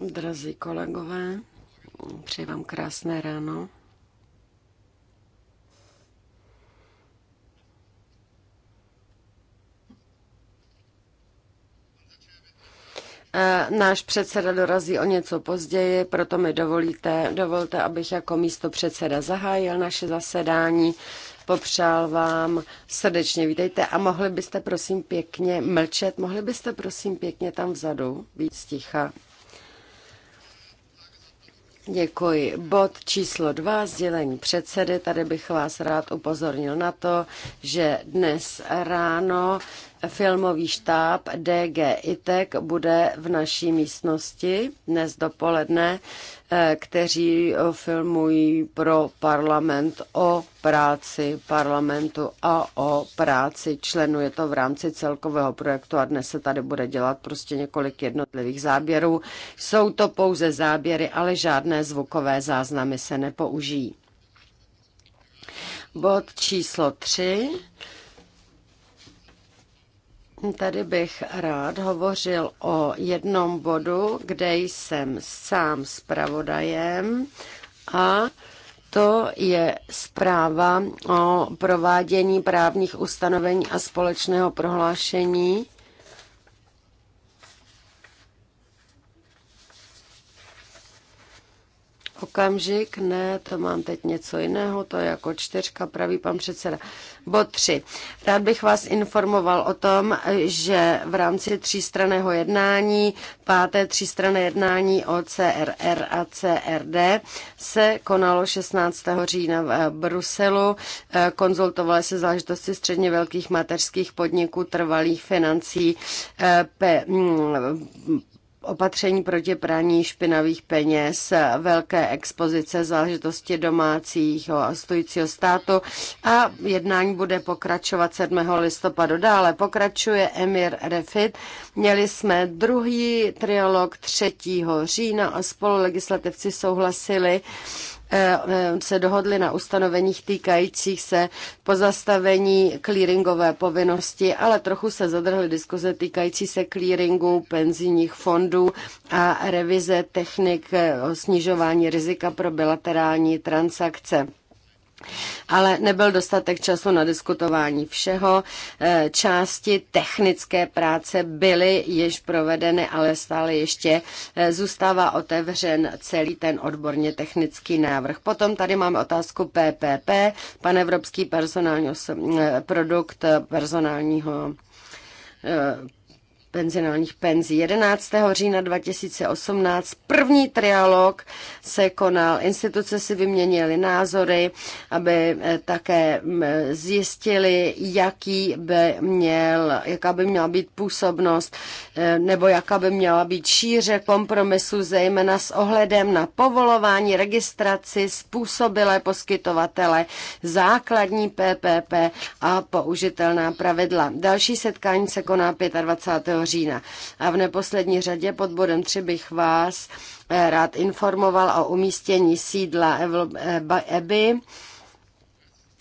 Drazí kolegové, přeji vám krásné ráno. Náš předseda dorazí o něco později, proto mi dovolíte, dovolte, abych jako místo předseda zahájil naše zasedání popřál vám srdečně. Vítejte a mohli byste prosím pěkně mlčet, mohli byste prosím pěkně tam vzadu víc ticha. Děkuji. Bod číslo dva, sdělení předsedy. Tady bych vás rád upozornil na to, že dnes ráno filmový štáb DG ITEC bude v naší místnosti dnes dopoledne, eh, kteří filmují pro parlament o práci parlamentu a o práci členů. Je to v rámci celkového projektu a dnes se tady bude dělat prostě několik jednotlivých záběrů. Jsou to pouze záběry, ale žádné zvukové záznamy se nepoužijí. Bod číslo 3 Tady bych rád hovořil o jednom bodu, kde jsem sám zpravodajem a to je zpráva o provádění právních ustanovení a společného prohlášení Okamžik, ne, to mám teď něco jiného, to je jako čtyřka, pravý pan předseda. Bod tři. Rád bych vás informoval o tom, že v rámci třístraného jednání, páté třístrané jednání o CRR a CRD se konalo 16. října v eh, Bruselu. Eh, konzultovaly se záležitosti středně velkých mateřských podniků, trvalých financí, eh, pe, mm, opatření proti praní špinavých peněz, velké expozice záležitosti domácích a stojícího státu a jednání bude pokračovat 7. listopadu. Dále pokračuje Emir Refit. Měli jsme druhý trialog 3. října a spolulegislativci souhlasili, Eh, eh, se dohodli na ustanoveních týkajících se pozastavení clearingové povinnosti, ale trochu se zadrhly diskuze týkající se clearingu penzijních fondů a revize technik eh, snižování rizika pro bilaterální transakce ale nebyl dostatek času na diskutování všeho. Eh, části technické práce byly již provedeny, ale stále ještě eh, zůstává otevřen celý ten odborně technický návrh. Potom tady máme otázku PPP, pan evropský personální eh, produkt personálního penzionálních penzí. 11. října 2018 první trialog se konal. Instituce si vyměnily názory, aby eh, také mm, zjistili, jaký by měl, jaká by měla být působnost eh, nebo jaká by měla být šíře kompromisu, zejména s ohledem na povolování, registraci, způsobilé poskytovatele, základní PPP a použitelná pravidla. Další setkání se koná 25 října. A v neposlední řadě pod bodem 3 bych vás eh, rád informoval o umístění sídla eh, EBY.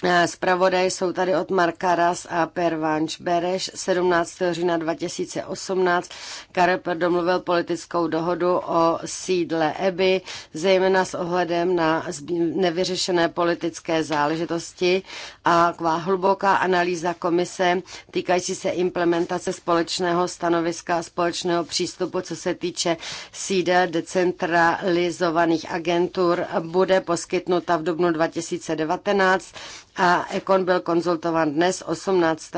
Eh, zpravodaj jsou tady od Marka Ras a Pervanč Bereš 17. října 2018. Kareper domluvil politickou dohodu o sídle Ebi zejména s ohledem na nevyřešené politické záležitosti a kvá hluboká analýza komise týkající se implementace společného stanoviska a společného přístupu, co se týče sídel decentralizovaných agentur, bude poskytnuta v dubnu 2019 a Ekon byl konzultován dnes 18.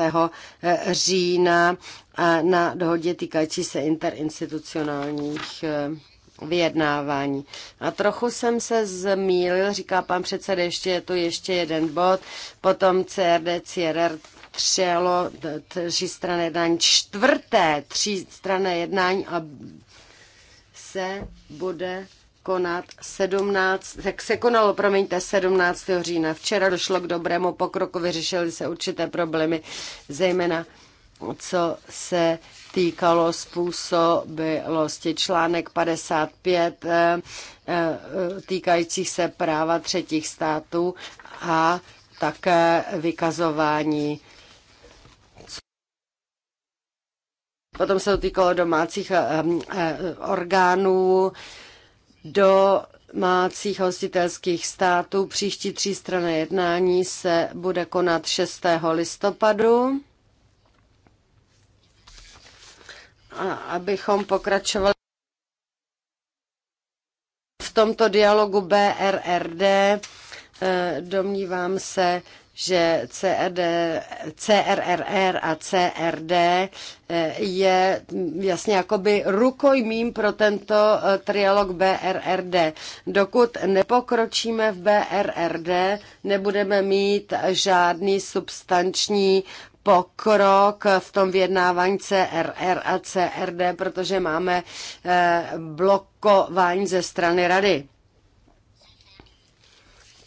Eh, října na dohodě týkající se interinstitucionálních eh, vyjednávání. A trochu jsem se zmílil. říká pan předseda, ještě je to ještě jeden bod, potom CRD, CRR, třelo, tři strany jednání, čtvrté tři strany jednání a se bude konat 17, tak se konalo, promiňte, 17. října. Včera došlo k dobrému pokroku, vyřešily se určité problémy, zejména co se týkalo způsobilosti. Článek 55 eh, eh, týkajících se práva třetích států a také vykazování. Potom se to týkalo domácích eh, orgánů, do domácích hostitelských států. Příští strany jednání se bude konat 6. listopadu. A abychom pokračovali v tomto dialogu BRRD, eh, domnívám se, že CRD, CRRR a CRD eh, je jasně jakoby rukojmím pro tento eh, trialog BRRD. Dokud nepokročíme v BRRD, nebudeme mít žádný substanční pokrok v tom vyjednávání CRR a CRD, protože máme eh, blokování ze strany rady.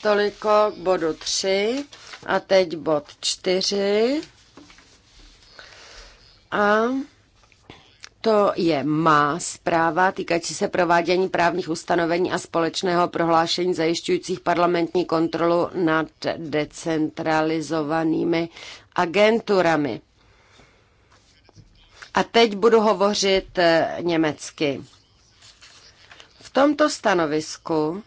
Toliko k bodu 3. A teď bod čtyři. A to je má zpráva týkající se provádění právních ustanovení a společného prohlášení zajišťujících parlamentní kontrolu nad decentralizovanými agenturami. A teď budu hovořit eh, německy. V tomto stanovisku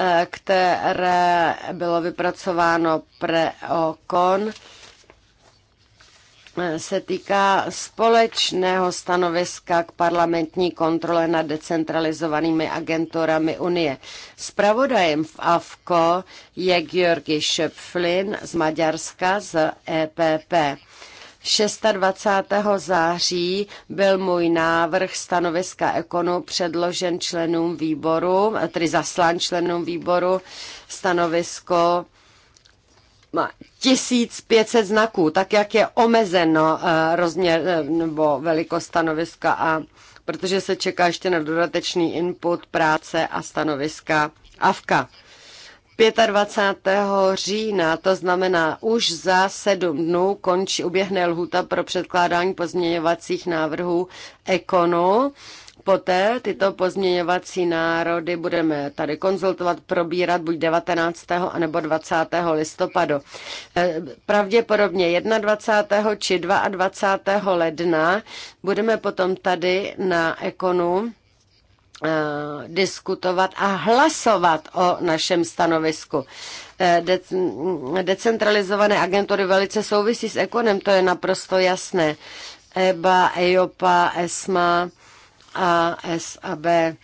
Eh, které bylo vypracováno pre-okon, eh, se týká společného stanoviska k parlamentní kontrole nad decentralizovanými agenturami Unie. Spravodajem v AFKO je Georgi Schöpflin z Maďarska z EPP. 26. září byl můj návrh stanoviska Ekonu předložen členům výboru, tedy zaslán členům výboru stanovisko má 1500 znaků, tak jak je omezeno eh, rozměr eh, nebo velikost stanoviska a protože se čeká ještě na dodatečný input práce a stanoviska AVKA. 25. října, to znamená už za sedm dnů, končí, uběhne lhuta pro předkládání pozměňovacích návrhů ekonu. Poté tyto pozměňovací národy budeme tady konzultovat, probírat buď 19. anebo 20. listopadu. E, pravděpodobně 21. či 22. ledna budeme potom tady na ekonu Eh, diskutovat a hlasovat o našem stanovisku. Eh, de- mm, decentralizované agentury velice souvisí s ekonem, to je naprosto jasné. EBA, EOPA, ESMA a e e SAB.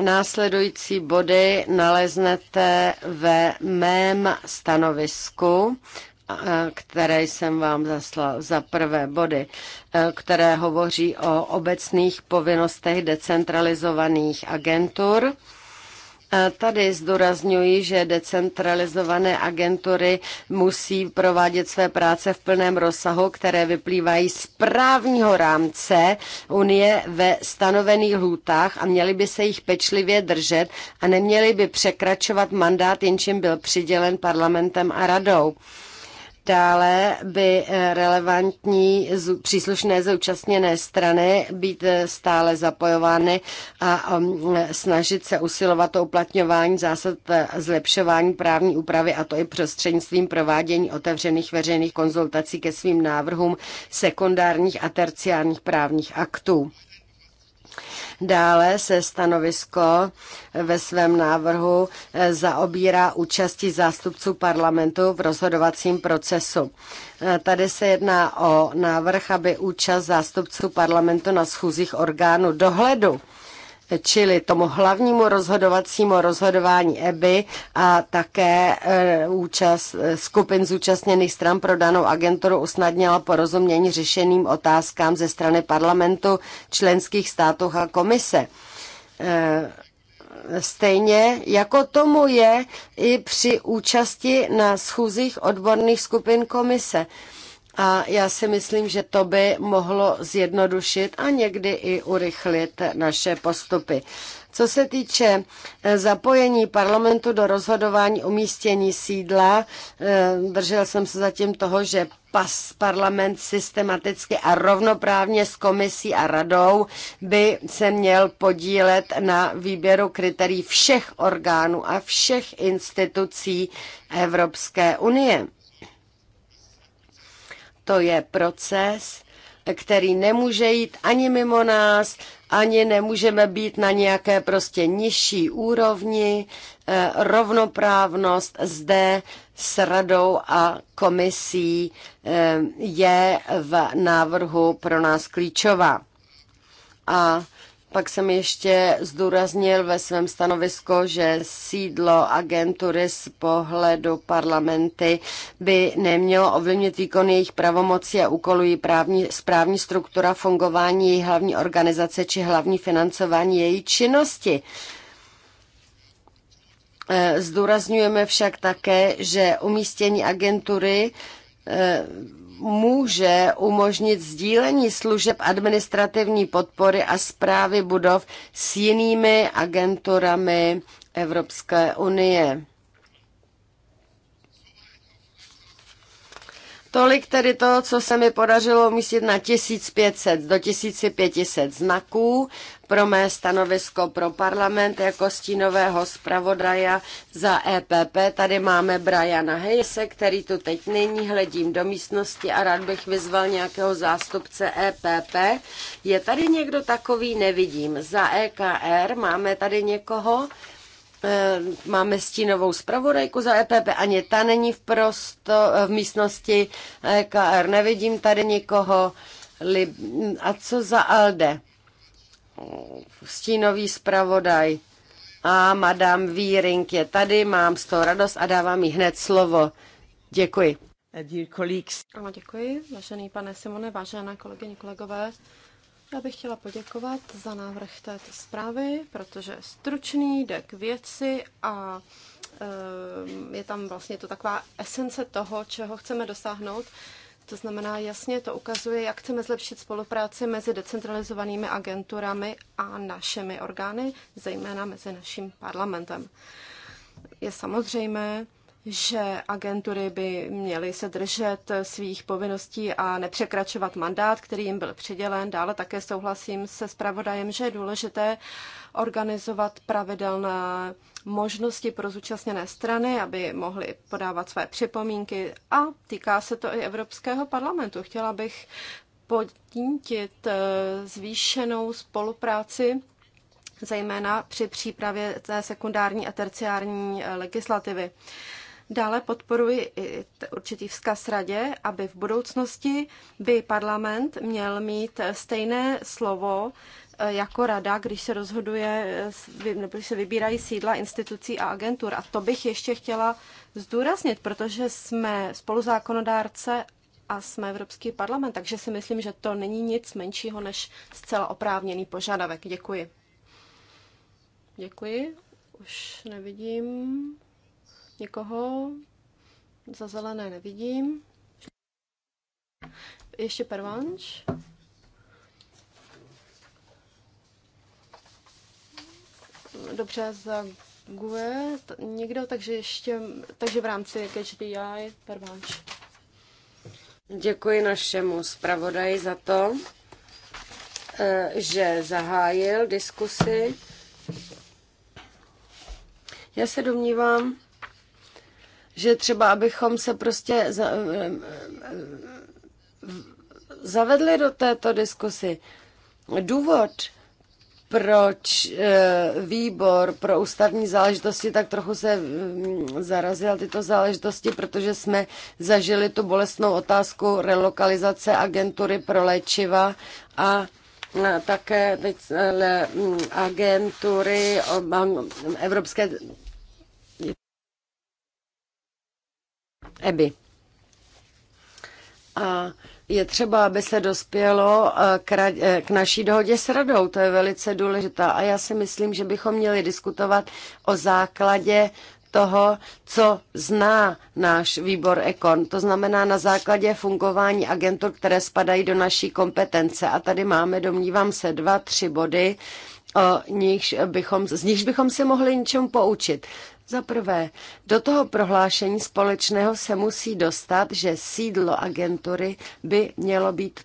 Následující body naleznete ve mém stanovisku které jsem vám zaslal za prvé body, e, které hovoří o obecných povinnostech decentralizovaných agentur. E, tady zdůrazňuji, že decentralizované agentury musí provádět své práce v plném rozsahu, které vyplývají z právního rámce Unie ve stanovených lhůtách a měly by se jich pečlivě držet a neměly by překračovat mandát, jenčím byl přidělen parlamentem a radou. Dále by eh, relevantní příslušné zúčastněné strany být eh, stále zapojovány a um, snažit se usilovat o uplatňování zásad eh, zlepšování právní úpravy a to i prostřednictvím provádění otevřených veřejných konzultací ke svým návrhům sekundárních a terciárních právních aktů. Dále se stanovisko ve svém návrhu eh, zaobírá účastí zástupců parlamentu v rozhodovacím procesu. Eh, tady se jedná o návrh, aby účast zástupců parlamentu na schůzích orgánu dohledu čili tomu hlavnímu rozhodovacímu rozhodování EBY a také e, účast e, skupin zúčastněných stran pro danou agenturu usnadnila porozumění řešeným otázkám ze strany parlamentu, členských států a komise e, stejně, jako tomu je i při účasti na schůzích odborných skupin komise. A já si myslím, že to by mohlo zjednodušit a někdy i urychlit naše postupy. Co se týče eh, zapojení parlamentu do rozhodování umístění sídla, eh, držel jsem se zatím toho, že pas parlament systematicky a rovnoprávně s komisí a radou by se měl podílet na výběru kritérií všech orgánů a všech institucí Evropské unie. To je proces, který nemůže jít ani mimo nás, ani nemůžeme být na nějaké prostě nižší úrovni. Eh, rovnoprávnost zde s radou a komisí eh, je v návrhu pro nás klíčová. A pak jsem ještě zdůraznil ve svém stanovisku, že sídlo agentury z pohledu parlamenty by nemělo ovlivnit výkon jejich pravomocí a úkolují právní, správní struktura, fungování její hlavní organizace či hlavní financování její činnosti. Eh, zdůrazňujeme však také, že umístění agentury eh, může umožnit sdílení služeb administrativní podpory a zprávy budov s jinými agenturami Evropské unie. Tolik tedy to, co se mi podařilo umístit na 1500 do 1500 znaků pro mé stanovisko pro parlament jako stínového zpravodaja za EPP. Tady máme Briana Hejse, který tu teď není, hledím do místnosti a rád bych vyzval nějakého zástupce EPP. Je tady někdo takový? Nevidím. Za EKR máme tady někoho? Eh, máme stínovou zpravodajku za EPP, ani ta není v, prosto, v místnosti EKR. nevidím tady nikoho. A co za ALDE? stínový zpravodaj. A madam Víring je tady, mám z toho radost a dávám jí hned slovo. Děkuji. Ano, děkuji, vážený pane Simone, vážené kolegyně, kolegové. Já bych chtěla poděkovat za návrh této zprávy, protože je stručný, jde k věci a ehm, je tam vlastně to taková esence toho, čeho chceme dosáhnout. To znamená, jasně to ukazuje, jak chceme zlepšit spolupráci mezi decentralizovanými agenturami a našimi orgány, zejména mezi naším parlamentem. Je samozřejmé, že agentury by měly se držet svých povinností a nepřekračovat mandát, který jim byl přidělen. Dále také souhlasím se zpravodajem, že je důležité organizovat pravidelné možnosti pro zúčastněné strany, aby mohly podávat své připomínky. A týká se to i Evropského parlamentu. Chtěla bych podnítit eh, zvýšenou spolupráci zejména při přípravě té sekundární a terciární eh, legislativy. Dále podporuji i určitý vzkaz radě, aby v budoucnosti by parlament měl mít stejné slovo eh, jako rada, když se rozhoduje, eh, nebo když se vybírají sídla institucí a agentur. A to bych ještě chtěla zdůraznit, protože jsme spoluzákonodárce a jsme Evropský parlament, takže si myslím, že to není nic menšího než zcela oprávněný požadavek. Děkuji. Děkuji. Už nevidím Někoho za zelené nevidím. Ještě pervanč. Dobře, za GUE někdo, takže ještě, takže v rámci HDI pervanč. Děkuji našemu zpravodaji za to, eh, že zahájil diskusi. Já se domnívám, že třeba abychom se prostě za, eh, eh, zavedli do této diskusy. Důvod, proč eh, výbor pro ústavní záležitosti tak trochu se mm, zarazil tyto záležitosti, protože jsme zažili tu bolestnou otázku relokalizace agentury pro léčiva a také mm, agentury Evropské EBI. A je třeba, aby se dospělo eh, eh, k, naší dohodě s radou. To je velice důležitá. A já si myslím, že bychom měli diskutovat o základě toho, co zná náš výbor Ekon. To znamená na základě fungování agentur, které spadají do naší kompetence. A tady máme, domnívám se, dva, tři body, o nichž bychom, z nichž bychom se mohli něčemu poučit. Za prvé, do toho prohlášení společného se musí dostat, že sídlo agentury by mělo být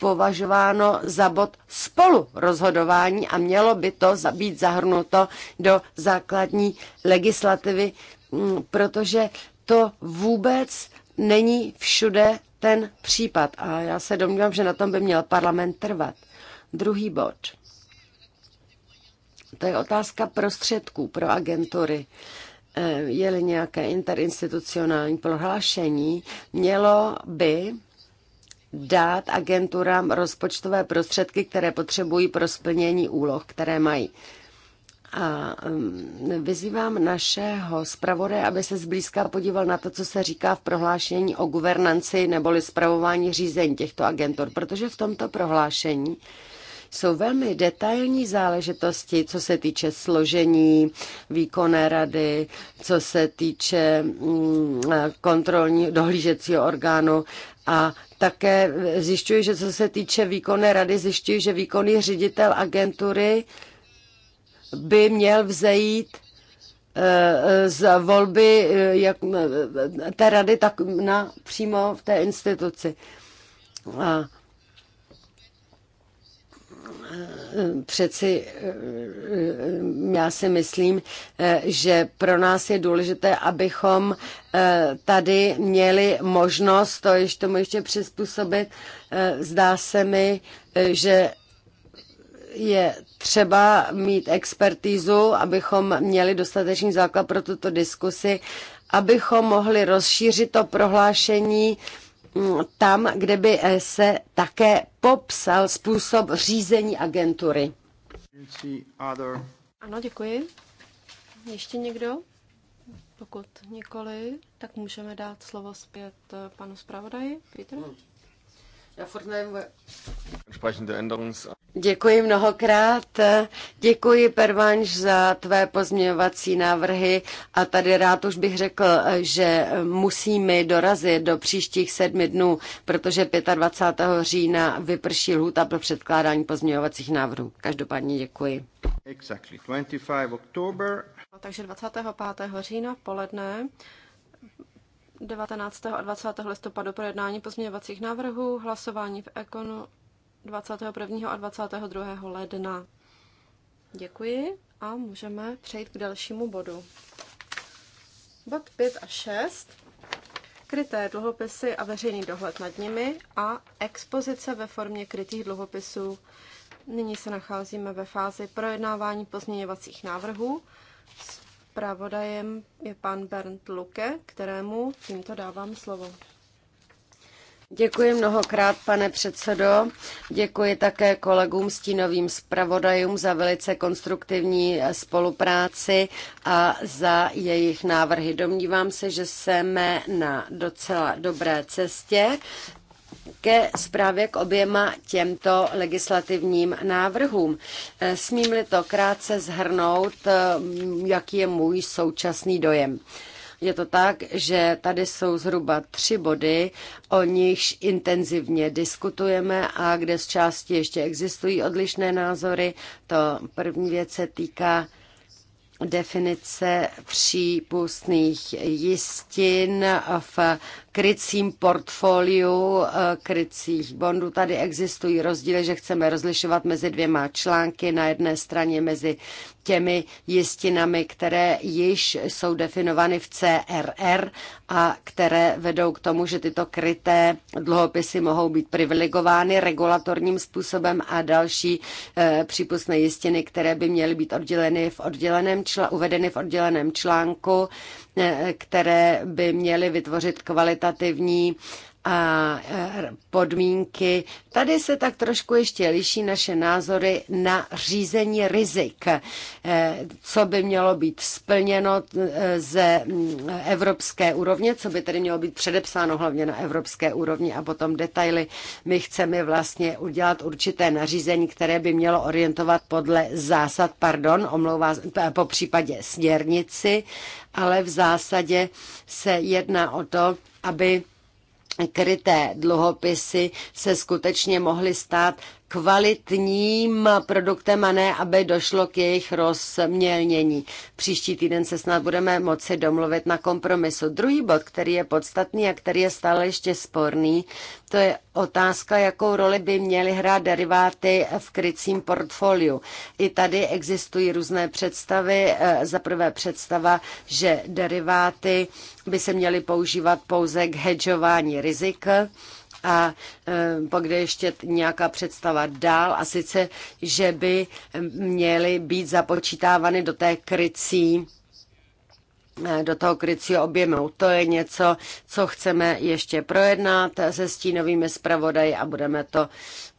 považováno za bod spolu rozhodování a mělo by to být zahrnuto do základní legislativy, mm, protože to vůbec není všude ten případ a já se domnívám, že na tom by měl parlament trvat. Druhý bod. To je otázka prostředků pro agentury eh, je-li nějaké interinstitucionální prohlášení, mělo by dát agenturám rozpočtové prostředky, které potřebují pro splnění úloh, které mají. A mm, vyzývám našeho zpravodaje, aby se zblízka podíval na to, co se říká v prohlášení o guvernanci neboli zpravování řízení těchto agentur, protože v tomto prohlášení jsou velmi detailní záležitosti, co se týče složení výkonné rady, co se týče mm, kontrolní dohlížecího orgánu a také zjišťuji, že co se týče výkonné rady, zjišťuji, že výkonný ředitel agentury by měl vzejít eh, z volby eh, jak, eh, té rady tak na, přímo v té instituci. A přeci já si myslím, že pro nás je důležité, abychom eh, tady měli možnost to ještě tomu ještě přizpůsobit. Eh, zdá se mi, že je třeba mít expertízu, abychom měli dostatečný základ pro tuto diskusi, abychom mohli rozšířit to prohlášení tam, kde by eh, se také popsal způsob řízení agentury. Ano, děkuji. Ještě někdo? Pokud nikoli, tak můžeme dát slovo zpět eh, panu zpravodaji. Peter? Děkuji mnohokrát. Děkuji, Pervanš, za tvé pozměňovací návrhy. A tady rád už bych řekl, že musíme dorazit do příštích sedmi dnů, protože 25. října vyprší lhůta pro předkládání pozměňovacích návrhů. Každopádně děkuji. Exactly. 25 October. No, takže 25. října v poledne 19. a 20. listopadu projednání pozměňovacích návrhů, hlasování v Ekonu 21. a 22. ledna. Děkuji a můžeme přejít k dalšímu bodu. Bod 5 a 6. Kryté dluhopisy a veřejný dohled nad nimi a expozice ve formě krytých dluhopisů. Nyní se nacházíme ve fázi projednávání pozměňovacích návrhů. Spravodajem je pan Bernd Luke, kterému tímto dávám slovo. Děkuji mnohokrát, pane předsedo. Děkuji také kolegům stínovým zpravodajům za velice konstruktivní spolupráci a za jejich návrhy. Domnívám se, že jsme na docela dobré cestě ke zprávě k oběma těmto legislativním návrhům. Eh, smím-li to krátce zhrnout, eh, jaký je můj současný dojem. Je to tak, že tady jsou zhruba tři body, o nichž intenzivně diskutujeme a kde z části ještě existují odlišné názory. To první věc se týká definice přípustných jistin v krycím portfoliu eh, krycích bondů. Tady existují rozdíly, že chceme rozlišovat mezi dvěma články. Na jedné straně mezi těmi jistinami, které již jsou definovány v CRR a které vedou k tomu, že tyto kryté dluhopisy mohou být privilegovány regulatorním způsobem a další e, přípustné jistiny, které by měly být odděleny v odděleném čl- uvedeny v odděleném článku, e, které by měly vytvořit kvalitativní e, a podmínky. Tady se tak trošku ještě liší naše názory na řízení rizik, e, co by mělo být splněno e, ze evropské úrovně, co by tedy mělo být předepsáno hlavně na evropské úrovni a potom detaily. My chceme vlastně udělat určité nařízení, které by mělo orientovat podle zásad, pardon, omlouvá, po případě směrnici, ale v zásadě se jedná o to, aby kryté dluhopisy se skutečně mohly stát kvalitním produktem a ne, aby došlo k jejich rozmělnění. Příští týden se snad budeme moci domluvit na kompromisu. Druhý bod, který je podstatný a který je stále ještě sporný, to je otázka, jakou roli by měly hrát deriváty v krycím portfoliu. I tady existují různé představy. Eh, za prvé představa, že deriváty by se měly používat pouze k hedžování rizik a e, jde ještě nějaká představa dál a sice, že by měly být započítávány do té krycí e, do toho krycího objemu. To je něco, co chceme ještě projednat se stínovými zpravodaji a budeme to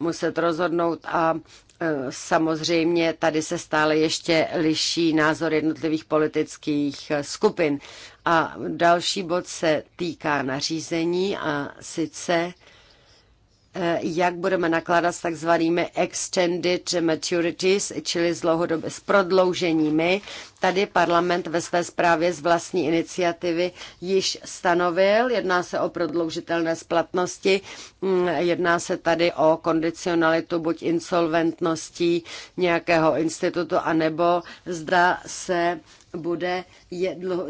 muset rozhodnout a e, Samozřejmě tady se stále ještě liší názor jednotlivých politických skupin. A další bod se týká nařízení a sice Eh, jak budeme nakládat s takzvanými extended maturities, čili s, dlouhodob- s prodlouženími. Tady parlament ve své zprávě z vlastní iniciativy již stanovil, jedná se o prodloužitelné splatnosti, mm, jedná se tady o kondicionalitu buď insolventností nějakého institutu, anebo zda se bude jedlo,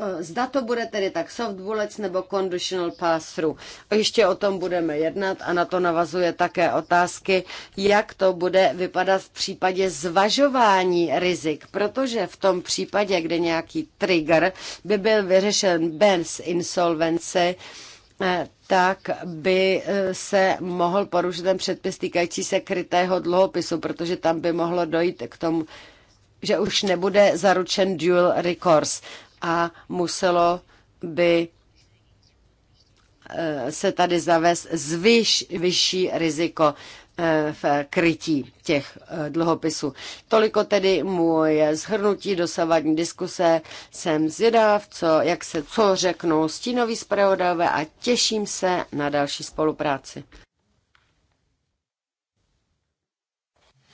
Eh, zda to bude tedy tak soft bullets nebo conditional pass-through. Ještě o tom budeme jednat a na to navazuje také otázky, jak to bude vypadat v případě zvažování rizik, protože v tom případě, kde nějaký trigger by byl vyřešen bez insolvence, eh, tak by eh, se mohl porušit ten předpis týkající se krytého dluhopisu, protože tam by mohlo dojít k tomu, že už nebude zaručen dual recourse a muselo by eh, se tady zavést zvyš, vyšší riziko eh, v krytí těch eh, dluhopisů. Toliko tedy moje zhrnutí dosavadní diskuse. Jsem zvědav, co, jak se co řeknou stínoví zpravodajové a těším se na další spolupráci.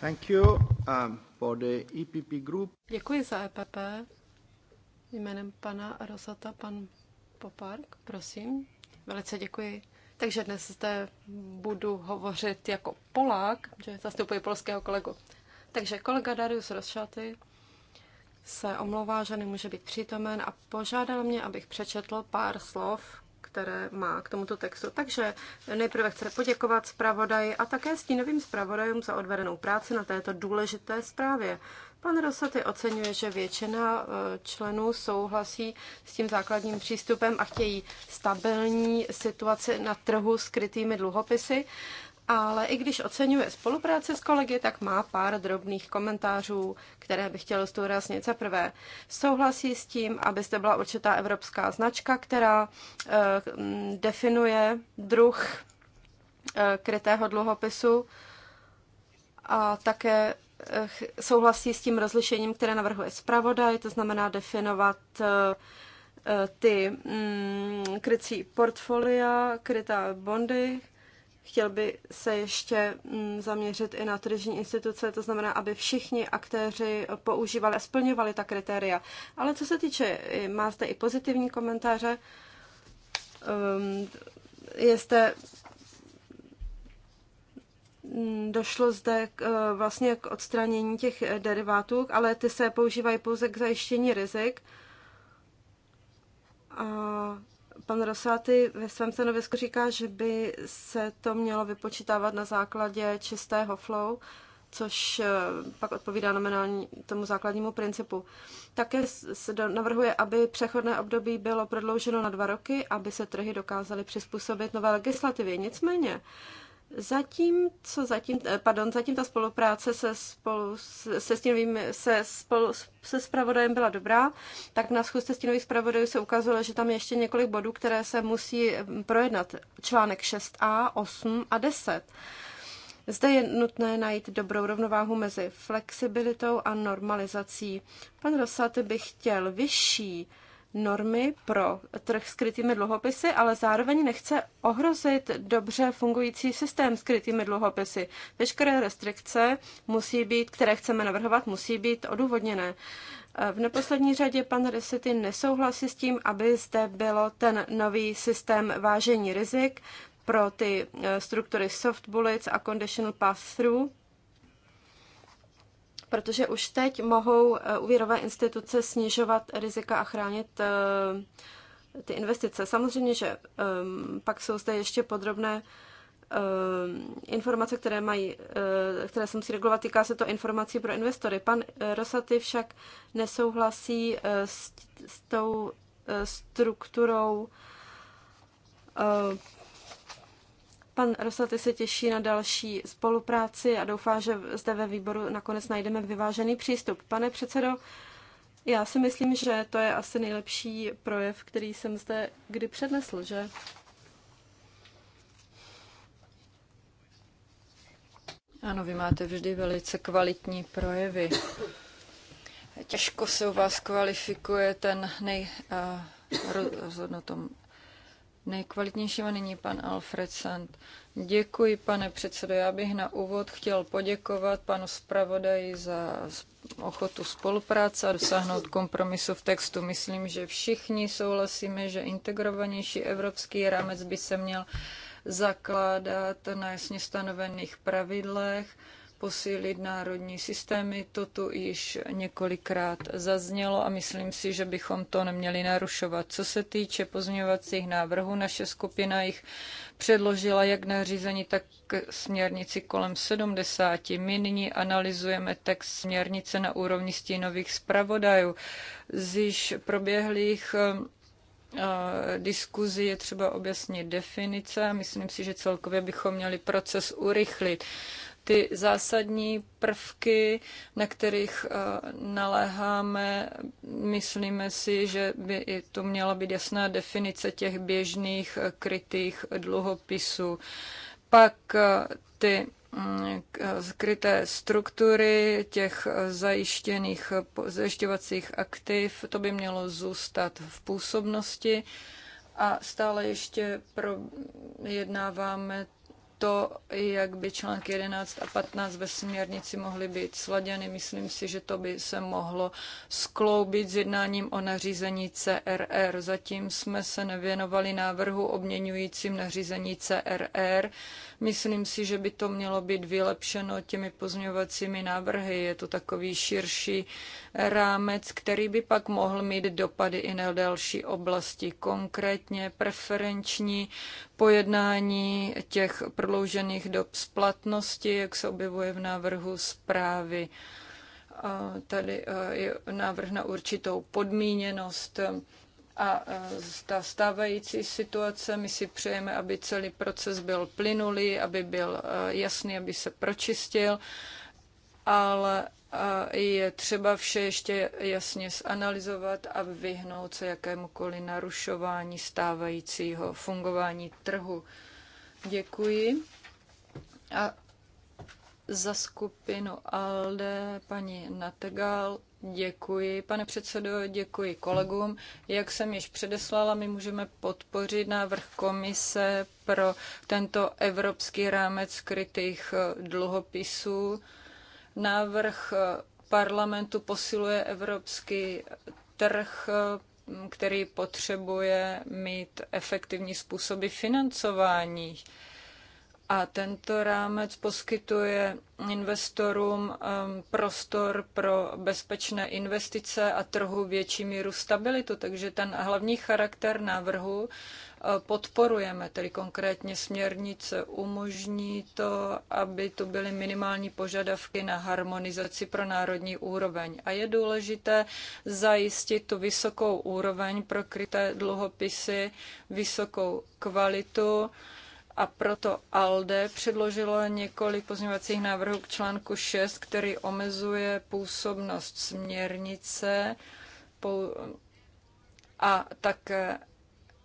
Thank you, um, for the EPP group. Děkuji za EPP. Jménem pana Rosata, pan Popark, prosím. Velice děkuji. Takže dnes zde budu hovořit jako Polák, že zastupuji polského kolegu. Takže kolega Darius Rosšaty se omlouvá, že nemůže být přítomen a požádal mě, abych přečetl pár slov, které má k tomuto textu. Takže nejprve chce poděkovat zpravodaji a také stínovým zpravodajům za odvedenou práci na této důležité zprávě. Pan Rosaty oceňuje, že většina e, členů souhlasí s tím základním přístupem a chtějí stabilní situaci na trhu s krytými dluhopisy, ale i když oceňuje spolupráce s kolegy, tak má pár drobných komentářů, které bych chtěl zdůraznit. Za prvé, souhlasí s tím, aby zde byla určitá evropská značka, která e, definuje druh e, krytého dluhopisu a také souhlasí s tím rozlišením, které navrhuje zpravodaj, to znamená definovat eh, eh, ty mm, krycí portfolia, krytá bondy. Chtěl by se ještě mm, zaměřit i na tržní instituce, to znamená, aby všichni aktéři používali a splňovali ta kritéria. Ale co se týče, máte i pozitivní komentáře, ehm, je zde Mm, došlo zde k, eh, vlastně k odstranění těch eh, derivátů, ale ty se používají pouze k zajištění rizik. A pan Rosáty ve svém stanovisku říká, že by se to mělo vypočítávat na základě čistého flow, což eh, pak odpovídá nominální tomu základnímu principu. Také se navrhuje, aby přechodné období bylo prodlouženo na dva roky, aby se trhy dokázaly přizpůsobit nové legislativě. Nicméně Zatím, co zatím, eh, pardon, zatím ta spolupráce se, spolu, se, stínovým, se, spolu, se spravodajem byla dobrá, tak na schůzce stínových spravodajů se ukázalo, že tam je ještě několik bodů, které se musí eh, projednat. Článek 6a, 8 a 10. Zde je nutné najít dobrou rovnováhu mezi flexibilitou a normalizací. Pan Rosaty by chtěl vyšší normy pro trh s krytými dluhopisy, ale zároveň nechce ohrozit dobře fungující systém s krytými dluhopisy. Veškeré restrikce, musí být, které chceme navrhovat, musí být odůvodněné. V neposlední řadě pan Resity nesouhlasí s tím, aby zde bylo ten nový systém vážení rizik pro ty eh, struktury soft bullets a conditional pass-through, protože už teď mohou eh, úvěrové instituce snižovat rizika a chránit eh, ty investice. Samozřejmě, že ehm, pak jsou zde ještě podrobné ehm, informace, které, mají, eh, které se musí regulovat, týká se to informací pro investory. Pan Rosaty však nesouhlasí s, s tou strukturou Pan Rosaty se těší na další spolupráci a doufá, že zde ve výboru nakonec najdeme vyvážený přístup. Pane předsedo, já si myslím, že to je asi nejlepší projev, který jsem zde kdy přednesl, že? Ano, vy máte vždy velice kvalitní projevy. Těžko se u vás kvalifikuje ten nej, eh, rozhodno tom nejkvalitnějším a pan Alfred Sand. Děkuji, pane předsedo. Já bych na úvod chtěl poděkovat panu zpravodaji za ochotu spolupráce a dosáhnout kompromisu v textu. Myslím, že všichni souhlasíme, že integrovanější evropský rámec by se měl zakládat na jasně stanovených pravidlech, posílit národní systémy. To tu již několikrát zaznělo a myslím si, že bychom to neměli narušovat. Co se týče pozměňovacích návrhů, naše skupina jich předložila jak nařízení, tak směrnici kolem 70. My nyní analyzujeme text směrnice na úrovni stínových zpravodajů. Z již proběhlých eh, eh, diskuzi je třeba objasnit definice a myslím si, že celkově bychom měli proces urychlit ty zásadní prvky, na kterých eh, naléháme, myslíme si, že by i to měla být jasná definice těch běžných eh, krytých dluhopisů. Pak eh, ty mm, skryté struktury těch zajištěných, zajišťovacích aktiv, to by mělo zůstat v působnosti. A stále ještě projednáváme to, jak by články 11 a 15 ve směrnici mohly být sladěny. Myslím si, že to by se mohlo skloubit s jednáním o nařízení CRR. Zatím jsme se nevěnovali návrhu obměňujícím nařízení CRR. Myslím si, že by to mělo být vylepšeno těmi pozměňovacími návrhy. Je to takový širší rámec, který by pak mohl mít dopady i na další oblasti, konkrétně preferenční pojednání těch prodloužených dob splatnosti, jak se objevuje v návrhu zprávy. Tady e, je návrh na určitou podmíněnost a e, ta stávající situace, my si přejeme, aby celý proces byl plynulý, aby byl e, jasný, aby se pročistil, ale je třeba vše ještě jasně zanalizovat a vyhnout se jakémukoliv narušování stávajícího fungování trhu. Děkuji. A za skupinu ALDE paní Nategal Děkuji, pane předsedo, děkuji kolegům. Jak jsem již předeslala, my můžeme podpořit návrh komise pro tento evropský rámec skrytých dluhopisů Návrh eh, parlamentu posiluje evropský trh, eh, který potřebuje mít efektivní způsoby financování. A tento rámec poskytuje investorům ehm, prostor pro bezpečné investice a trhu větší míru stabilitu. Takže ten hlavní charakter návrhu podporujeme, tedy konkrétně směrnice. Umožní to, aby tu byly minimální požadavky na harmonizaci pro národní úroveň. A je důležité zajistit tu vysokou úroveň pro kryté dluhopisy, vysokou kvalitu a proto ALDE předložilo několik pozměňovacích návrhů k článku 6, který omezuje působnost směrnice a také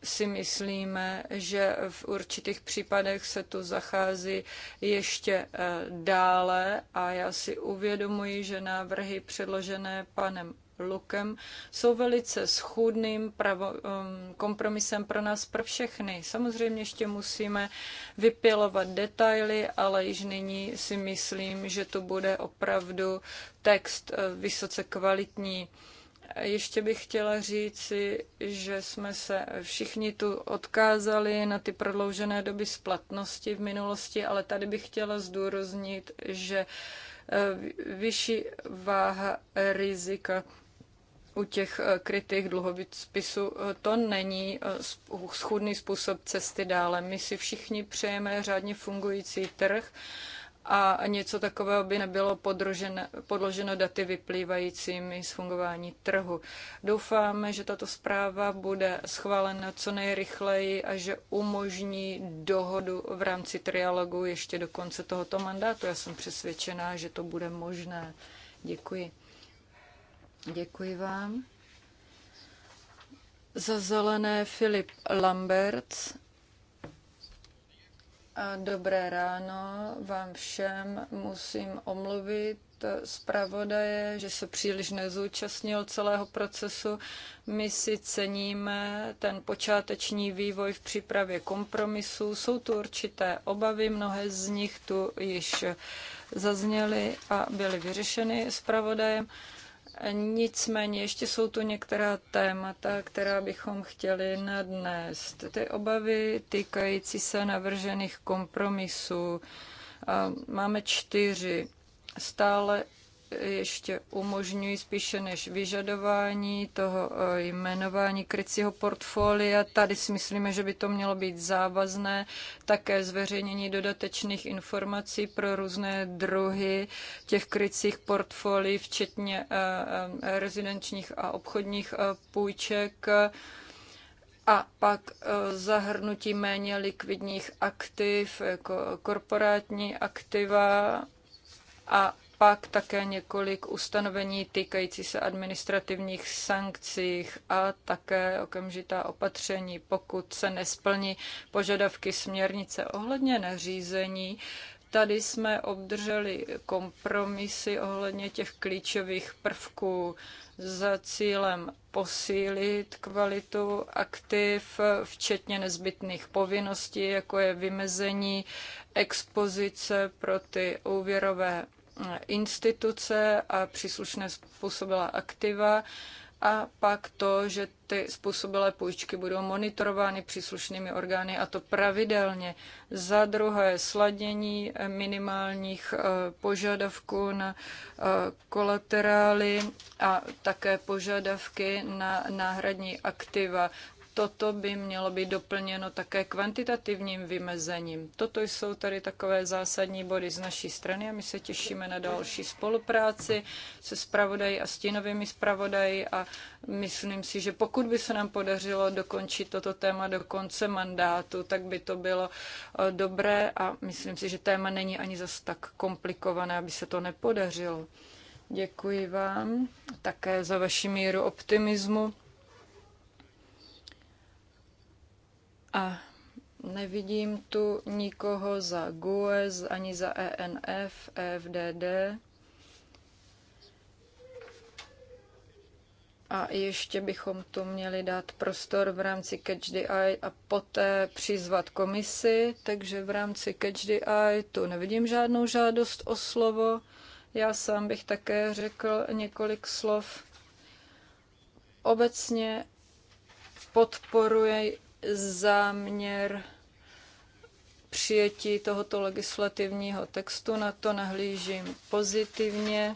si myslíme, že v určitých případech se tu zachází ještě eh, dále a já si uvědomuji, že návrhy předložené panem Lukem jsou velice schůdným pravo, um, kompromisem pro nás, pro všechny. Samozřejmě ještě musíme vypilovat detaily, ale již nyní si myslím, že to bude opravdu text eh, vysoce kvalitní. Ještě bych chtěla říci, že jsme se všichni tu odkázali na ty prodloužené doby splatnosti v minulosti, ale tady bych chtěla zdůraznit, že eh, vyšší váha rizika u těch eh, krytých spisů, eh, to není schůdný způsob cesty dále. My si všichni přejeme řádně fungující trh a něco takového by nebylo podloženo daty vyplývajícími z fungování trhu. Doufáme, že tato zpráva bude schválena co nejrychleji a že umožní dohodu v rámci trialogu ještě do konce tohoto mandátu. Já jsem přesvědčená, že to bude možné. Děkuji. Děkuji vám. Za zelené Filip Lamberts Dobré ráno vám všem. Musím omluvit zpravodaje, že se příliš nezúčastnil celého procesu. My si ceníme ten počáteční vývoj v přípravě kompromisů. Jsou tu určité obavy, mnohé z nich tu již zazněly a byly vyřešeny zpravodajem. Nicméně ještě jsou tu některá témata, která bychom chtěli nadnést. Ty obavy týkající se navržených kompromisů. Máme čtyři. Stále ještě umožňují spíše než vyžadování toho eh, jmenování krycího portfolia. Tady si myslíme, že by to mělo být závazné. Také zveřejnění dodatečných informací pro různé druhy těch krycích portfolií, včetně eh, eh, rezidenčních a obchodních půjček a pak zahrnutí méně likvidních aktiv, jako korporátní aktiva a pak také několik ustanovení týkající se administrativních sankcích a také okamžitá opatření, pokud se nesplní požadavky směrnice ohledně nařízení. Tady jsme obdrželi kompromisy ohledně těch klíčových prvků za cílem posílit kvalitu aktiv, včetně nezbytných povinností, jako je vymezení expozice pro ty úvěrové instituce a příslušné způsobila aktiva a pak to, že ty způsobilé půjčky budou monitorovány příslušnými orgány a to pravidelně. Za druhé sladění minimálních eh, požadavků na eh, kolaterály a také požadavky na náhradní aktiva toto by mělo být doplněno také kvantitativním vymezením. Toto jsou tady takové zásadní body z naší strany a my se těšíme na další spolupráci se spravodají a stínovými spravodají a myslím si, že pokud by se nám podařilo dokončit toto téma do konce mandátu, tak by to bylo eh, dobré a myslím si, že téma není ani zas tak komplikované, aby se to nepodařilo. Děkuji vám také za vaši míru optimismu. A nevidím tu nikoho za GUES ani za ENF, e FDD. A ještě bychom tu měli dát prostor v rámci Catch the Eye a poté přizvat komisi, takže v rámci Catch the Eye tu nevidím žádnou žádost o slovo. Já sám bych také řekl několik slov. Obecně podporuji záměr přijetí tohoto legislativního textu. Na to nahlížím pozitivně.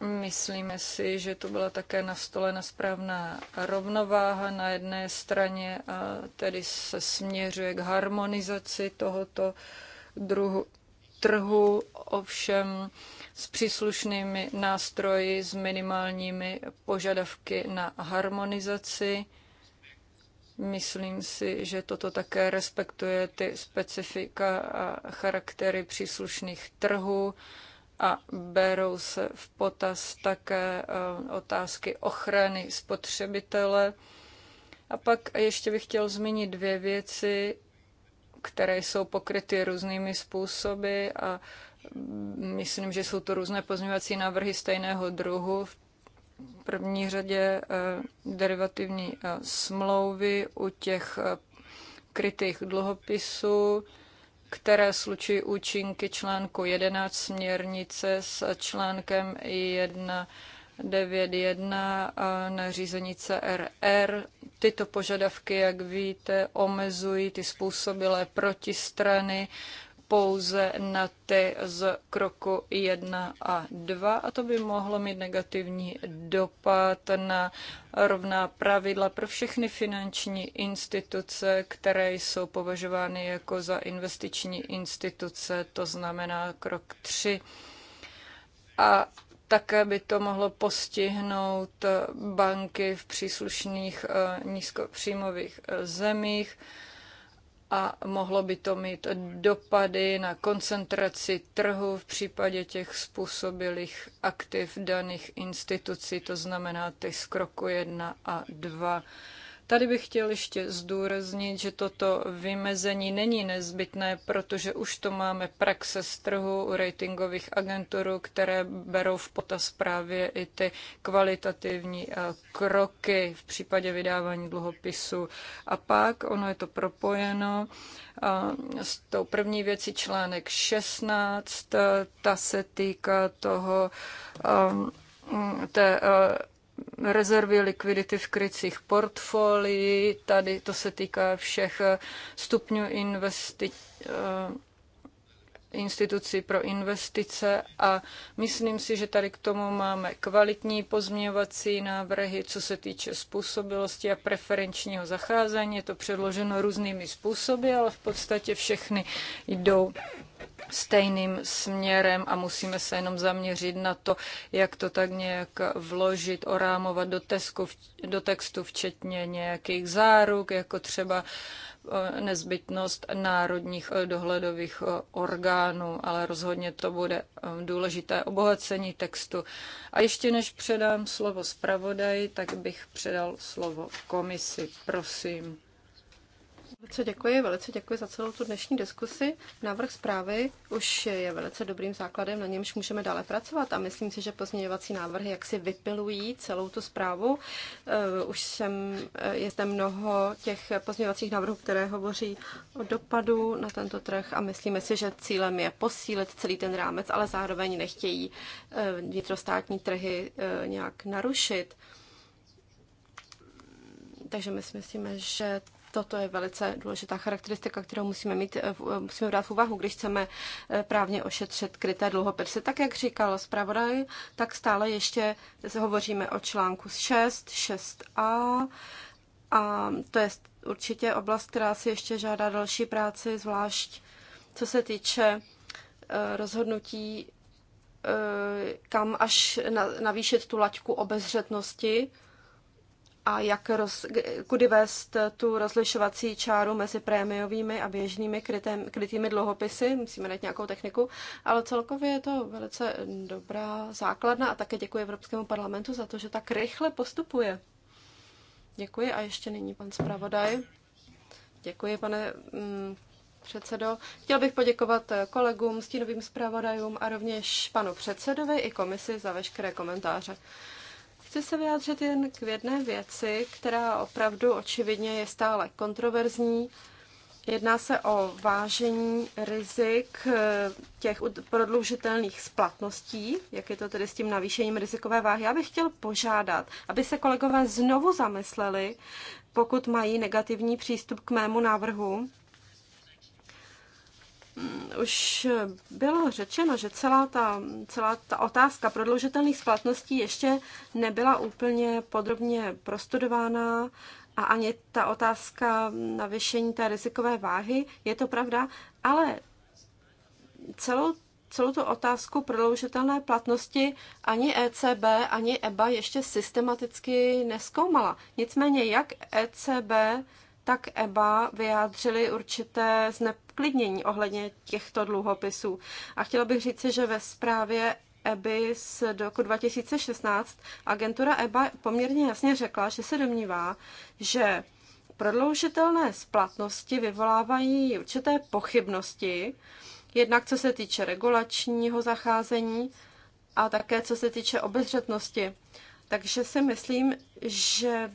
Myslíme si, že to byla také nastolena správná rovnováha. Na jedné straně a tedy se směřuje k harmonizaci tohoto druhu trhu, ovšem s příslušnými nástroji, s minimálními požadavky na harmonizaci. Myslím si, že toto také respektuje ty specifika a charaktery příslušných trhů a berou se v potaz také eh, otázky ochrany spotřebitele. A pak ještě bych chtěl zmínit dvě věci, které jsou pokryty různými způsoby a Myslím, že jsou to různé pozměňovací návrhy stejného druhu. V první řadě eh, derivativní eh, smlouvy u těch eh, krytých dluhopisů, které slučují účinky článku 11 směrnice s článkem 1 9.1 nařízení CRR. Tyto požadavky, jak víte, omezují ty způsobilé protistrany pouze na ty z kroku 1 a 2 a to by mohlo mít negativní dopad na rovná pravidla pro všechny finanční instituce, které jsou považovány jako za investiční instituce, to znamená krok 3. A také by to mohlo postihnout banky v příslušných eh, nízkopříjmových eh, zemích a mohlo by to mít dopady na koncentraci trhu v případě těch způsobilých aktiv daných institucí, to znamená ty z kroku 1 a 2. Tady bych chtěl ještě zdůraznit, že toto vymezení není nezbytné, protože už to máme praxe z trhu u ratingových agenturů, které berou v potaz právě i ty kvalitativní eh, kroky v případě vydávání dluhopisu. A pak ono je to propojeno eh, s tou první věcí článek 16, eh, ta se týká toho té rezervy likvidity v krycích portfolií. Tady to se týká všech stupňů investi- instituci pro investice a myslím si, že tady k tomu máme kvalitní pozměňovací návrhy, co se týče způsobilosti a preferenčního zacházení. Je to předloženo různými způsoby, ale v podstatě všechny jdou stejným směrem a musíme se jenom zaměřit na to, jak to tak nějak vložit, orámovat do, tesku, do textu, včetně nějakých záruk, jako třeba Eh, nezbytnost národních eh, dohledových eh, orgánů, ale rozhodně to bude důležité obohacení textu. A ještě než předám slovo zpravodaji, tak bych předal slovo komisi. Prosím. Velice děkuji, velice děkuji za celou tu dnešní diskusi. Návrh zprávy už je velice dobrým základem, na němž můžeme dále pracovat a myslím si, že pozměňovací návrhy jaksi vypilují celou tu zprávu. Eh, už jsem, eh, je zde mnoho těch pozměňovacích návrhů, které hovoří o dopadu na tento trh a myslíme si, že cílem je posílit celý ten rámec, ale zároveň nechtějí eh, vnitrostátní trhy nějak narušit takže my si myslíme, že Toto je velice důležitá charakteristika, kterou musíme mít, eh, eh, musíme brát v úvahu, když chceme eh, právně ošetřit kryté dluhopisy. Tak, jak říkal zpravodaj, tak stále ještě hovoříme o článku 6, 6a, a to je určitě oblast, která si ještě žádá další práci, zvlášť co se týče rozhodnutí, kam až navýšit tu laťku obezřetnosti, a jak roz, kudy vést tu rozlišovací čáru mezi prémiovými a běžnými krytém, krytými dluhopisy. Musíme najít nějakou techniku, ale celkově je to velice dobrá základna a také děkuji Evropskému parlamentu za to, že tak rychle postupuje. Děkuji a ještě nyní pan zpravodaj. Děkuji, pane mm, předsedo. Chtěl bych poděkovat kolegům, stínovým zpravodajům a rovněž panu předsedovi i komisi za veškeré komentáře. Chci se vyjádřit jen k jedné věci, která opravdu očividně je stále kontroverzní. Jedná se o vážení rizik eh, těch prodloužitelných splatností, jak je to tedy s tím navýšením rizikové váhy. Já bych chtěl požádat, aby se kolegové znovu zamysleli, pokud mají negativní přístup k mému návrhu, Mm, už bylo řečeno, že celá ta, celá ta otázka prodloužitelných splatností ještě nebyla úplně podrobně prostudována a ani ta otázka navýšení té rizikové váhy, je to pravda, ale celou, celou tu otázku prodloužitelné platnosti ani ECB, ani EBA ještě systematicky neskoumala. Nicméně jak ECB, tak EBA vyjádřili určité znep sklidnění ohledně těchto dluhopisů. A chtěla bych říci, že ve zprávě EBI z roku 2016 agentura EBA poměrně jasně řekla, že se domnívá, že prodloužitelné splatnosti vyvolávají určité pochybnosti, jednak co se týče regulačního zacházení a také co se týče obezřetnosti. Takže si myslím, že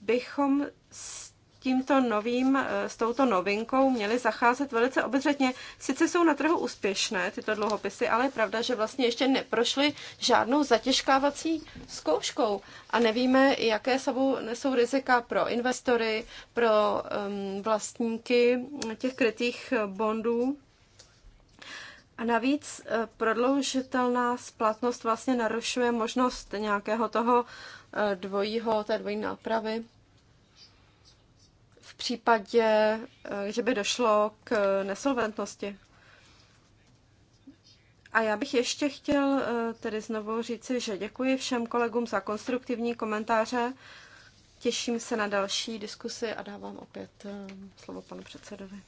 bychom s tímto novým, eh, s touto novinkou měli zacházet velice obezřetně. Sice jsou na trhu úspěšné tyto dluhopisy, ale je pravda, že vlastně ještě neprošly žádnou zatěžkávací zkouškou a nevíme, jaké sebou nesou rizika pro investory, pro um, vlastníky těch krytých eh, bondů. A navíc eh, prodloužitelná splatnost vlastně narušuje možnost nějakého toho dvojího, té dvojí nápravy případě, eh, že by došlo k nesolventnosti. A já bych ještě chtěl eh, tedy znovu říci, že děkuji všem kolegům za konstruktivní komentáře. Těším se na další diskusy a dávám opět eh, slovo panu předsedovi.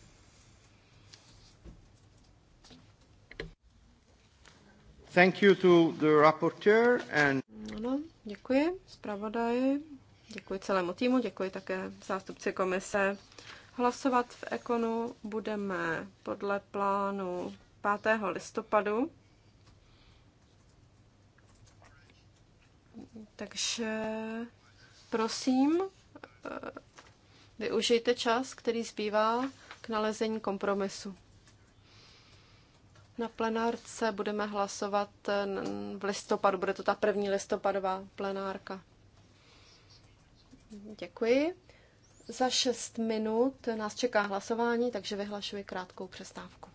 Thank you to the rapporteur and... Ano, děkuji, zpravodaji. Děkuji celému týmu, děkuji také zástupci komise. Hlasovat v Ekonu budeme podle plánu 5. listopadu. Takže prosím, eh, využijte čas, který zbývá k nalezení kompromisu. Na plenárce budeme hlasovat eh, v listopadu, bude to ta první listopadová plenárka. Děkuji. Za šest minut nás čeká hlasování, takže vyhlašuji krátkou přestávku.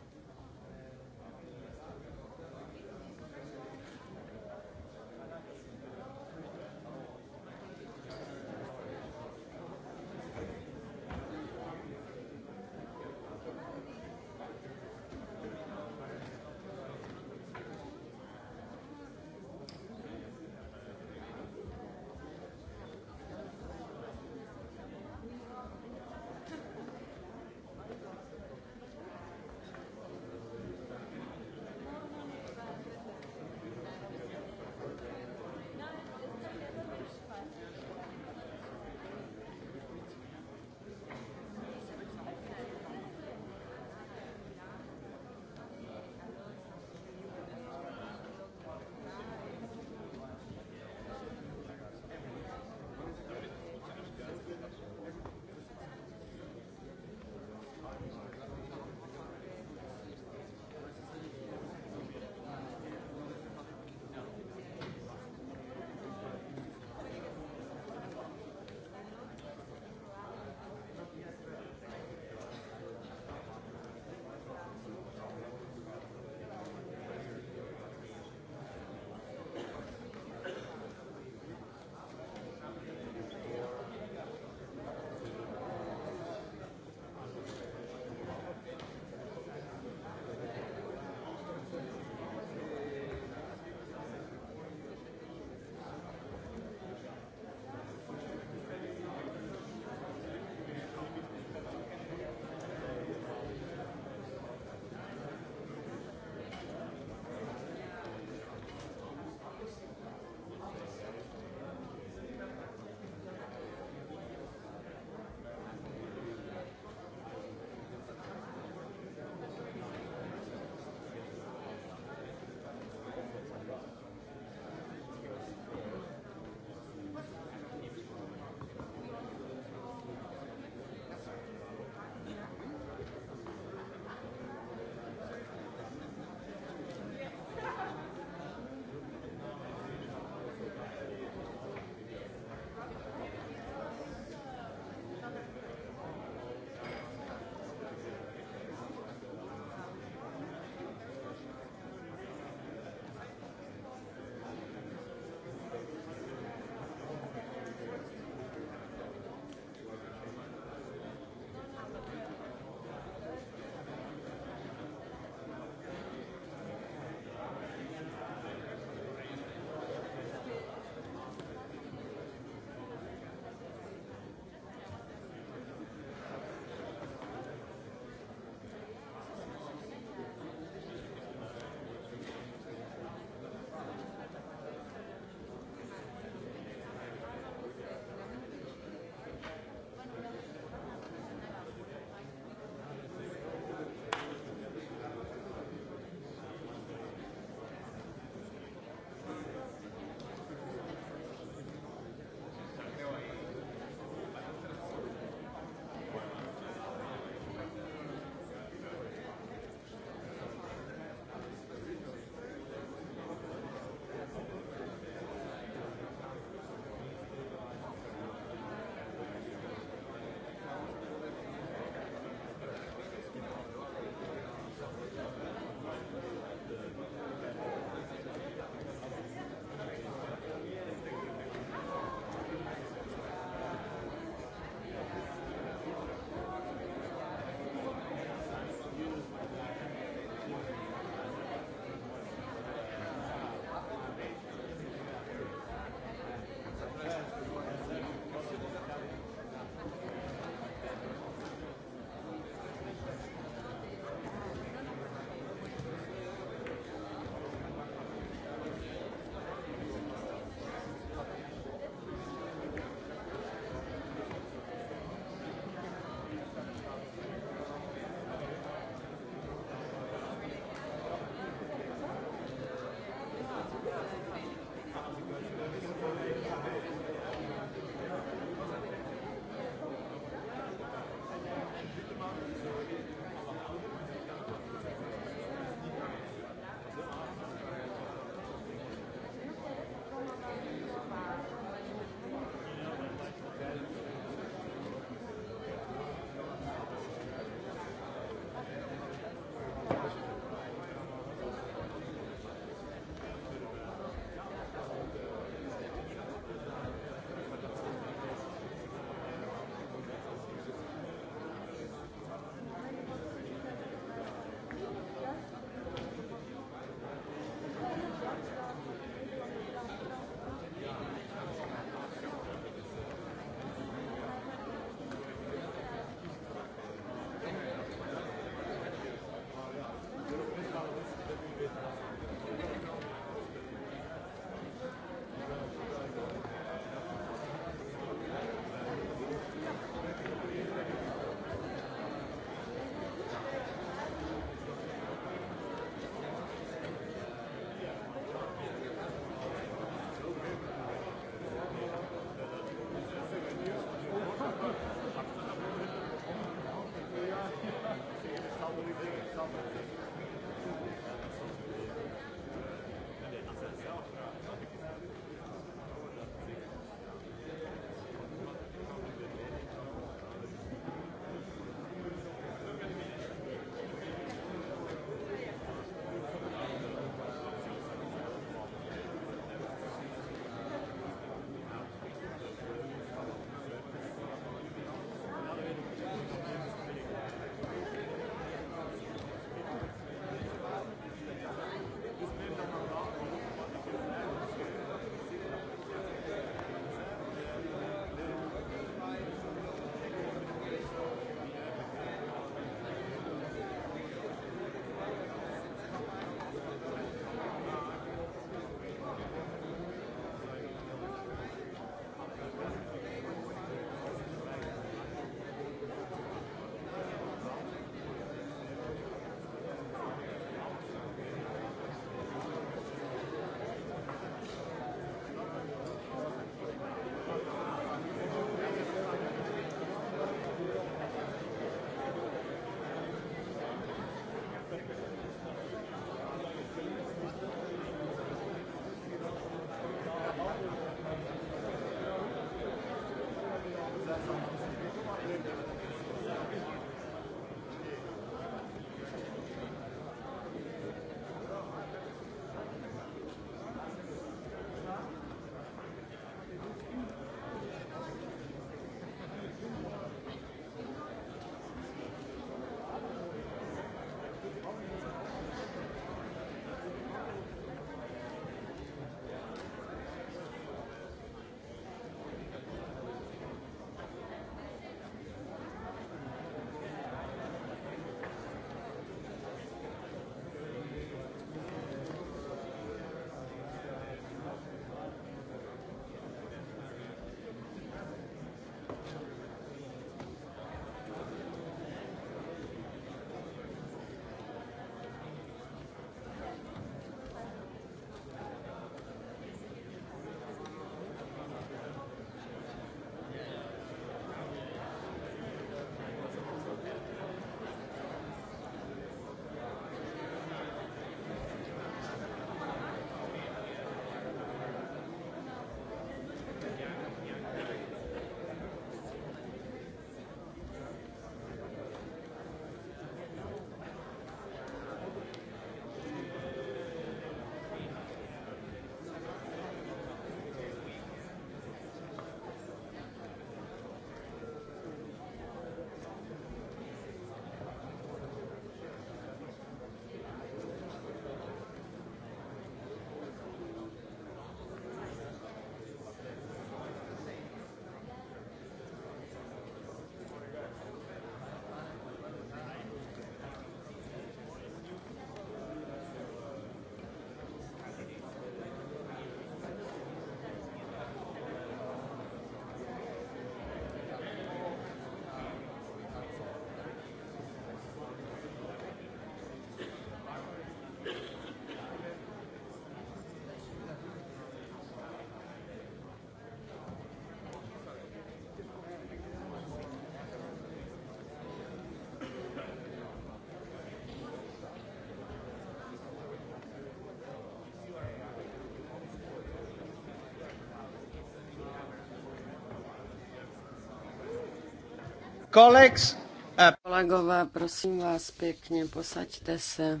Kolegs, eh, Kolegové, prosím vás pěkně, posaďte se.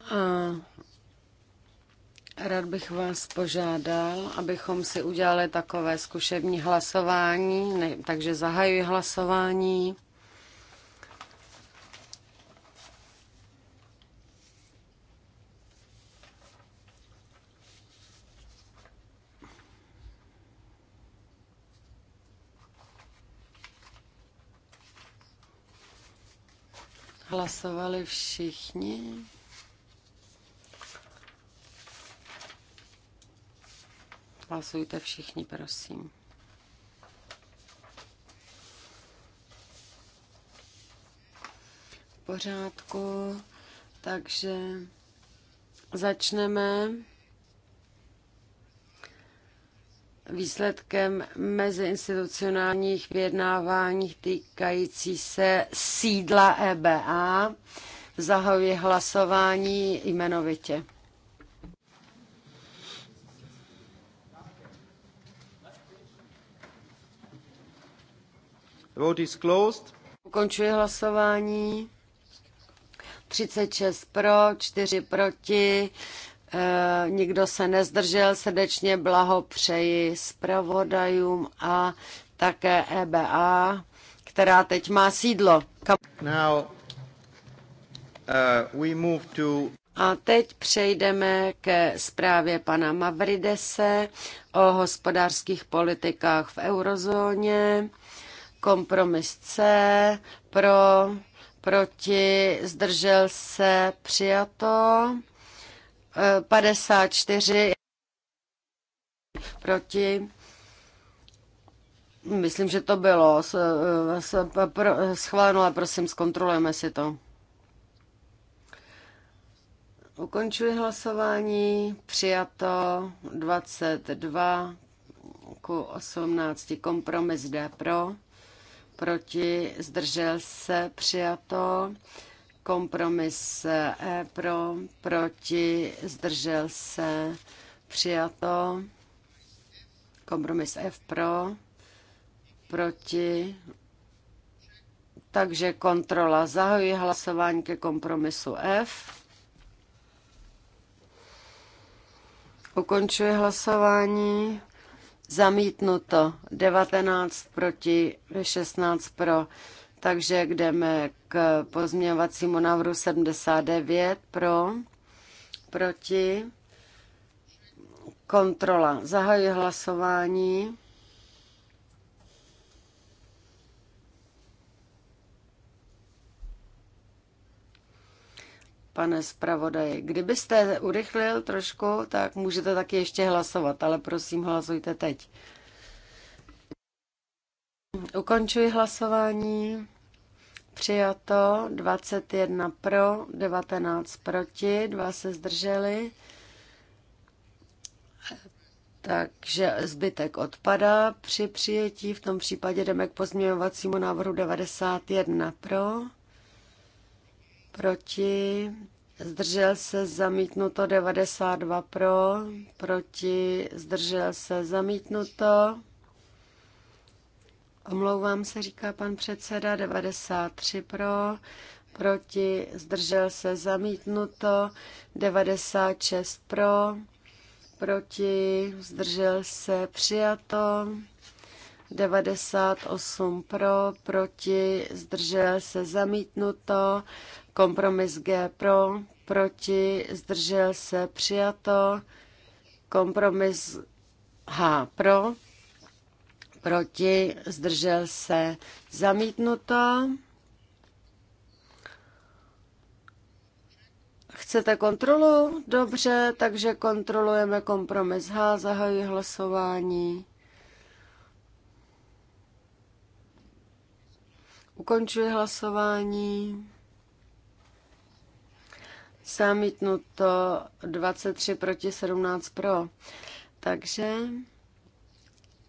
A rád bych vás požádal, abychom si udělali takové zkušební hlasování, ne, takže zahajuji hlasování. Hlasujte všichni, prosím. V pořádku, takže začneme výsledkem meziinstitucionálních vyjednávání týkající se sídla EBA. Zahajuji hlasování jmenovitě. Vote is closed. Ukončuji hlasování. 36 pro, 4 proti, e, nikdo se nezdržel, srdečně blahopřeji zpravodajům a také EBA, která teď má sídlo. Now, uh, we move to... A teď přejdeme ke zprávě pana Mavridese o hospodářských politikách v eurozóně. Kompromis C pro, proti, zdržel se, přijato. 54 eh, proti. Myslím, že to bylo eh, eh, schváleno, ale prosím, zkontrolujeme si to. Ukončuji hlasování. Přijato 22 ku 18. Kompromis D pro proti, zdržel se, přijato. Kompromis E pro, proti, zdržel se, přijato. Kompromis F pro, proti. Takže kontrola. Zahajuji hlasování ke kompromisu F. ukončuje hlasování. Zamítnuto 19 proti 16 pro. Takže jdeme k pozměňovacímu návrhu 79 pro, proti, kontrola. Zahajuji hlasování. pane zpravodaji. Kdybyste urychlil trošku, tak můžete taky ještě hlasovat, ale prosím, hlasujte teď. Ukončuji hlasování. Přijato 21 pro, 19 proti, Dva se zdrželi. Takže zbytek odpadá při přijetí. V tom případě jdeme k pozměňovacímu návrhu 91 pro, proti, zdržel se zamítnuto 92 pro, proti, zdržel se zamítnuto. Omlouvám se, říká pan předseda, 93 pro, proti, zdržel se zamítnuto, 96 pro, proti, zdržel se přijato, 98 pro, proti, zdržel se zamítnuto, Kompromis G pro, proti, zdržel se, přijato. Kompromis H pro, proti, zdržel se, zamítnuto. Chcete kontrolu? Dobře, takže kontrolujeme kompromis H, zahajuji hlasování. Ukončuji hlasování. Zamítnuto 23 proti 17 pro. Takže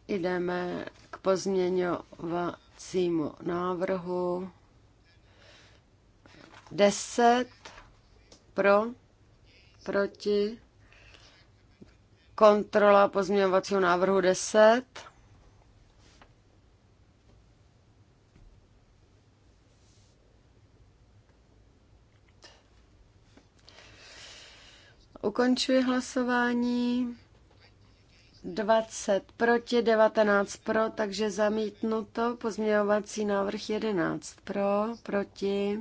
jdeme k pozměňovacímu návrhu 10 pro, proti, kontrola pozměňovacího návrhu 10. Ukončuji hlasování. 20 proti, 19 pro, takže zamítnuto. Pozměňovací návrh 11 pro, proti.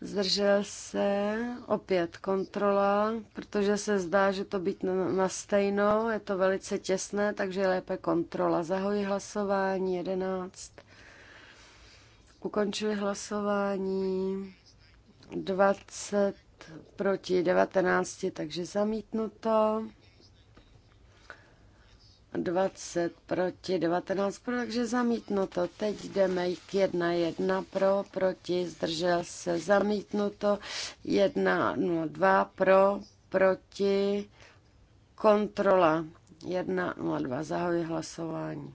Zdržel se opět kontrola, protože se zdá, že to být na stejno, je to velice těsné, takže je lépe kontrola. Zahoji hlasování 11. Ukončuji hlasování 20 proti 19, takže zamítnuto. 20 proti 19, pro, takže zamítnuto. Teď jdeme k 1, 1 pro, proti, zdržel se, zamítnuto. 1, 0, 2 pro, proti, kontrola. 1, 0, 2, zahoji hlasování.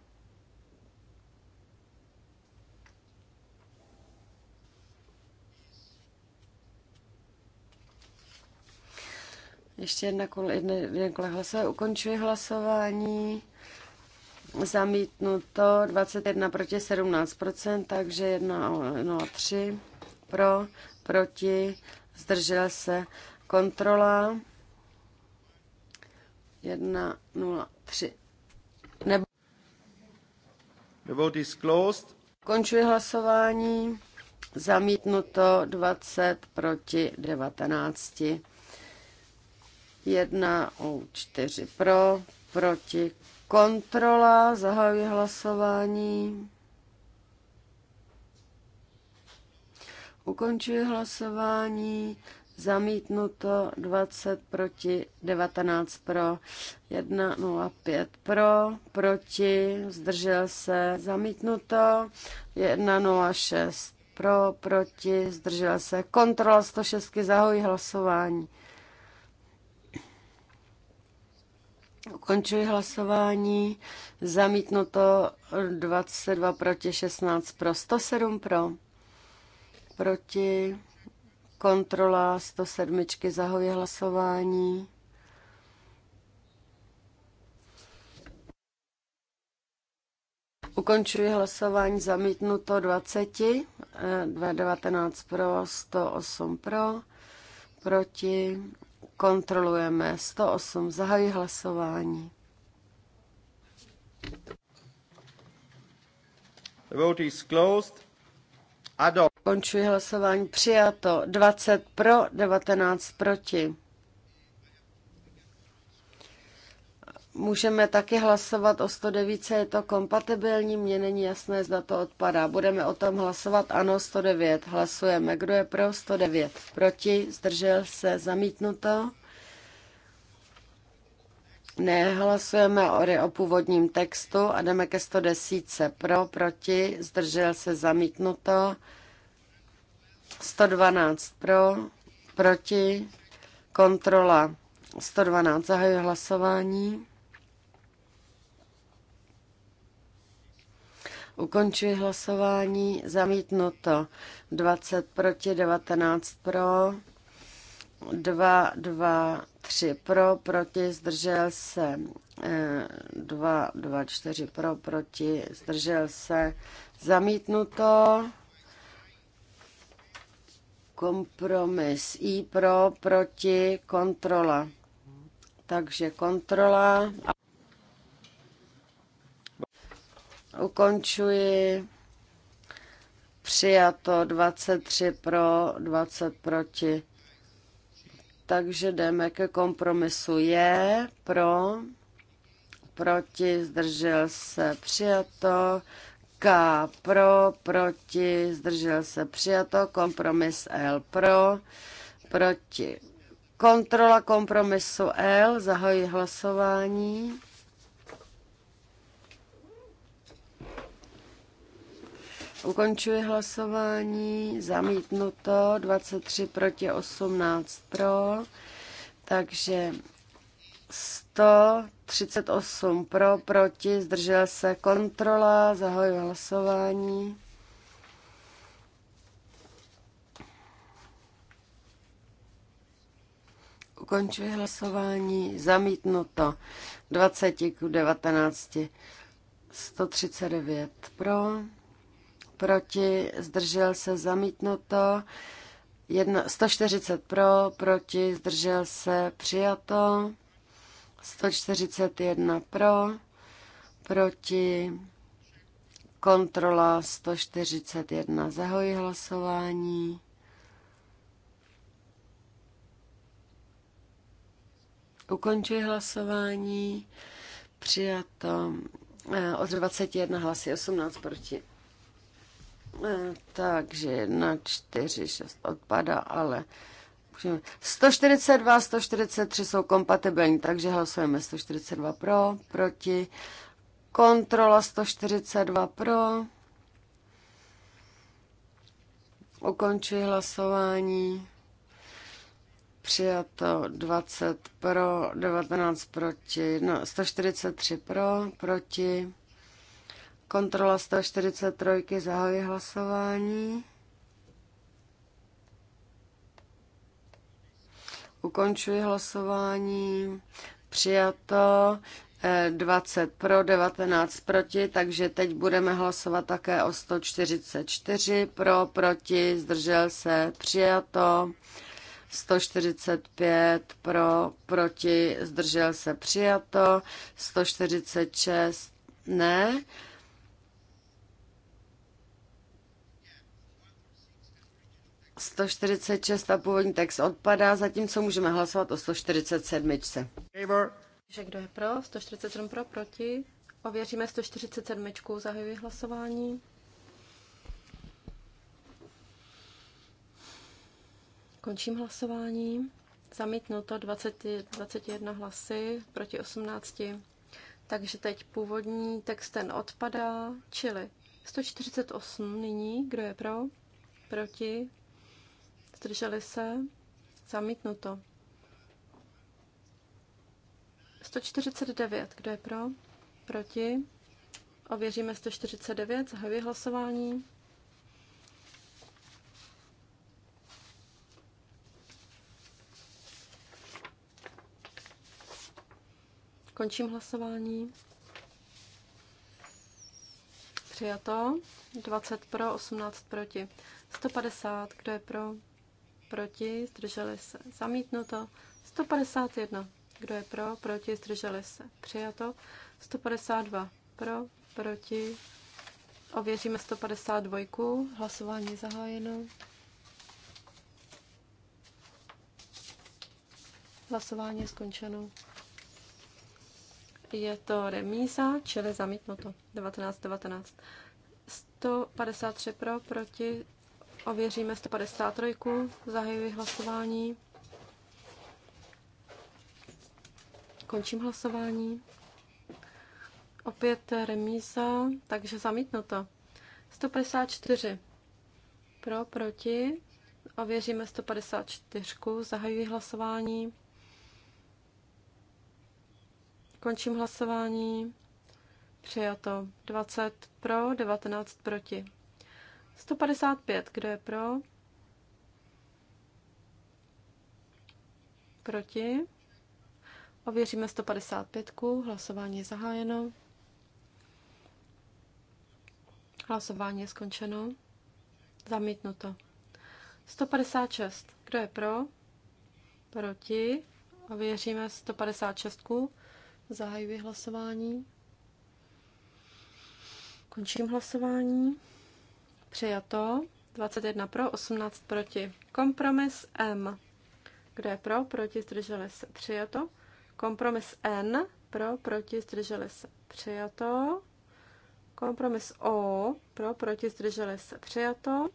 Ještě jedna, jedna, jedna kole hlasuje. Ukončuji hlasování. Zamítnuto 21 proti 17 takže 1,03 pro, proti, zdržel se kontrola 1,03. Nebo... The vote is closed. Končuji hlasování. Zamítnuto 20 proti 19. 1 u 4 pro, proti kontrola, zahajuji hlasování. Ukončuji hlasování. Zamítnuto 20 proti 19 pro 1 0 5 pro proti zdržel se zamítnuto 1 0 6 pro proti zdržel se kontrola 106 zahajuji hlasování. Ukončuji hlasování. Zamítnuto 22 proti 16 pro 107 pro. Proti kontrola 107 Zahově hlasování. Ukončuji hlasování zamítnuto 20, 219 eh, pro, 108 pro, proti Kontrolujeme 108. Zahají hlasování. The vote is closed. Adopt. Končuji hlasování. Přijato 20 pro, 19 proti. Můžeme taky hlasovat o 109, je to kompatibilní, mně není jasné, zda to odpadá. Budeme o tom hlasovat, ano, 109, hlasujeme. Kdo je pro 109? Proti, zdržel se, zamítnuto. Nehlasujeme o, o původním textu a jdeme ke 110. Pro, proti, zdržel se, zamítnuto. 112 pro, proti, kontrola. 112 zahajuje hlasování. Ukončuji hlasování. Zamítnuto 20 proti 19 pro. 2, 2, 3 pro, proti, zdržel se 2, 2, 4 pro, proti, zdržel se zamítnuto. Kompromis I pro, proti, kontrola. Takže kontrola. Ukončuji. Přijato 23 pro, 20 proti. Takže jdeme ke kompromisu. Je pro, proti, zdržel se, přijato. K pro, proti, zdržel se, přijato. Kompromis L pro, proti. Kontrola kompromisu L, zahojí hlasování. Ukončuji hlasování, zamítnuto, 23 proti 18 pro, takže 138 pro, proti, zdržel se kontrola, zahajuji hlasování. Ukončuji hlasování, zamítnuto, 20 k 19, 139 pro proti, zdržel se zamítnuto. 140 pro, proti, zdržel se přijato. 141 pro, proti, kontrola 141. zahoj hlasování. Ukončuji hlasování. Přijato eh, od 21 hlasy 18 proti. Eh, takže 1, 4, 6 odpada, ale 142, 143 jsou kompatibilní, takže hlasujeme 142 pro, proti, kontrola 142 pro, ukončuji hlasování, přijato 20 pro, 19 proti, no, 143 pro, proti, Kontrola 143. Zahajuji hlasování. Ukončuji hlasování. Přijato 20 eh, pro, 19 proti, takže teď budeme hlasovat také o 144 pro, proti, zdržel se, přijato. 145 pro, proti, zdržel se, přijato. 146 ne. 146 a původní text odpadá, zatímco můžeme hlasovat o 147. Že kdo je pro? 147 pro, proti? Ověříme 147. Zahajuji hlasování. Končím hlasování. Zamítnuto 20, 21 hlasy proti 18. Takže teď původní text ten odpadá, čili 148 nyní, kdo je pro, proti, zdrželi se, zamítnuto. 149, kdo je pro, proti, ověříme 149, zahajuji hlasování. Končím hlasování. Přijato. 20 pro, 18 proti. 150, kdo je pro? proti, zdrželi se, zamítnuto. 151, kdo je pro, proti, zdrželi se, přijato. 152, pro, proti, ověříme 152, hlasování zahájeno. Hlasování je skončeno. Je to remíza, čili zamítnuto. 19, 19. 153 pro, proti, Ověříme 153. Zahajuji hlasování. Končím hlasování. Opět remíza, takže zamítnuto. 154. Pro, proti. Ověříme 154. Zahajuji hlasování. Končím hlasování. Přijato 20 pro, 19 proti. 155, kdo je pro? Proti? Ověříme 155, hlasování je zahájeno. Hlasování je skončeno. Zamítnuto. 156. Kdo je pro? Proti? Ověříme 156. Zahajuji hlasování. Končím hlasování. Přijato. 21 pro, 18 proti. Kompromis M. Kdo je pro, proti, zdrželi se. Přijato. Kompromis N. Pro, proti, zdrželi se. Přijato. Kompromis O. Pro, proti, zdrželi se. Přijato.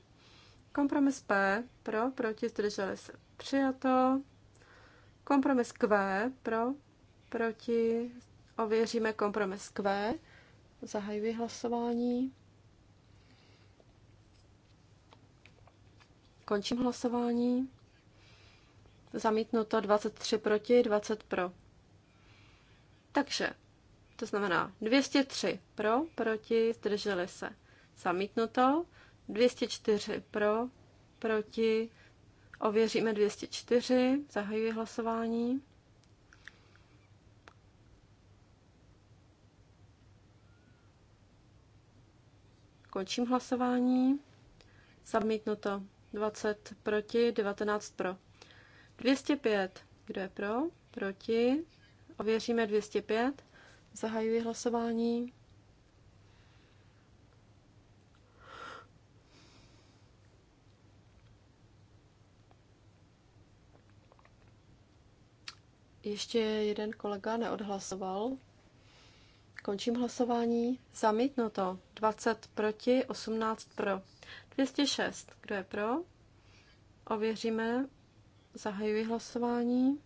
Kompromis P. Pro, proti, zdrželi se. Přijato. Kompromis Q. Pro, proti. Ověříme kompromis Q. Zahajuji hlasování. Končím hlasování. Zamítnuto 23 proti, 20 pro. Takže, to znamená 203 pro, proti, zdrželi se. Zamítnuto 204 pro, proti, ověříme 204, zahajuji hlasování. Končím hlasování. Zamítnuto 20 proti, 19 pro. 205. Kdo je pro? Proti. Ověříme 205. Zahajuji hlasování. Ještě jeden kolega neodhlasoval. Končím hlasování. zamítno to 20 proti, 18 pro. 206. Kdo je pro? Ověříme. Zahajuji hlasování.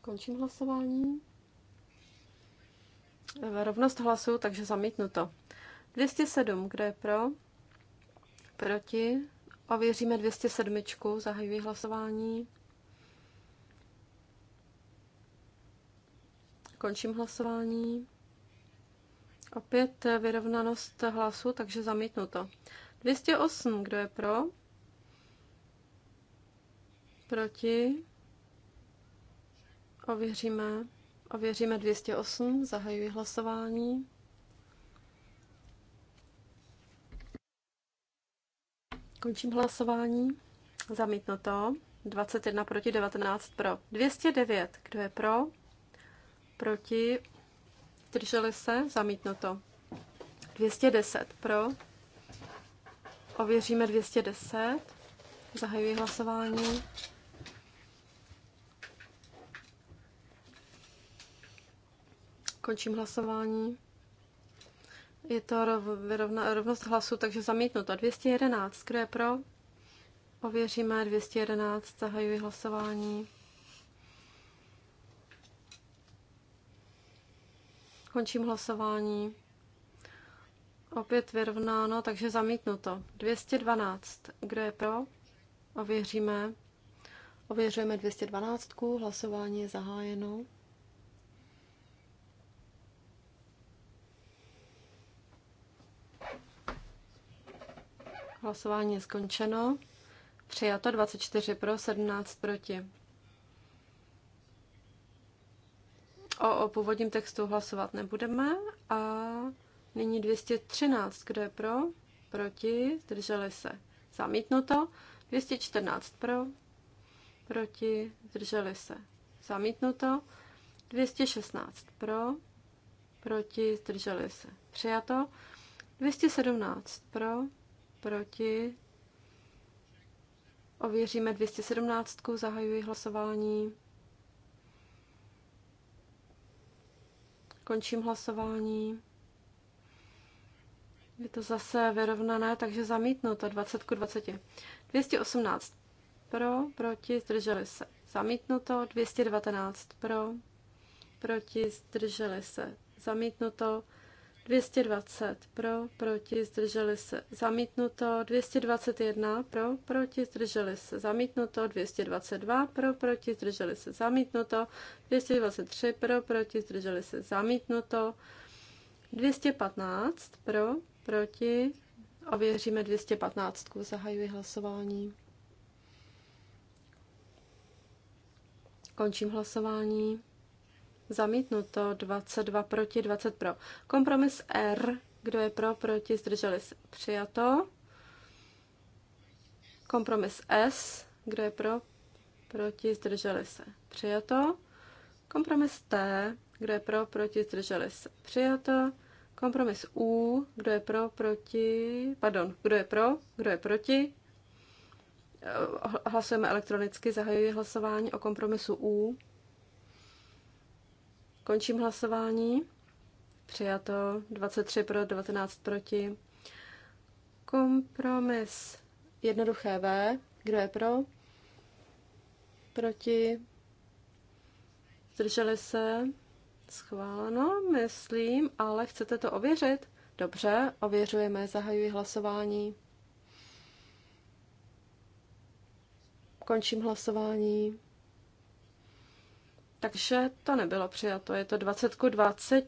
Končím hlasování. Rovnost hlasů, takže zamítnuto. 207. Kdo je pro? Proti? Ověříme 207. Zahajuji hlasování. Končím hlasování. Opět vyrovnanost hlasu, takže zamítnuto. 208, kdo je pro? Proti? Ověříme. Ověříme 208, zahajuji hlasování. Končím hlasování. Zamítnuto. 21 proti 19 pro. 209, kdo je pro? proti, zdrželi se, zamítnuto. 210 pro, ověříme 210, zahajuji hlasování. Končím hlasování. Je to rovna, rovnost hlasu, takže zamítnuto. 211, kdo je pro? Ověříme 211, zahajuji hlasování. Končím hlasování. Opět vyrovnáno, takže zamítnuto. 212. Kdo je pro? Ověříme. Ověřujeme 212. Hlasování je zahájeno. Hlasování je skončeno. Přijato 24 pro, 17 proti. O, o původním textu hlasovat nebudeme. A nyní 213, kdo je pro? Proti, zdrželi se. Zamítnuto. 214 pro, proti, zdrželi se. Zamítnuto. 216 pro, proti, zdrželi se. Přijato. 217 pro, proti. Ověříme 217, zahajuji hlasování. Končím hlasování. Je to zase vyrovnané, takže zamítnuto 20 ku 20. 218 pro, proti, zdrželi se. Zamítnuto 219 pro, proti, zdrželi se. Zamítnuto 220 pro, proti, zdrželi se, zamítnuto, 221 pro, proti, zdrželi se, zamítnuto, 222 pro, proti, zdrželi se, zamítnuto, 223 pro, proti, zdrželi se, zamítnuto, 215 pro, proti, ověříme 215, zahajuji hlasování. Končím hlasování. Zamítnuto 22 proti 20 pro. Kompromis R, kdo je pro, proti, zdrželi se. Přijato. Kompromis S, kdo je pro, proti, zdrželi se. Přijato. Kompromis T, kdo je pro, proti, zdrželi se. Přijato. Kompromis U, kdo je pro, proti, pardon, kdo je pro, kdo je proti. Eh, hlasujeme elektronicky, zahajuji hlasování o kompromisu U. Končím hlasování. Přijato 23 pro, 19 proti. Kompromis jednoduché V. Kdo je pro? Proti? Zdrželi se? Schváleno, myslím, ale chcete to ověřit? Dobře, ověřujeme, zahajuji hlasování. Končím hlasování. Takže to nebylo přijato. Je to 20 k 20,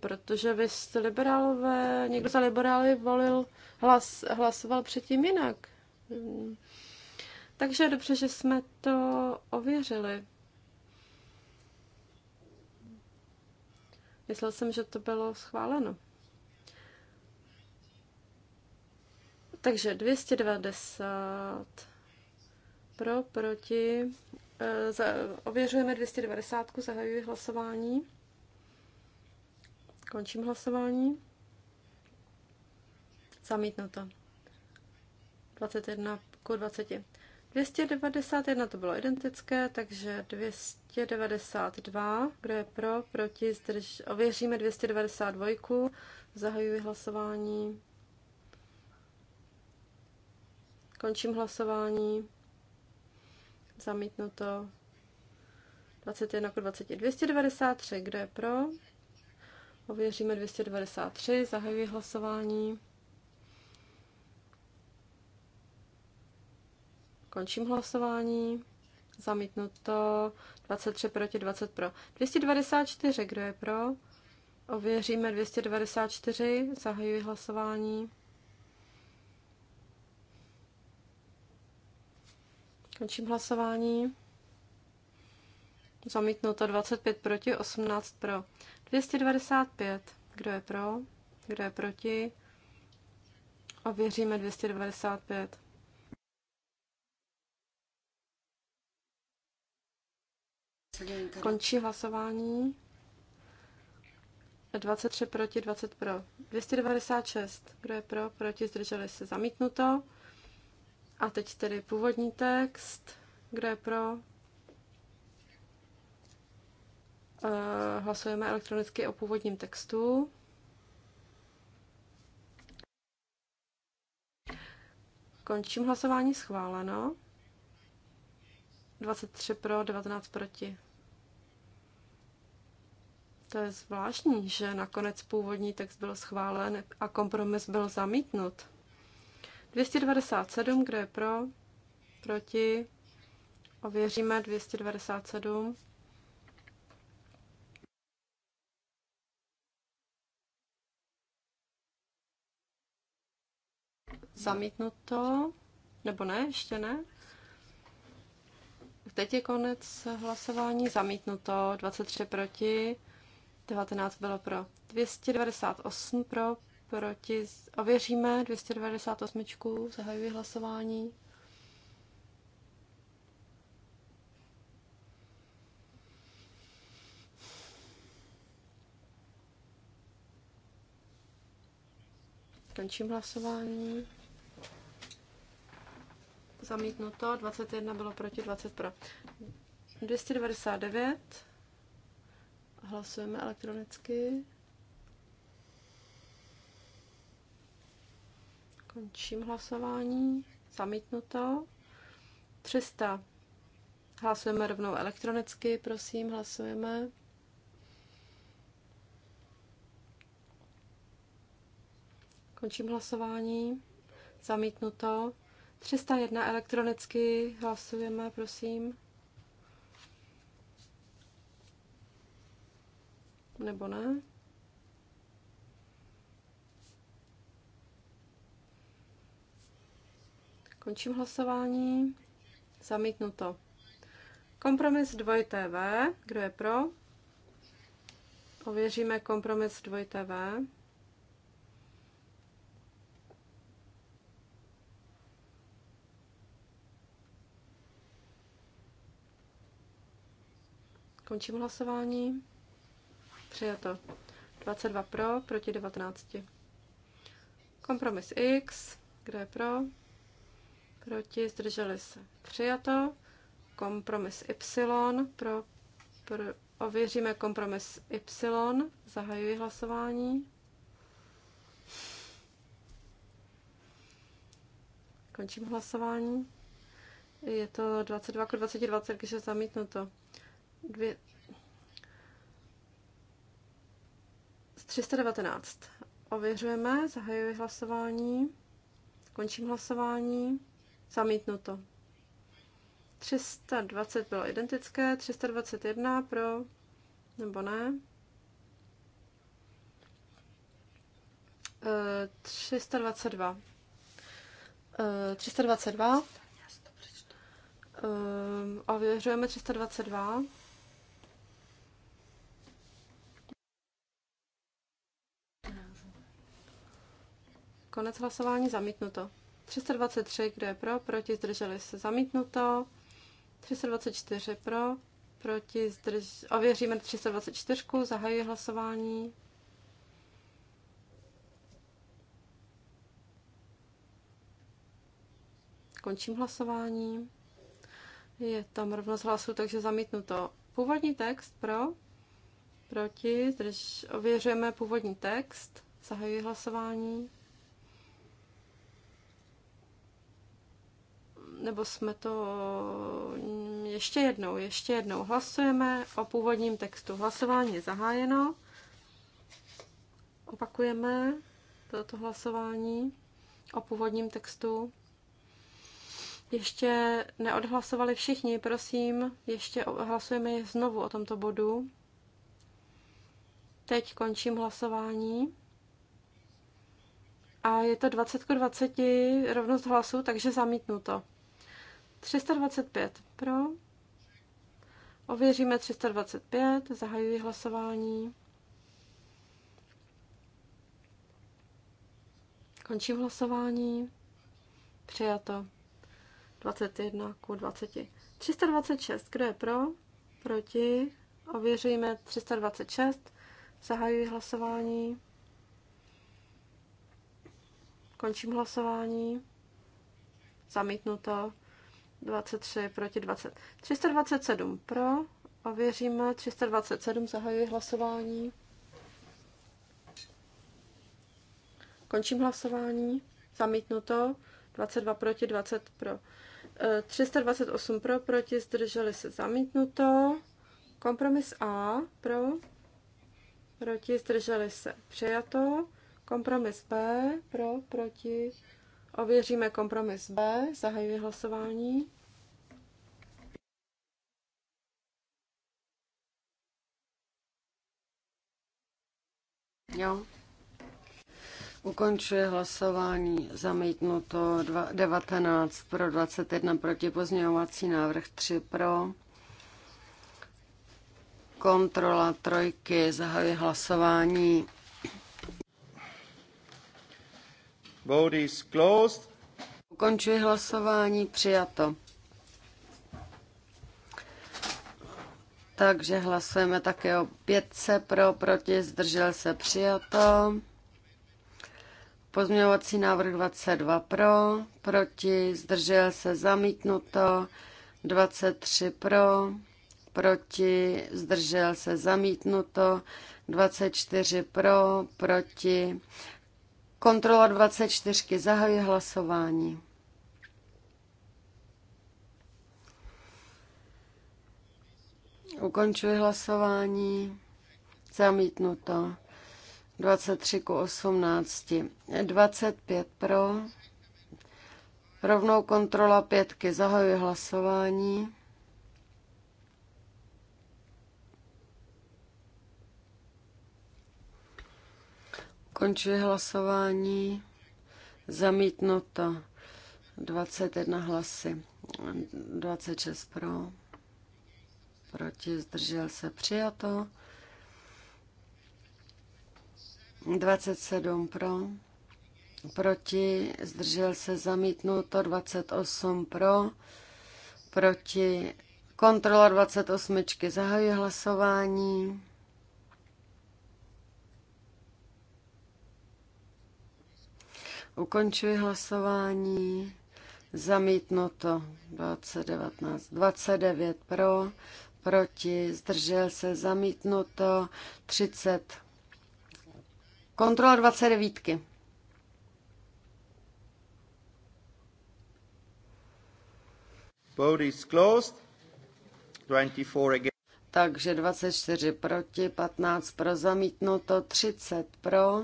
protože vy jste liberálové, někdo za liberály volil, hlas, hlasoval předtím jinak. Takže dobře, že jsme to ověřili. Myslel jsem, že to bylo schváleno. Takže 290 pro, proti, Eh, ověřujeme 290, zahajuji hlasování. Končím hlasování. Zamítnuto. 21 k 20. 291 to bylo identické, takže 292, kdo je pro, proti, zdrž... ověříme 292, zahajuji hlasování. Končím hlasování. Zamítnuto. 21 k 20. 293. Kdo je pro? Ověříme 293. Zahajuji hlasování. Končím hlasování. Zamítnuto 23 proti 20 pro. 294, kdo je pro? Ověříme 294, zahajuji hlasování. Končím hlasování. Zamítnuto 25 proti, 18 pro. 295. Kdo je pro? Kdo je proti? Ověříme 295. Končí hlasování. 23 proti, 20 pro. 296. Kdo je pro? Proti, zdrželi se. Zamítnuto. A teď tedy původní text, kdo je pro. Eh, hlasujeme elektronicky o původním textu. Končím hlasování schváleno. 23 pro, 19 proti. To je zvláštní, že nakonec původní text byl schválen a kompromis byl zamítnut. 297, kdo je pro? Proti? Ověříme 297. Zamítnuto. Nebo ne, ještě ne. Teď je konec hlasování. Zamítnuto. 23 proti. 19 bylo pro. 298 pro, proti, ověříme 298, zahajuji hlasování. Končím hlasování. Zamítnuto, 21 bylo proti, 20 pro. 299. Hlasujeme elektronicky. Končím hlasování. Zamítnuto. 300. Hlasujeme rovnou elektronicky, prosím, hlasujeme. Končím hlasování. Zamítnuto. 301 elektronicky hlasujeme, prosím. Nebo ne? Končím hlasování. Zamítnuto. Kompromis 2TV. Kdo je pro? Ověříme kompromis 2TV. Končím hlasování. Přijato. 22 pro, proti 19. Kompromis X. Kdo je pro? proti, zdrželi se. Přijato. Kompromis Y, pro, pro, ověříme kompromis Y, zahajuji hlasování. Končím hlasování. Je to 22 k 20, 20, když je zamítnuto. Dvě... Z 319. Ověřujeme, zahajuji hlasování. Končím hlasování. Zamítnuto. 320 bylo identické, 321 pro, nebo ne. 322. Eh, 322. Eh, eh, a 322. Konec hlasování zamítnuto. 323, kdo je pro, proti, zdrželi se zamítnuto. 324 pro, proti, zdrž... Ověříme 324, zahajuji hlasování. Končím hlasování. Je tam rovnost hlasů, takže zamítnuto. Původní text pro, proti, zdrž. ověřujeme původní text, zahajuji hlasování. nebo jsme to ještě jednou, ještě jednou hlasujeme o původním textu. Hlasování je zahájeno. Opakujeme toto hlasování o původním textu. Ještě neodhlasovali všichni, prosím, ještě hlasujeme znovu o tomto bodu. Teď končím hlasování. A je to 20 k 20 rovnost hlasů, takže zamítnu to. 325 pro. Ověříme 325, zahajuji hlasování. Končím hlasování. Přijato. 21 ku 20. 326, kdo je pro? Proti? Ověříme 326, zahajuji hlasování. Končím hlasování. Zamítnuto. 23 proti 20. 327 pro. Ověříme. 327 zahajuji hlasování. Končím hlasování. Zamítnuto. 22 proti 20 pro. 328 e, pro, proti, zdrželi se zamítnuto. Kompromis A pro, proti, zdrželi se přijato. Kompromis B pro, proti, Ověříme kompromis B, zahajuji hlasování. Jo. Ukončuje hlasování zamítnuto 19 pro 21 proti pozměňovací návrh 3 pro. Kontrola trojky zahajuje hlasování. Vote is closed. Ukončuji hlasování, přijato. Takže hlasujeme také o pětce pro, proti, zdržel se, přijato. Pozměňovací návrh 22 pro, proti, zdržel se, zamítnuto. 23 pro, proti, zdržel se, zamítnuto. 24 pro, proti, Kontrola 24. Zahajuji hlasování. Ukončuji hlasování. Zamítnuto. 23 ku 18. 25 pro. Rovnou kontrola pětky. Zahajuji hlasování. Končuje hlasování. Zamítnuto 21 hlasy, 26 pro, proti zdržel se přijato, 27 pro, proti zdržel se zamítnuto, 28 pro, proti kontrola 28. Zahajuji hlasování. Ukončuji hlasování. Zamítnuto 2019. 29 pro, proti, zdržel se, zamítnuto 30. Kontrola 29. -ky. Vote is closed. 24 again. Takže 24 proti, 15 pro zamítnuto, 30 pro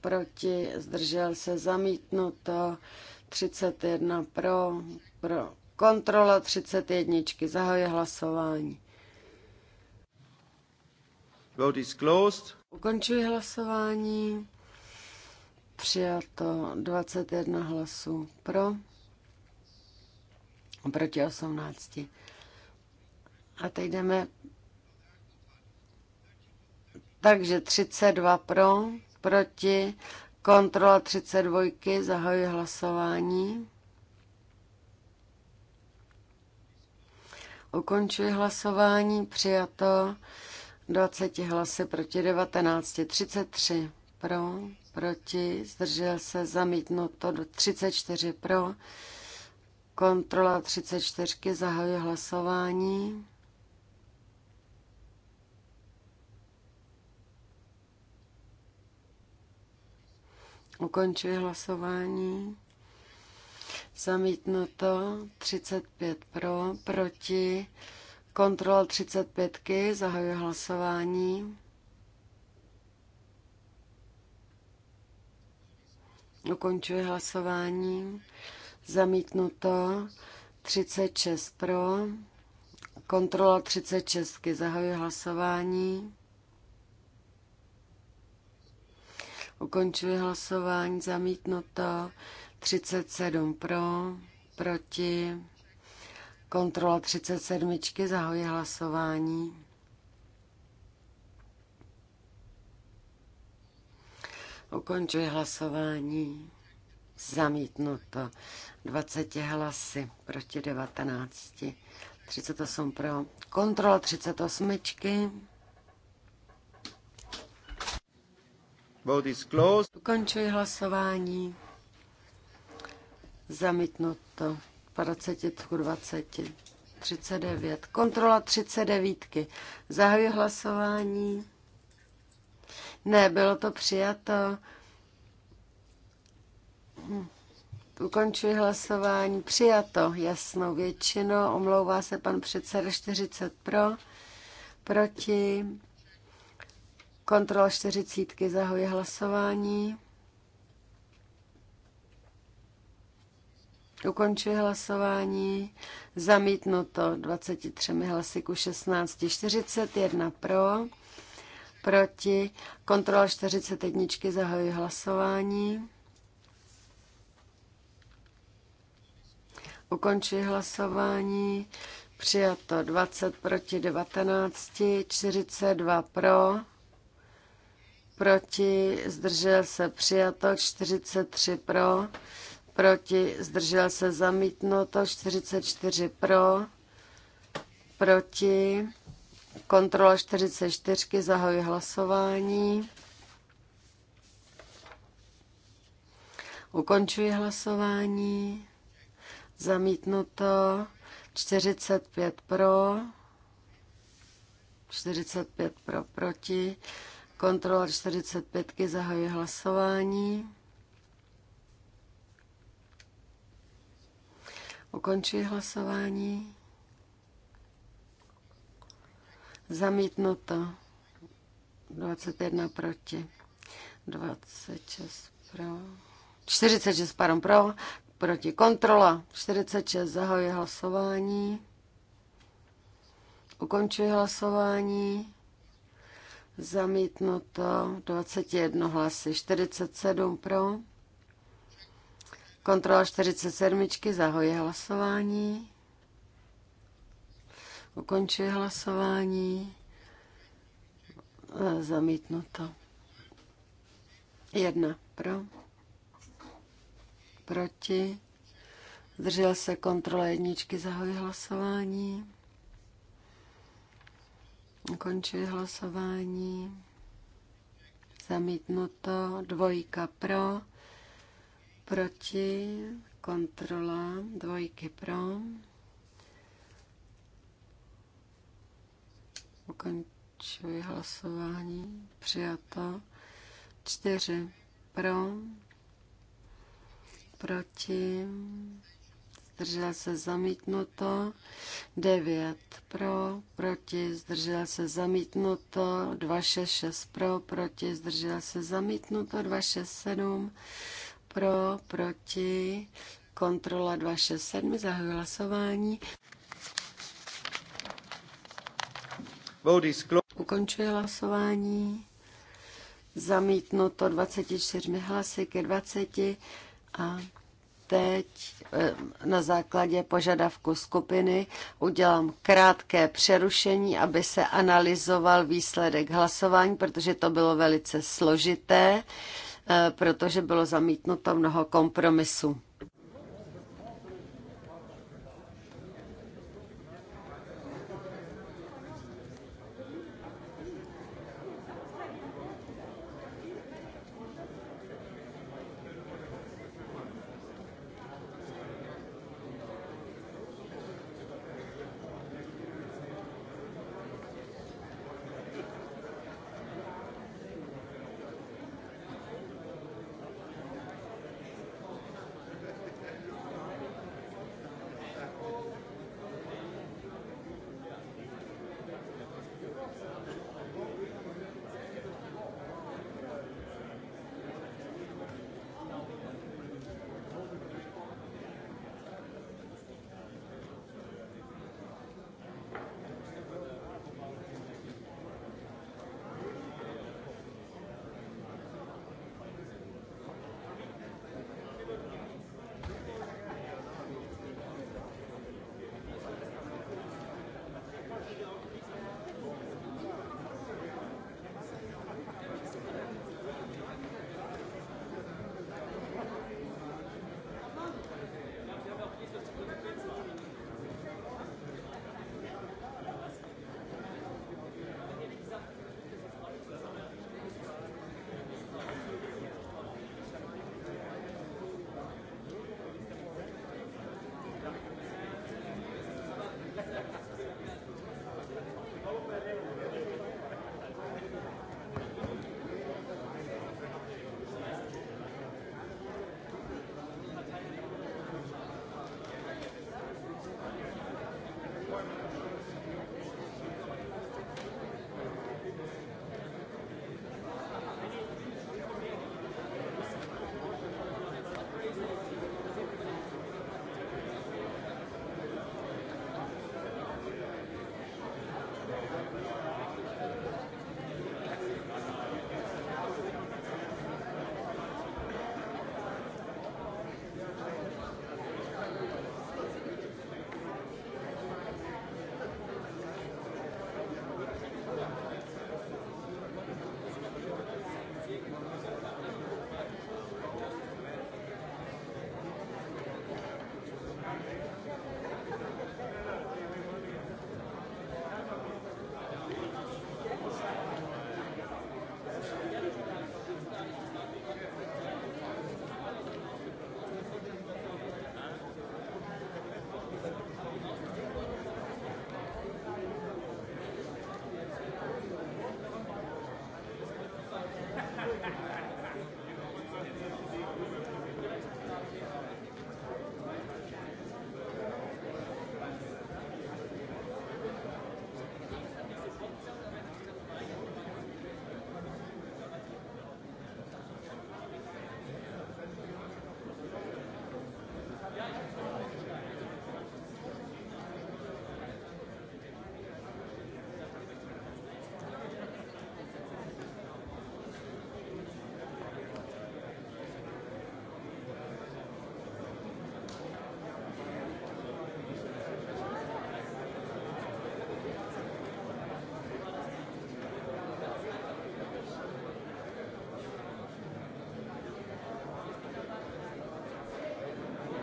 proti, zdržel se zamítnuto, 31 pro, pro kontrola 31, zahajuje hlasování. Vote is closed. Ukončuji hlasování. Přijato 21 hlasů pro a proti 18. A teď jdeme. Takže 32 pro, proti, kontrola 32, zahajuji hlasování. Ukončuji hlasování, přijato 20 hlasy proti 19, 33 pro, proti, zdržel se, zamítnuto do 34 pro, kontrola 34, zahajuji hlasování. Ukončuji hlasování. Zamítnuto 35 pro, proti. Kontrol 35. Zahajuji hlasování. Ukončuji hlasování. Zamítnuto 36 pro. Kontrola 36. Zahajuji hlasování. Ukončuji hlasování, zamítnuto. 37 pro, proti. Kontrola 37. Zahoji hlasování. Ukončuji hlasování. Zamítnuto. 20 hlasy proti 19. 38 pro. Kontrola 38. Vote is closed. Ukončuji hlasování. Zamítnuto. 20, 20. 39. Kontrola 39. Zahajuji hlasování. Ne, bylo to přijato. Hm. Ukončuji hlasování. Přijato jasnou většinou. Omlouvá se pan předseda 40 pro, proti. Kontrola 40. Zahoji hlasování. Ukončuji hlasování. Zamítnuto 23 hlasy ku 16. 41 pro. Proti. Kontrola 41. Zahoji hlasování. Ukončuji hlasování. Přijato 20 proti 19, 42 pro proti, zdržel se přijato, 43 pro, proti, zdržel se zamítnuto, 44 pro, proti, kontrola 44, zahajuji hlasování. Ukončuji hlasování. Zamítnuto 45 pro, 45 pro proti. Kontrola 45 zahajuje hlasování. Ukončuji hlasování. Zamítnuto. 21 proti. 26 pro. 46, pardon, pro. Proti kontrola. 46 zahajuje hlasování. Ukončuji hlasování. Zamítnuto 21 hlasy, 47 pro. Kontrola 47, zahoji hlasování. Ukončuji hlasování. E, zamítnuto. Jedna pro. Proti. Zdržel se kontrola jedničky, zahoji hlasování. Končuji hlasování. Zamítnuto. Dvojka pro. Proti. Kontrola. Dvojky pro. Ukončuji hlasování. Přijato. Čtyři pro. Proti zdržel se zamítnuto, 9 pro, proti, zdržel se zamítnuto, 2, 6, 6 pro, proti, zdržel se zamítnuto, 2, 6, 7 pro, proti, kontrola 2, 6, 7, zahajuji hlasování. Ukončuji hlasování. Zamítnuto 24 hlasy ke 20 a teď eh, na základě požadavku skupiny udělám krátké přerušení, aby se analyzoval výsledek hlasování, protože to bylo velice složité, eh, protože bylo zamítnuto mnoho kompromisů.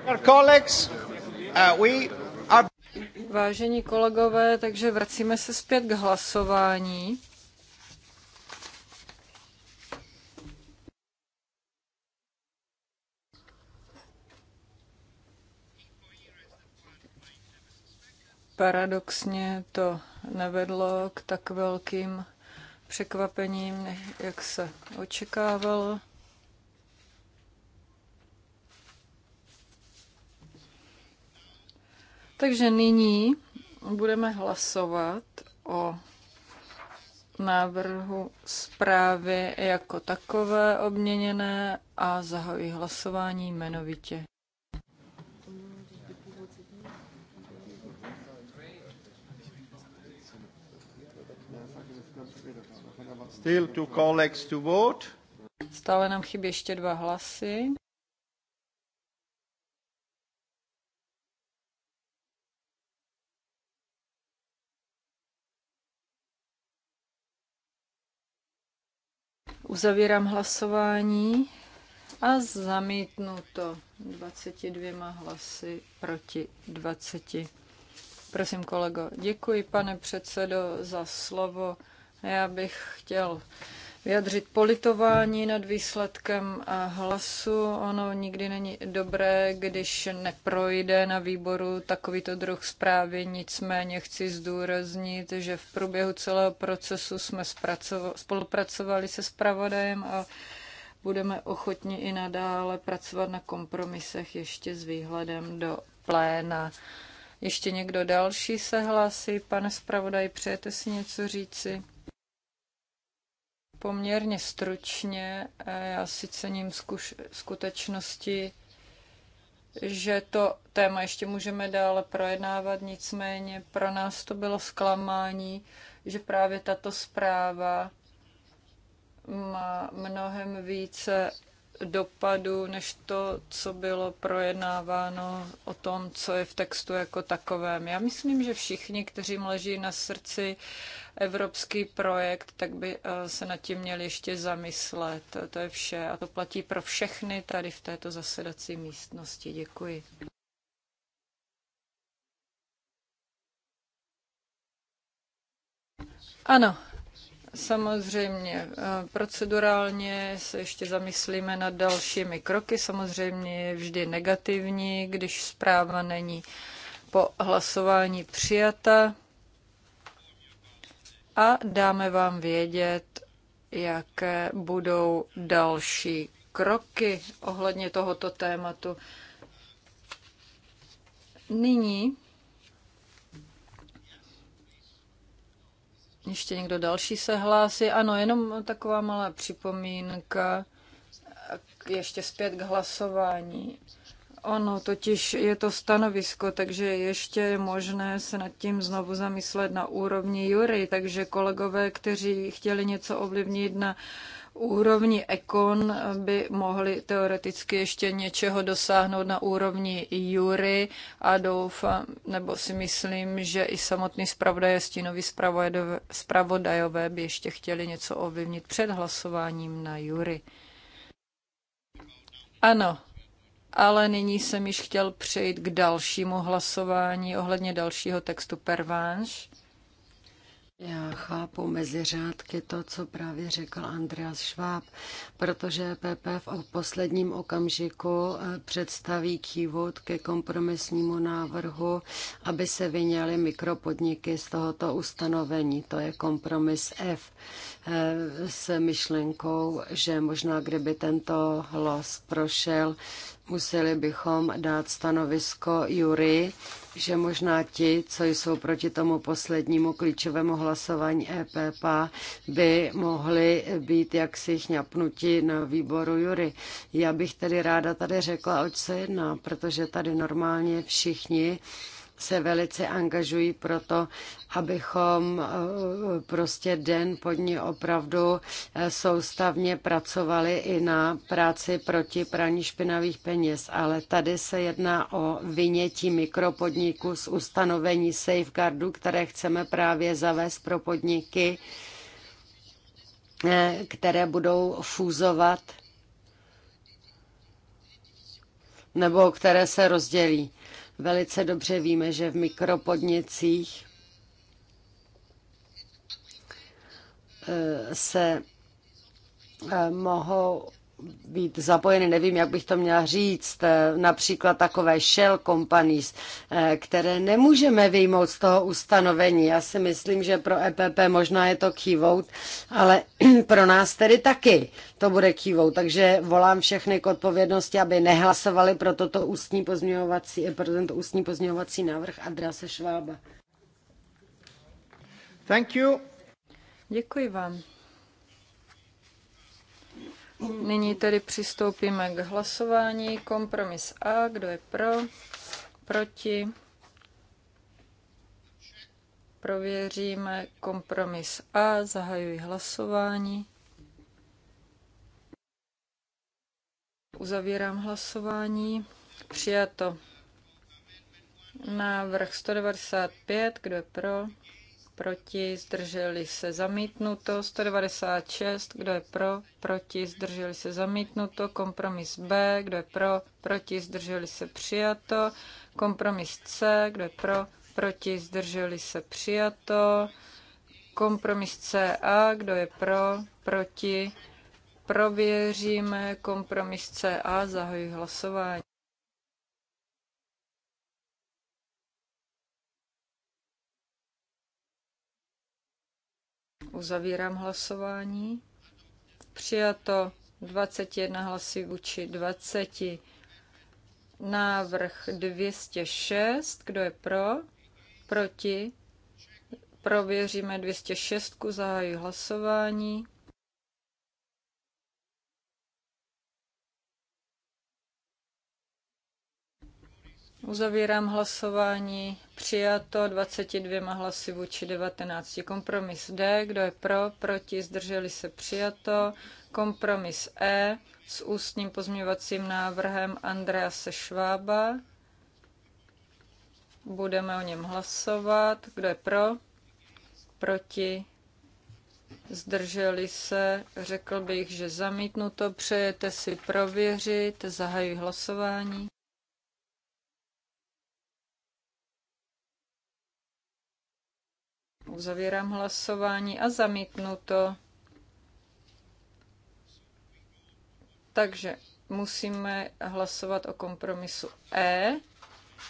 Uh, Vážení kolegové, takže vracíme se zpět k hlasování. Paradoxně to nevedlo k tak velkým překvapením, jak se očekávalo. Takže nyní budeme hlasovat o návrhu zprávy jako takové obměněné a zahajuji hlasování jmenovitě. Still two colleagues to vote. Stále nám chybí ještě dva hlasy. Uzavírám hlasování a zamítnu to 22 hlasy proti 20. Prosím, kolego. Děkuji, pane předsedo, za slovo. Já bych chtěl vyjadřit politování nad výsledkem hlasu. Ono nikdy není dobré, když neprojde na výboru takovýto druh zprávy. Nicméně chci zdůraznit, že v průběhu celého procesu jsme spolupracovali se zpravodajem a budeme ochotni i nadále pracovat na kompromisech ještě s výhledem do pléna. Ještě někdo další se hlásí? Pane zpravodaj, přejete si něco říci? poměrně stručně. Já si cením zkuš- skutečnosti, že to téma ještě můžeme dále projednávat, nicméně pro nás to bylo zklamání, že právě tato zpráva má mnohem více dopadu, než to, co bylo projednáváno o tom, co je v textu jako takovém. Já myslím, že všichni, kteří leží na srdci evropský projekt, tak by eh, se nad tím měl ještě zamyslet. To je vše a to platí pro všechny tady v této zasedací místnosti. Děkuji. Ano, Samozřejmě, eh, procedurálně se ještě zamyslíme nad dalšími kroky. Samozřejmě je vždy negativní, když zpráva není po hlasování přijata a dáme vám vědět, jaké budou další kroky ohledně tohoto tématu. Nyní ještě někdo další se hlásí. Ano, jenom taková malá připomínka ještě zpět k hlasování. Ono, totiž je to stanovisko, takže ještě je možné se nad tím znovu zamyslet na úrovni jury, takže kolegové, kteří chtěli něco ovlivnit na úrovni ekon, by mohli teoreticky ještě něčeho dosáhnout na úrovni jury a doufám, nebo si myslím, že i samotný zpravodaj a stínový zpravodajové by ještě chtěli něco ovlivnit před hlasováním na jury. Ano, ale nyní jsem již chtěl přejít k dalšímu hlasování ohledně dalšího textu pervánž. Já chápu mezi řádky to, co právě řekl Andreas Schwab, protože PP v posledním okamžiku eh, představí kývod ke kompromisnímu návrhu, aby se vyněly mikropodniky z tohoto ustanovení. To je kompromis F eh, s myšlenkou, že možná kdyby tento hlas prošel, Museli bychom dát stanovisko Jury, že možná ti, co jsou proti tomu poslednímu klíčovému hlasování EPP, by mohli být jaksi chňapnuti na výboru Jury. Já bych tedy ráda tady řekla, oč se jedná, protože tady normálně všichni se velice angažují pro to, abychom eh, prostě den po ní opravdu eh, soustavně pracovali i na práci proti praní špinavých peněz. Ale tady se jedná o vynětí mikropodniků z ustanovení safeguardu, které chceme právě zavést pro podniky, eh, které budou fúzovat nebo které se rozdělí. Velice dobře víme, že v mikropodnicích eh, se eh, mohou být zapojeny, nevím, jak bych to měla říct, eh, například takové shell companies, eh, které nemůžeme vyjmout z toho ustanovení. Já si myslím, že pro EPP možná je to key vote, ale pro nás tedy taky to bude key vote. Takže volám všechny k odpovědnosti, aby nehlasovali pro, toto ústní pozměňovací, eh, pro tento ústní pozměňovací návrh Adrase Švába. Thank you. Děkuji vám. Nyní tedy přistoupíme k hlasování. Kompromis A, kdo je pro, proti. Prověříme kompromis A, zahajuji hlasování. Uzavírám hlasování. Přijato. Návrh 195, kdo je pro, proti, zdrželi se zamítnuto, 196, kdo je pro, proti, zdrželi se zamítnuto, kompromis B, kdo je pro, proti, zdrželi se přijato, kompromis C, kdo je pro, proti, zdrželi se přijato, kompromis CA, kdo je pro, proti, prověříme kompromis CA, zahoji hlasování. Uzavírám hlasování. Přijato 21 hlasy vůči 20. Návrh 206. Kdo je pro? Proti? Prověříme 206. Zahajuji hlasování. Uzavírám hlasování. Přijato 22 hlasy vůči 19. Kompromis D. Kdo je pro? Proti? Zdrželi se? Přijato. Kompromis E s ústním pozměňovacím návrhem Andrease Švába. Budeme o něm hlasovat. Kdo je pro? Proti? Zdrželi se? Řekl bych, že zamítnuto. Přejete si prověřit. Zahajuji hlasování. Uzavírám hlasování a zamítnu to. Takže musíme hlasovat o kompromisu E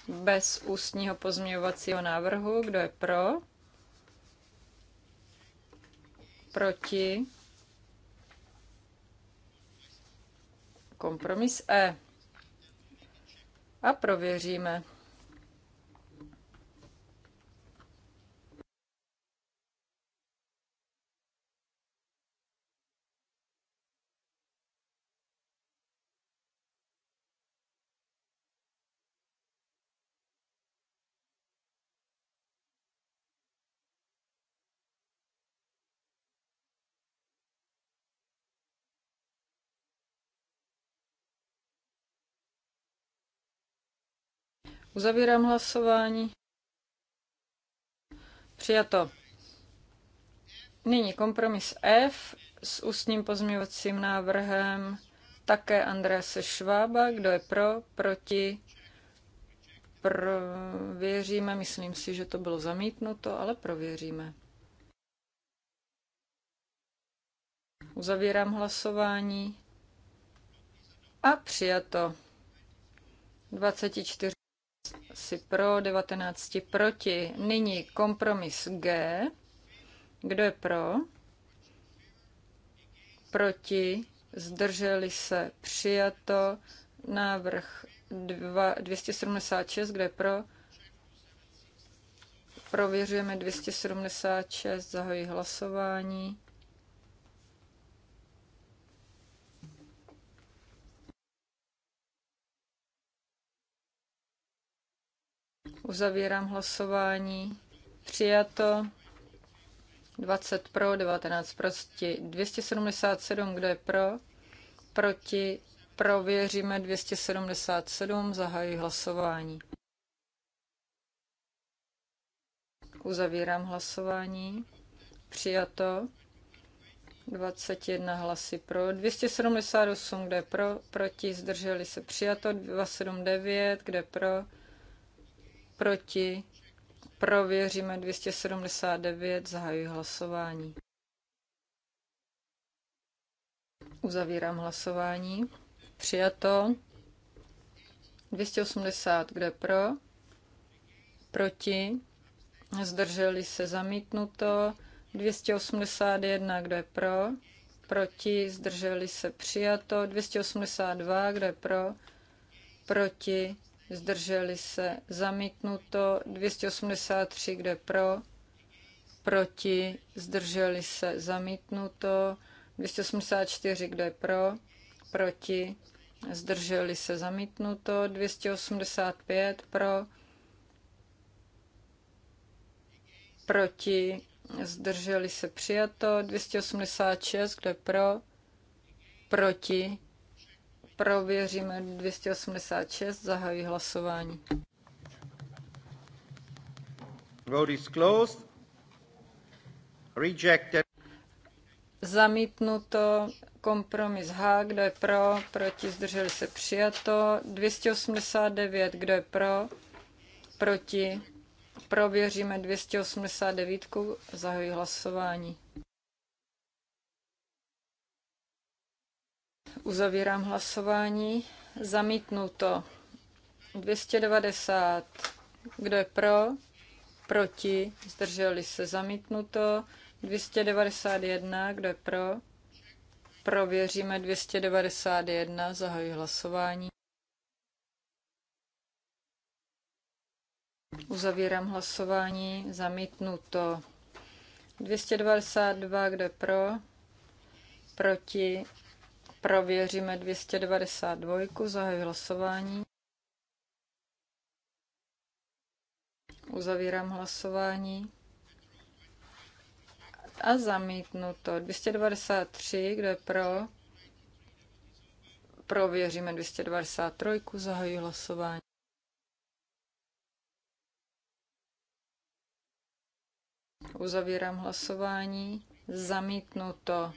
bez ústního pozměňovacího návrhu. Kdo je pro? Proti? Kompromis E. A prověříme. Uzavírám hlasování. Přijato. Nyní kompromis F s ústním pozměňovacím návrhem také Andrease Švába. Kdo je pro, proti? Prověříme, myslím si, že to bylo zamítnuto, ale prověříme. Uzavírám hlasování. A přijato. 24 si pro, 19 proti. Nyní kompromis G. Kdo je pro? Proti. Zdrželi se. Přijato. Návrh 276. Kdo je pro? Prověřujeme 276. Zahojí hlasování. Uzavírám hlasování. Přijato. 20 pro, 19 proti. 277, kdo je pro? Proti. Prověříme 277, zahajuji hlasování. Uzavírám hlasování. Přijato. 21 hlasy pro, 278, kde pro, proti, zdrželi se přijato, 279, kde pro, proti, prověříme 279, zahajuji hlasování. Uzavírám hlasování. Přijato. 280, kde pro? Proti. Zdrželi se zamítnuto. 281, kdo je pro? Proti. Zdrželi se přijato. 282, kdo je pro? Proti zdrželi se, zamítnuto 283, kde pro, proti, zdrželi se, zamítnuto 284, kde pro, proti, zdrželi se, zamítnuto 285, pro, proti, zdrželi se, přijato 286, kde pro, proti, Prověříme 286, zahajuji hlasování. Vote is closed. Rejected. Zamítnuto kompromis H, kdo je pro, proti zdrželi se přijato. 289, kdo je pro, proti. Prověříme 289, zahajuji hlasování. Uzavírám hlasování. Zamítnuto. 290. Kdo je pro? Proti? Zdrželi se. Zamítnuto. 291. Kdo je pro? Prověříme 291. Zahajuji hlasování. Uzavírám hlasování. Zamítnuto. 292. Kdo je pro? Proti? Prověříme 292, zahajuji hlasování. Uzavírám hlasování. A zamítnuto. 293, kdo je pro? Prověříme 293, zahajuji hlasování. Uzavírám hlasování. Zamítnuto.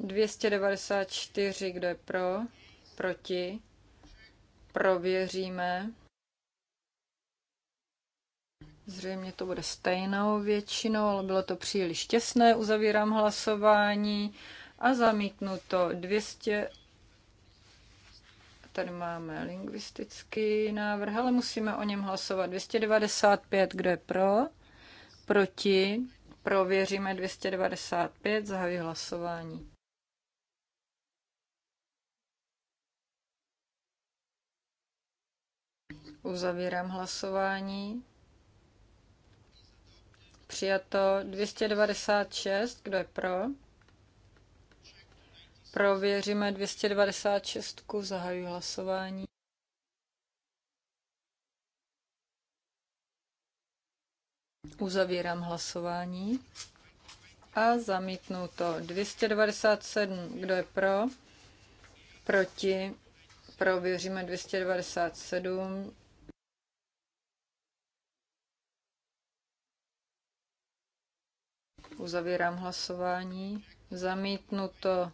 294, kdo je pro, proti, prověříme. Zřejmě to bude stejnou většinou, ale bylo to příliš těsné. Uzavírám hlasování a zamítnu to 200. Tady máme lingvistický návrh, ale musíme o něm hlasovat. 295, kdo je pro, proti, prověříme 295, zahajuji hlasování. Uzavírám hlasování. Přijato 296. Kdo je pro? Prověříme 296. Zahajuji hlasování. Uzavírám hlasování. A to. 297. Kdo je pro? Proti? Prověříme 297. Uzavírám hlasování. Zamítnuto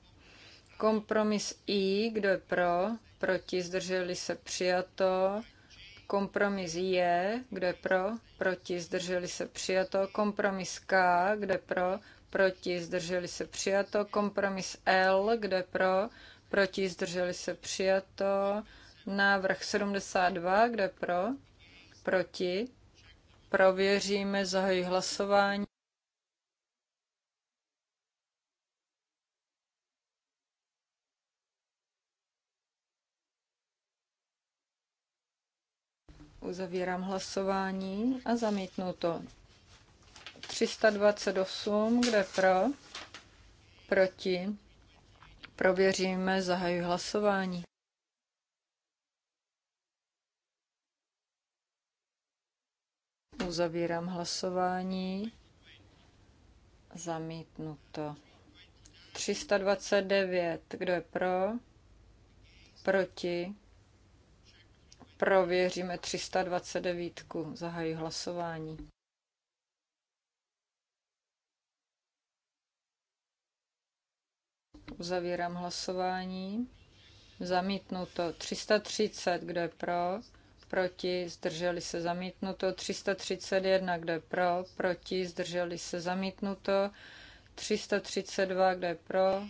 kompromis I, kdo je pro, proti, zdrželi se přijato. Kompromis J, kdo je pro, proti, zdrželi se přijato. Kompromis K, kdo je pro, proti, zdrželi se přijato. Kompromis L, kdo je pro, proti, zdrželi se přijato. Návrh 72, kdo je pro, proti. Prověříme, zahojí hlasování. Uzavírám hlasování a zamítnu to. 328, kde pro, proti, prověříme, zahajuji hlasování. Uzavírám hlasování. zamítnu to. 329. Kdo je pro? Proti? Prověříme 329. Zahají hlasování. Uzavírám hlasování. Zamítnuto 330, kdo je pro, proti, zdrželi se zamítnuto. 331, kdo je pro, proti, zdrželi se zamítnuto. 332, kdo je pro,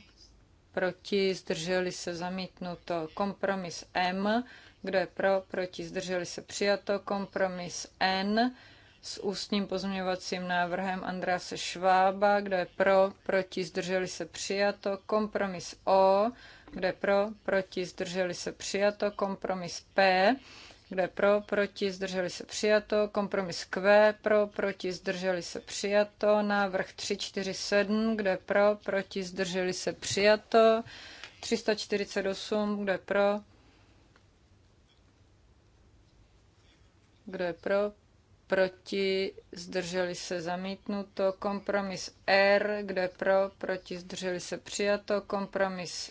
proti, zdrželi se zamítnuto. Kompromis M, kdo je pro? Proti? Zdrželi se? Přijato. Kompromis N s ústním pozměňovacím návrhem Andráse Švába. Kdo je pro? Proti? Zdrželi se? Přijato. Kompromis O. Kdo je pro? Proti? Zdrželi se? Přijato. Kompromis P. Kdo je pro? Proti? Zdrželi se? Přijato. Kompromis Q. Pro? Proti? Zdrželi se? Přijato. Návrh 347. Kdo je pro? Proti? Zdrželi se? Přijato. 348. Kdo je pro? Kdo je pro? Proti? Zdrželi se zamítnuto. Kompromis R. Kdo je pro? Proti? Zdrželi se přijato. Kompromis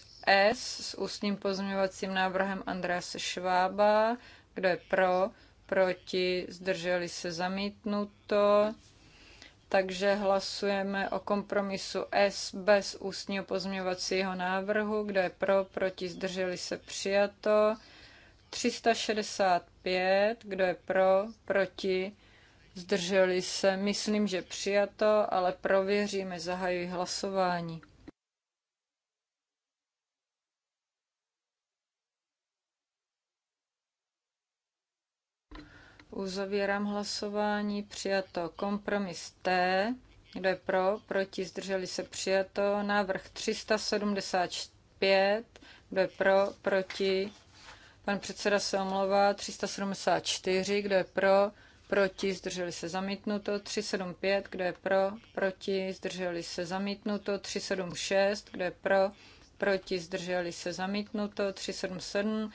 S s ústním pozměňovacím návrhem Andrease Švába. Kdo je pro? Proti? Zdrželi se zamítnuto. Takže hlasujeme o kompromisu S bez ústního pozměňovacího návrhu. Kdo je pro? Proti? Zdrželi se přijato. 365, kdo je pro, proti, zdrželi se, myslím, že přijato, ale prověříme, zahajuji hlasování. Uzavírám hlasování, přijato kompromis T, kdo je pro, proti, zdrželi se, přijato, návrh 375, kdo je pro, proti, Pan předseda se omlouvá 374, kdo je pro, proti, zdrželi se zamítnuto, 375, kdo je pro, proti, zdrželi se zamítnuto, 376, kdo je pro, proti, zdrželi se zamítnuto, 377,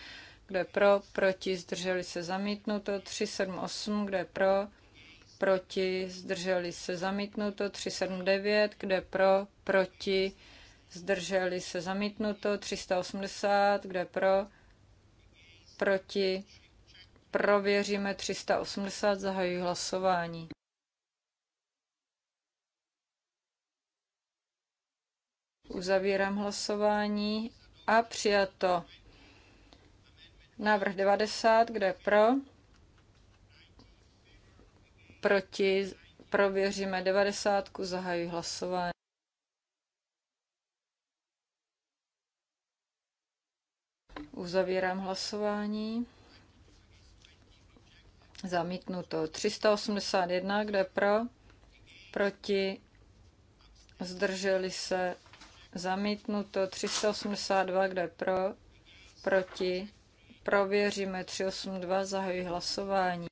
kdo je pro, proti, zdrželi se zamítnuto, 378, kdo je pro, proti, zdrželi se zamítnuto, 379, kdo je pro, proti, zdrželi se zamítnuto, 380, kdo je pro, proti, prověříme 380, zahajuji hlasování. Uzavírám hlasování a přijato. Návrh 90, kde pro? Proti, prověříme 90, zahajuji hlasování. Uzavírám hlasování. Zamítnuto 381, kde pro, proti, zdrželi se, zamítnuto 382, kde pro, proti, prověříme 382, zahajuji hlasování.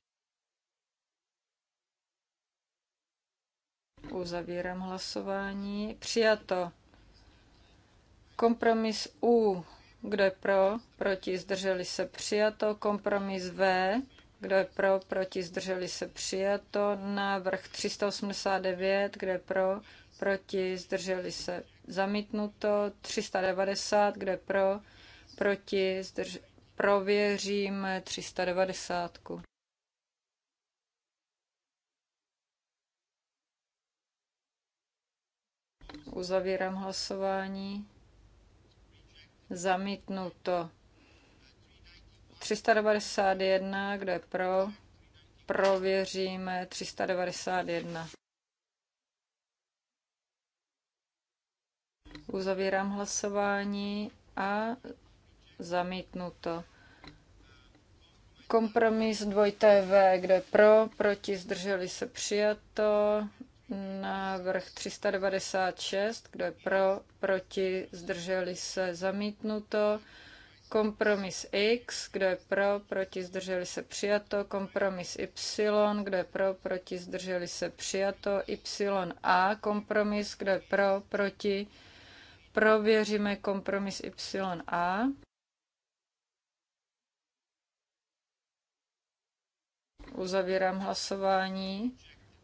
Uzavírám hlasování. Přijato. Kompromis U kdo je pro? Proti? Zdrželi se? Přijato. Kompromis V. Kdo je pro? Proti? Zdrželi se? Přijato. Návrh 389. Kdo je pro? Proti? Zdrželi se? Zamítnuto. 390. Kdo je pro? Proti? Zdrž... Prověříme 390. Uzavírám hlasování. Zamítnuto. 391, kdo je pro? Prověříme 391. Uzavírám hlasování a zamítnuto. Kompromis 2TV, kde pro, proti, zdrželi se přijato. Návrh 396, kdo je pro, proti, zdrželi se, zamítnuto. Kompromis X, kdo je pro, proti, zdrželi se, přijato. Kompromis Y, kdo je pro, proti, zdrželi se, přijato. YA, kompromis, kdo je pro, proti. Prověříme kompromis YA. Uzavírám hlasování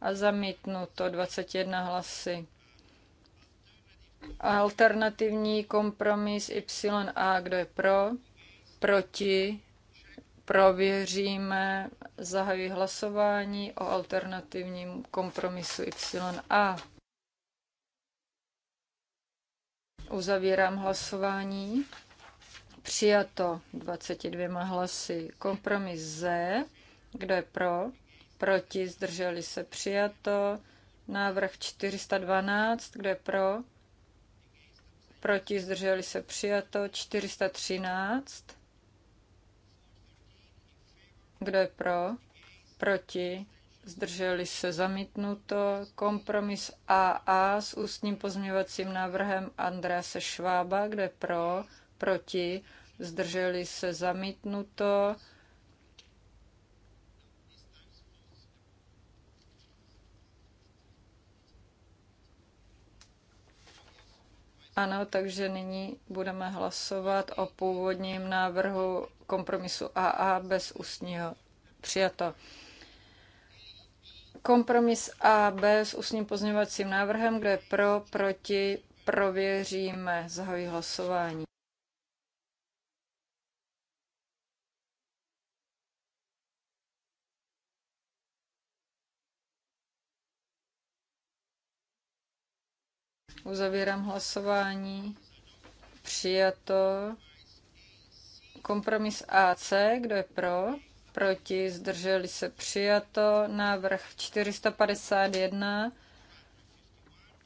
a zamítnuto 21 hlasy. Alternativní kompromis YA, kdo je pro, proti, prověříme, zahajuji hlasování o alternativním kompromisu YA. Uzavírám hlasování. Přijato 22 hlasy. Kompromis Z. Kdo je pro? proti, zdrželi se přijato. Návrh 412, kde pro, proti, zdrželi se přijato. 413, kdo je pro, proti, zdrželi se zamítnuto. Kompromis AA s ústním pozměvacím návrhem Andrease Švába, kde pro, proti, zdrželi se zamítnuto. Ano, takže nyní budeme hlasovat o původním návrhu kompromisu AA bez ústního přijato. Kompromis AB s ústním pozměňovacím návrhem, kde pro, proti, prověříme. Zahoji hlasování. Uzavírám hlasování. Přijato. Kompromis AC, kdo je pro? Proti, zdrželi se přijato. Návrh 451.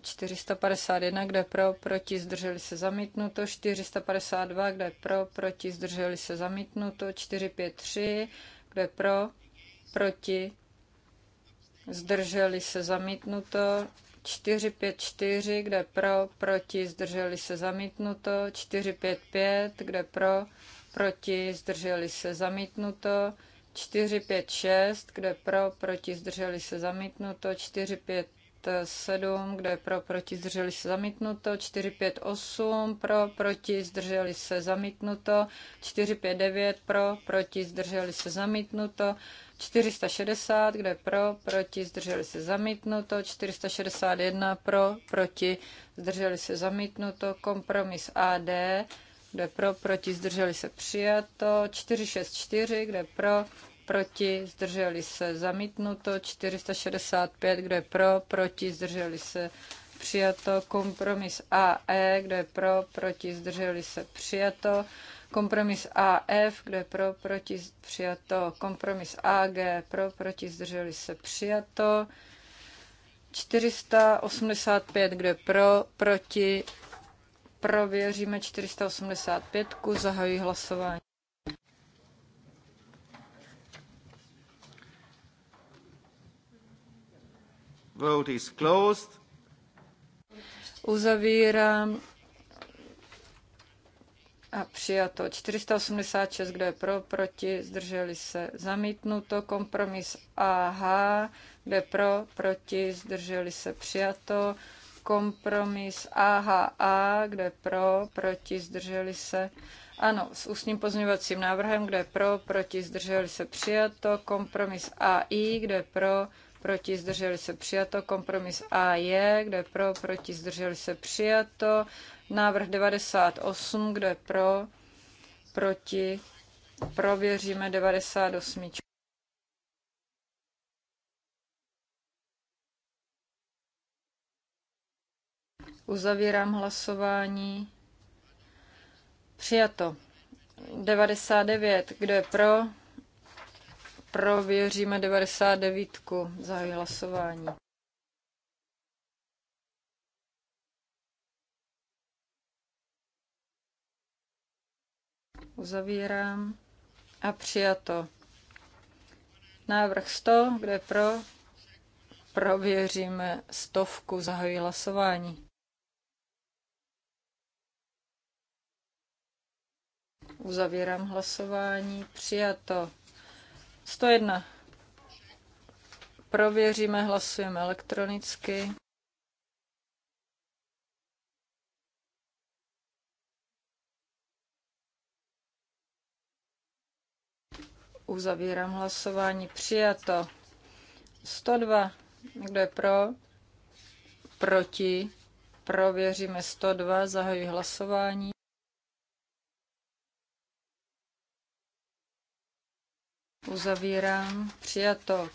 451, kde pro, proti, zdrželi se zamítnuto, 452, kde pro, proti, zdrželi se zamítnuto, 453, kde pro, proti, zdrželi se zamítnuto, 454, kde pro, proti, zdrželi se zamítnuto. 455, kde pro, proti, zdrželi se zamítnuto. 456, kde pro, proti, zdrželi se zamítnuto. 457, kde pro, proti, zdrželi se zamítnuto. 458, pro, proti, zdrželi se zamítnuto. 459, pro, proti, zdrželi se zamítnuto. 460, kde pro, proti, zdrželi se zamítnuto. 461 pro, proti, zdrželi se zamítnuto. Kompromis AD, kde pro, proti, zdrželi se přijato. 464, kde pro, proti, zdrželi se zamítnuto. 465, kde pro, proti, zdrželi se přijato. Kompromis AE, kde pro, proti, zdrželi se přijato. Kompromis AF, kdo je pro, proti, přijato. Kompromis AG, pro, proti, zdrželi se, přijato. 485, kdo je pro, proti, prověříme 485, zahajuji hlasování. Vote is closed. Uzavírám a přijato 486, kdo je pro, proti, zdrželi se, zamítnuto, kompromis AH, kdo je pro, proti, zdrželi se, přijato, kompromis AHA, kdo je pro, proti, zdrželi se, ano, s ústním pozměňovacím návrhem, kdo je pro, proti, zdrželi se, přijato, kompromis AI, kdo je pro, proti, zdrželi se, přijato, kompromis AJ, kdo je pro, proti, zdrželi se, přijato, Návrh 98, kdo je pro, proti, prověříme 98. Uzavírám hlasování. Přijato. 99. Kdo je pro? Prověříme 99. Zahajuji hlasování. Uzavírám. A přijato. Návrh 100, kde pro? Prověříme stovku, za hlasování. Uzavírám hlasování. Přijato. 101. Prověříme, hlasujeme elektronicky. Uzavírám hlasování. Přijato. 102. Kdo je pro? Proti? Prověříme 102. Zahajuji hlasování. Uzavírám. Přijato.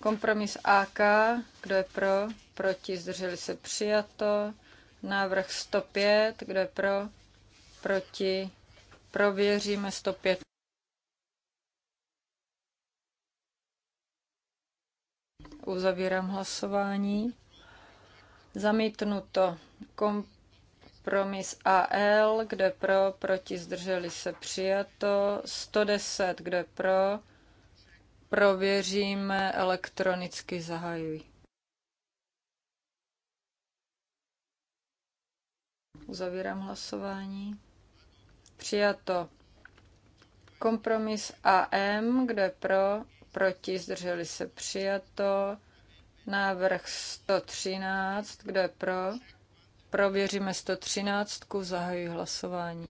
Kompromis AK. Kdo je pro? Proti? Zdrželi se. Přijato. Návrh 105. Kdo je pro? Proti? Prověříme 105. Uzavírám hlasování. Zamítnuto. Kompromis AL, kde pro, proti, zdrželi se přijato. 110, kde pro, prověříme, elektronicky zahajují. Uzavírám hlasování. Přijato. Kompromis AM, kde pro, proti, zdrželi se přijato. Návrh 113, kdo je pro? Prověříme 113, zahajuji hlasování.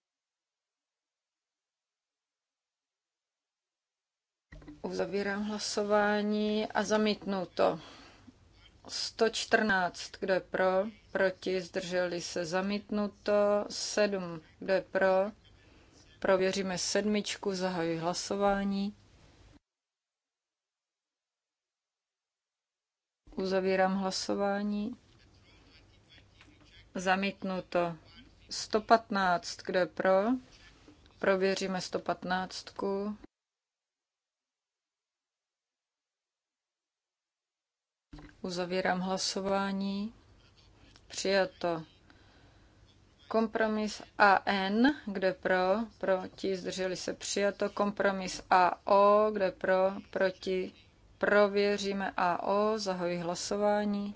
Uzavírám hlasování a zamítnu to. 114, kdo je pro, proti, zdrželi se, zamítnuto, 7, kdo je pro, prověříme sedmičku, zahajuji hlasování. Uzavírám hlasování. Zamítnuto. 115, kdo je pro? Prověříme 115. Uzavírám hlasování. Přijato. Kompromis AN, kde pro, proti, zdrželi se přijato. Kompromis AO, kde pro, proti, Prověříme AO, zahoji hlasování.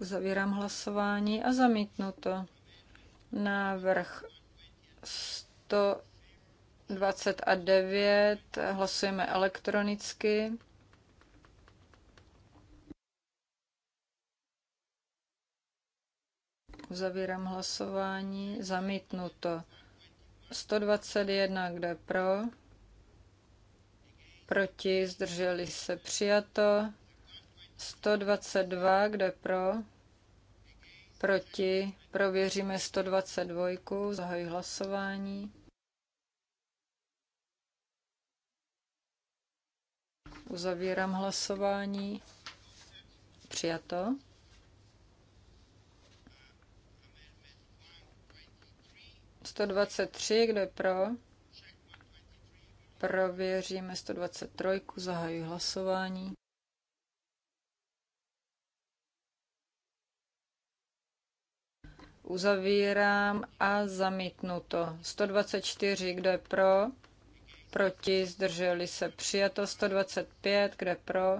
Uzavírám hlasování a zamítnu to. Návrh 129, hlasujeme elektronicky. Uzavírám hlasování, Zamítnu to. 121, kdo je pro? Proti, zdrželi se, přijato. 122, kdo je pro? Proti, prověříme 122, zahajuji hlasování. Uzavírám hlasování. Přijato. 123, kdo je pro? Prověříme 123, zahajuji hlasování. Uzavírám a zamítnu to. 124, kdo je pro? Proti, zdrželi se přijato. 125, kde pro?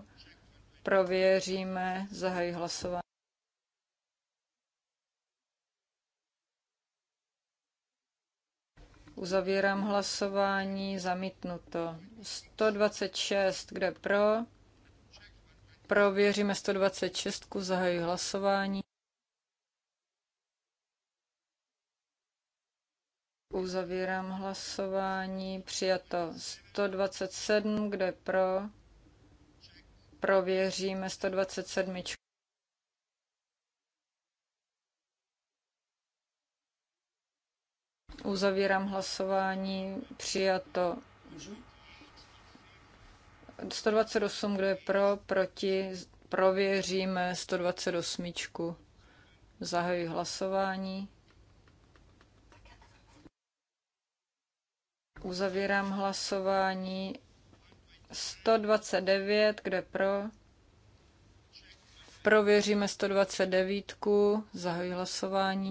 Prověříme, zahajuji hlasování. Uzavírám hlasování, zamítnuto. 126, kde pro? Prověříme 126, zahajuji hlasování. Uzavírám hlasování, přijato 127, kde pro? Prověříme 127. Uzavírám hlasování. Přijato. 128, kdo je pro, proti, prověříme 128. Zahajuji hlasování. Uzavírám hlasování. 129, kde pro? Prověříme 129. Zahajuji hlasování.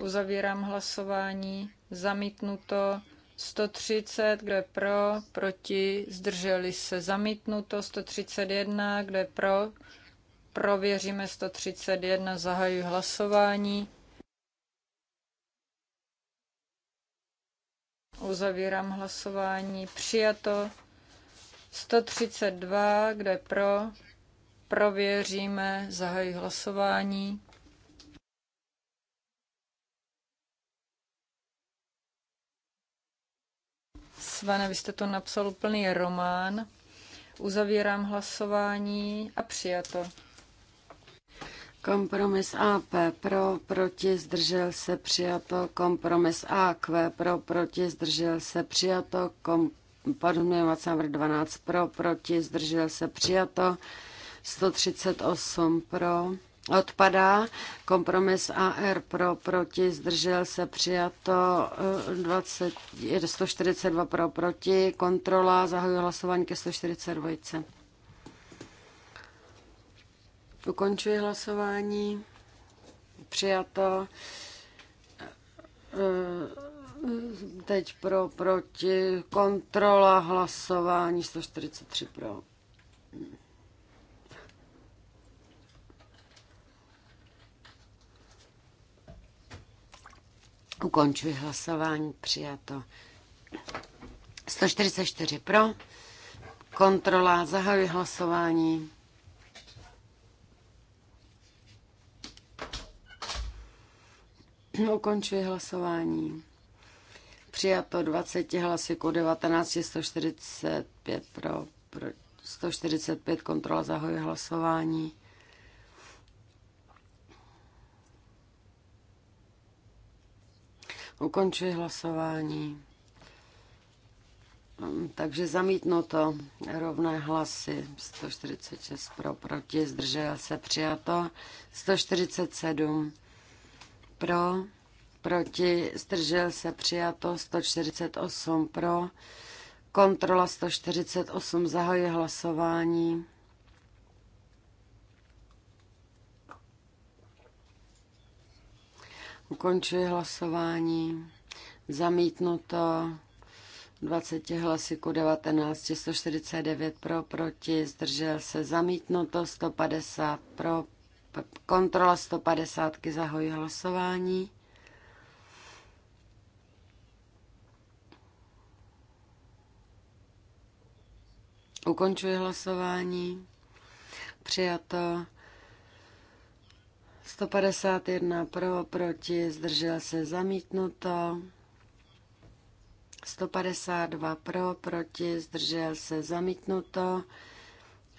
Uzavírám hlasování. Zamítnuto. 130, kdo je pro, proti, zdrželi se. Zamítnuto. 131, kdo je pro, prověříme 131, zahajuji hlasování. Uzavírám hlasování. Přijato 132, kde pro, prověříme, zahají hlasování. Svane, vy jste to napsal úplný román. Uzavírám hlasování a přijato. Kompromis AP pro, proti, zdržel se, přijato. Kompromis AQ pro, proti, zdržel se, přijato. Kom, podměňovací návrh 12 pro, proti, zdržel se, přijato. 138 pro Odpadá kompromis AR pro proti, zdržel se přijato 20, eh, 142 pro proti, kontrola, zahajuje hlasování ke 142. Ukončuji hlasování, přijato eh, teď pro proti, kontrola, hlasování 143 pro. Ukončuji hlasování, přijato. 144 pro, kontrola, zahajuji hlasování. Ukončuji hlasování. Přijato 20 hlasy ku 19, 145 pro, pro 145 kontrola zahajuje hlasování. Ukončuji hlasování. Hm, takže zamítnuto rovné hlasy 146 pro, proti, zdržel se přijato 147 pro, proti, zdržel se přijato 148 pro, kontrola 148 zahajuje hlasování. Ukončuji hlasování. Zamítnuto 20 hlasy ku 19, 149 pro, proti, zdržel se zamítnuto 150 pro, kontrola 150, zahoji hlasování. Ukončuji hlasování. Přijato 151 pro, proti, zdržel se zamítnuto. 152 pro, proti, zdržel se zamítnuto.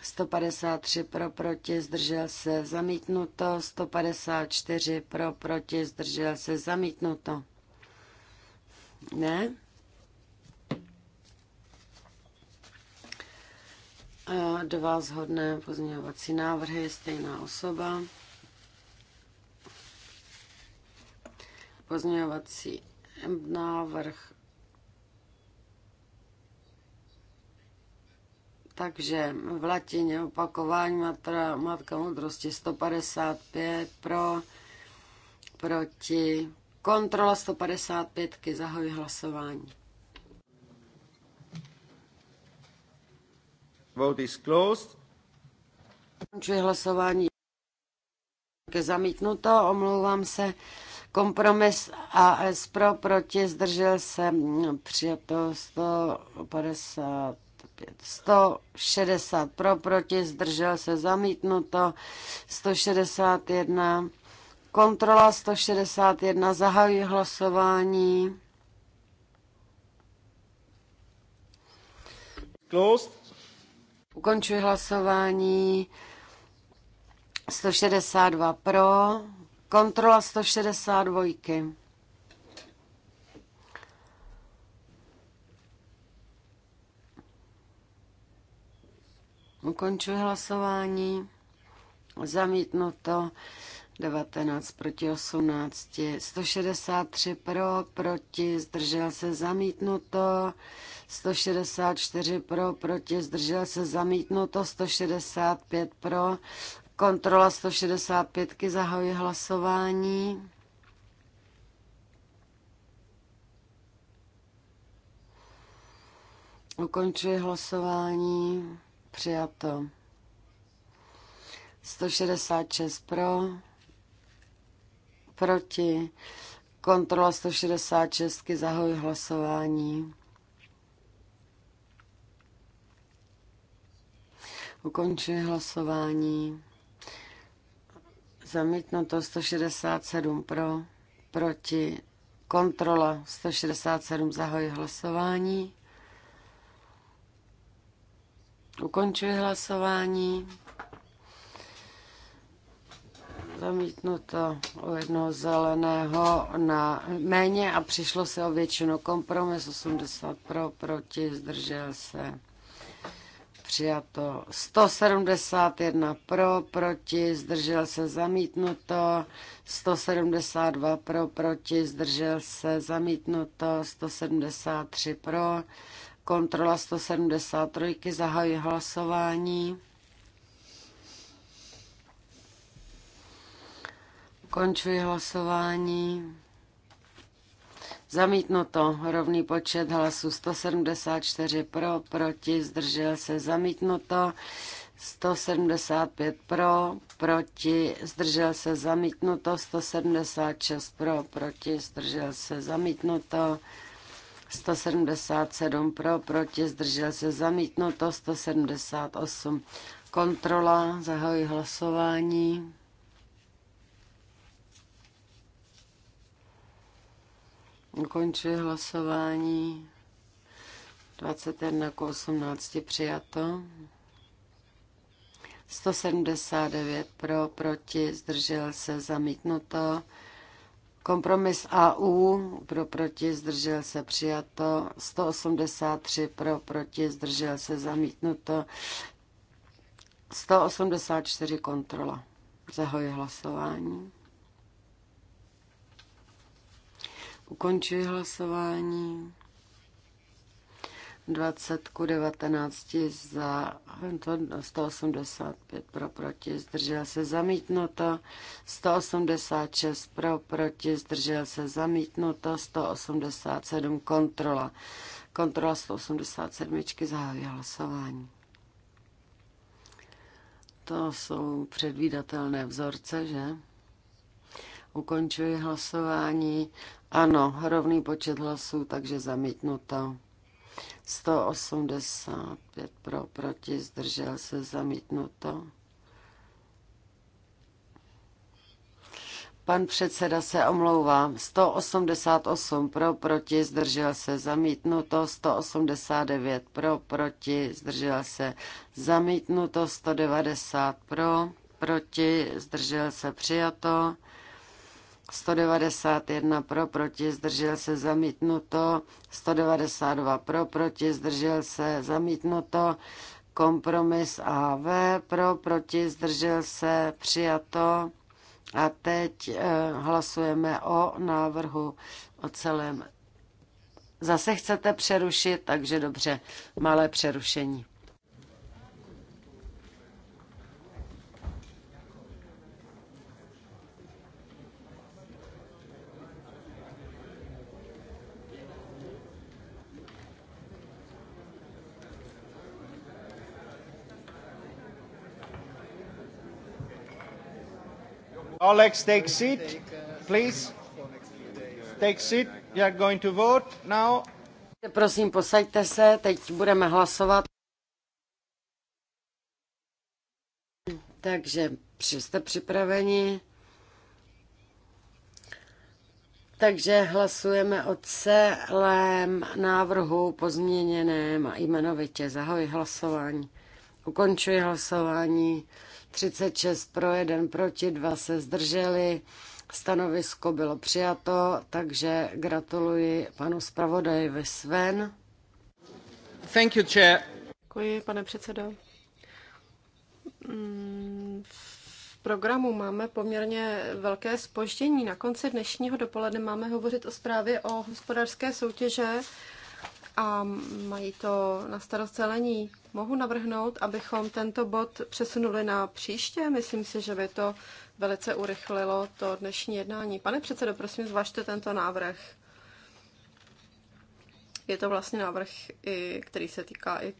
153 pro, proti, zdržel se zamítnuto. 154 pro, proti, zdržel se zamítnuto. Ne? Dva zhodné pozměňovací návrhy, stejná osoba. Pozměňovací návrh. Takže v latině opakování matra, matka moudrosti 155 pro, proti, kontrola 155, zahoj hlasování. Vote is closed. Končuji hlasování ke zamítnuto, omlouvám se. Kompromis AS pro, proti, zdržel se, při to 150. 160 pro, proti, zdržel se, zamítnuto, 161, kontrola 161, zahajuji hlasování. Closed. Ukončuji hlasování. 162 pro, Kontrola 162. Ukončuji hlasování. Zamítnuto 19 proti 18. 163 pro, proti, zdržel se zamítnuto. 164 pro, proti, zdržel se zamítnuto. 165 pro, Kontrola 165. Zahajuji hlasování. Ukončuji hlasování. Přijato. 166 pro. Proti. Kontrola 166. Zahajuji hlasování. Ukončuji hlasování. Zamítnuto 167 pro, proti, kontrola 167 zahoji hlasování. Ukončuji hlasování. Zamítnuto o jednoho zeleného na méně a přišlo se o většinu kompromis 80 pro, proti, zdržel se přijato 171 pro, proti, zdržel se zamítnuto, 172 pro, proti, zdržel se zamítnuto, 173 pro, kontrola 173, zahajuji hlasování. Končuji hlasování. Zamítnuto. Rovný počet hlasů 174 pro, proti, zdržel se. Zamítnuto. 175 pro, proti, zdržel se. Zamítnuto. 176 pro, proti, zdržel se. Zamítnuto. 177 pro, proti, zdržel se. Zamítnuto. 178. Kontrola. Zahoji hlasování. Ukončuji hlasování. 21 k 18 přijato. 179 pro, proti, zdržel se, zamítnuto. Kompromis AU pro, proti, zdržel se, přijato. 183 pro, proti, zdržel se, zamítnuto. 184 kontrola. Zahoji hlasování. Ukončuji hlasování. 20 ku 19 za 185 pro proti, zdržel se zamítnuto, 186 pro proti, zdržel se zamítnuto, 187 kontrola. Kontrola 187 zahájí hlasování. To jsou předvídatelné vzorce, že? Ukončuji hlasování. Ano, rovný počet hlasů, takže zamítnuto. 185 pro, proti, zdržel se, zamítnuto. Pan předseda se omlouvá. 188 pro, proti, zdržel se, zamítnuto. 189 pro, proti, zdržel se, zamítnuto. 190 pro, proti, zdržel se, přijato. 191 pro, proti, zdržel se, zamítnuto. 192 pro, proti, zdržel se, zamítnuto. Kompromis AV pro, proti, zdržel se, přijato. A teď eh, hlasujeme o návrhu o celém. Zase chcete přerušit, takže dobře, malé přerušení. Alex, take seat, please. Take seat. We are going to vote now. Prosím, posaďte se, teď budeme hlasovat. Takže jste připraveni. Takže hlasujeme o celém návrhu pozměněném a jmenovitě. Zahoji hlasování. Ukončuji hlasování. 36 pro, 1 proti, 2 se zdrželi. Stanovisko bylo přijato, takže gratuluji panu zpravodaji Sven. Thank you, chair. Děkuji, pane předsedo. Mm, v programu máme poměrně velké spoždění. Na konci dnešního dopoledne máme hovořit o zprávě o hospodářské soutěže a mají to na starost celení Mohu navrhnout, abychom tento bod přesunuli na příště. Myslím si, že by to velice urychlilo to dnešní jednání. Pane předsedo, prosím, zvažte tento návrh. Je to vlastně návrh, který se týká i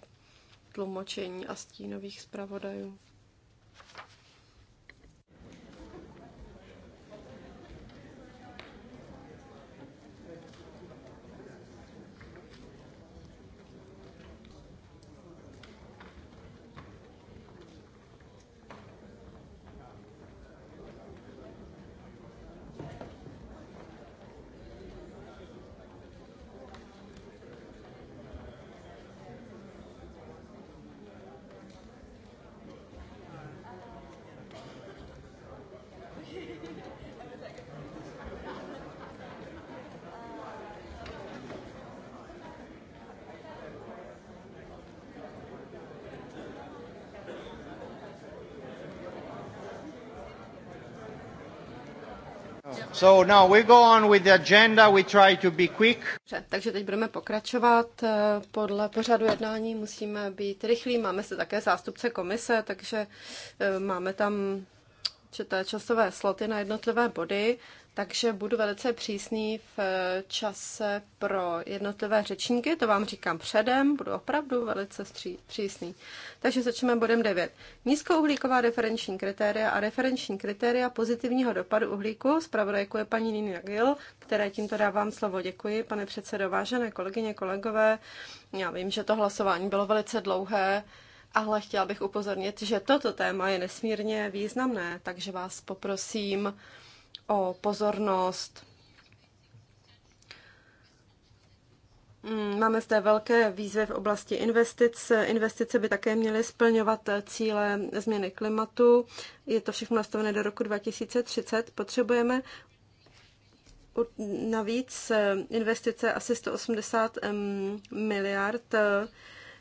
tlumočení a stínových zpravodajů. So now we go on with the agenda, we try to be quick. Dobře, takže teď budeme pokračovat. Eh, podle pořadu jednání musíme být rychlí. Máme se také zástupce komise, takže eh, máme tam čité časové sloty na jednotlivé body takže budu velice přísný v eh, čase pro jednotlivé řečníky, to vám říkám předem, budu opravdu velice stří, přísný. Takže začneme bodem 9. Nízkouhlíková referenční kritéria a referenční kritéria pozitivního dopadu uhlíku. Zpravodajku je paní Nina Gil, které tímto dávám slovo. Děkuji, pane předsedo, vážené kolegyně, kolegové. Já vím, že to hlasování bylo velice dlouhé, ale chtěla bych upozornit, že toto téma je nesmírně významné, takže vás poprosím, o pozornost. Mm, máme zde velké výzvy v oblasti investic. Investice by také měly splňovat cíle změny klimatu. Je to všechno nastavené do roku 2030. Potřebujeme navíc eh, investice asi 180 mm, miliard eh,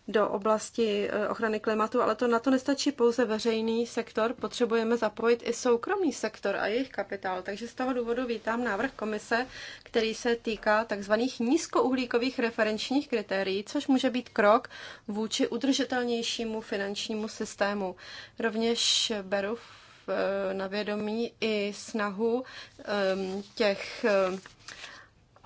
do oblasti eh, ochrany klimatu, ale to na to nestačí pouze veřejný sektor, potřebujeme zapojit i soukromý sektor a jejich kapitál. Takže z toho důvodu vítám návrh komise, který se týká tzv. nízkouhlíkových referenčních kritérií, což může být krok vůči udržitelnějšímu finančnímu systému. Rovněž beru eh, na vědomí i snahu ehm, těch ehm,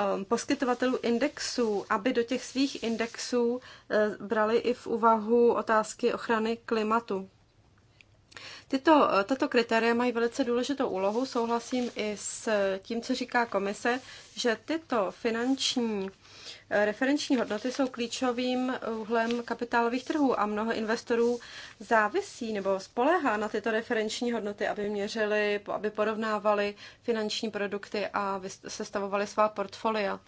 Um, poskytovatelů indexů, aby do těch svých indexů uh, brali i v úvahu otázky ochrany klimatu. Tyto, uh, tato kritéria mají velice důležitou úlohu. Souhlasím i s tím, co říká komise, že tyto finanční Referenční hodnoty jsou klíčovým úhlem kapitálových trhů a mnoho investorů závisí nebo spolehá na tyto referenční hodnoty, aby měřili, aby porovnávali finanční produkty a sestavovali svá portfolia.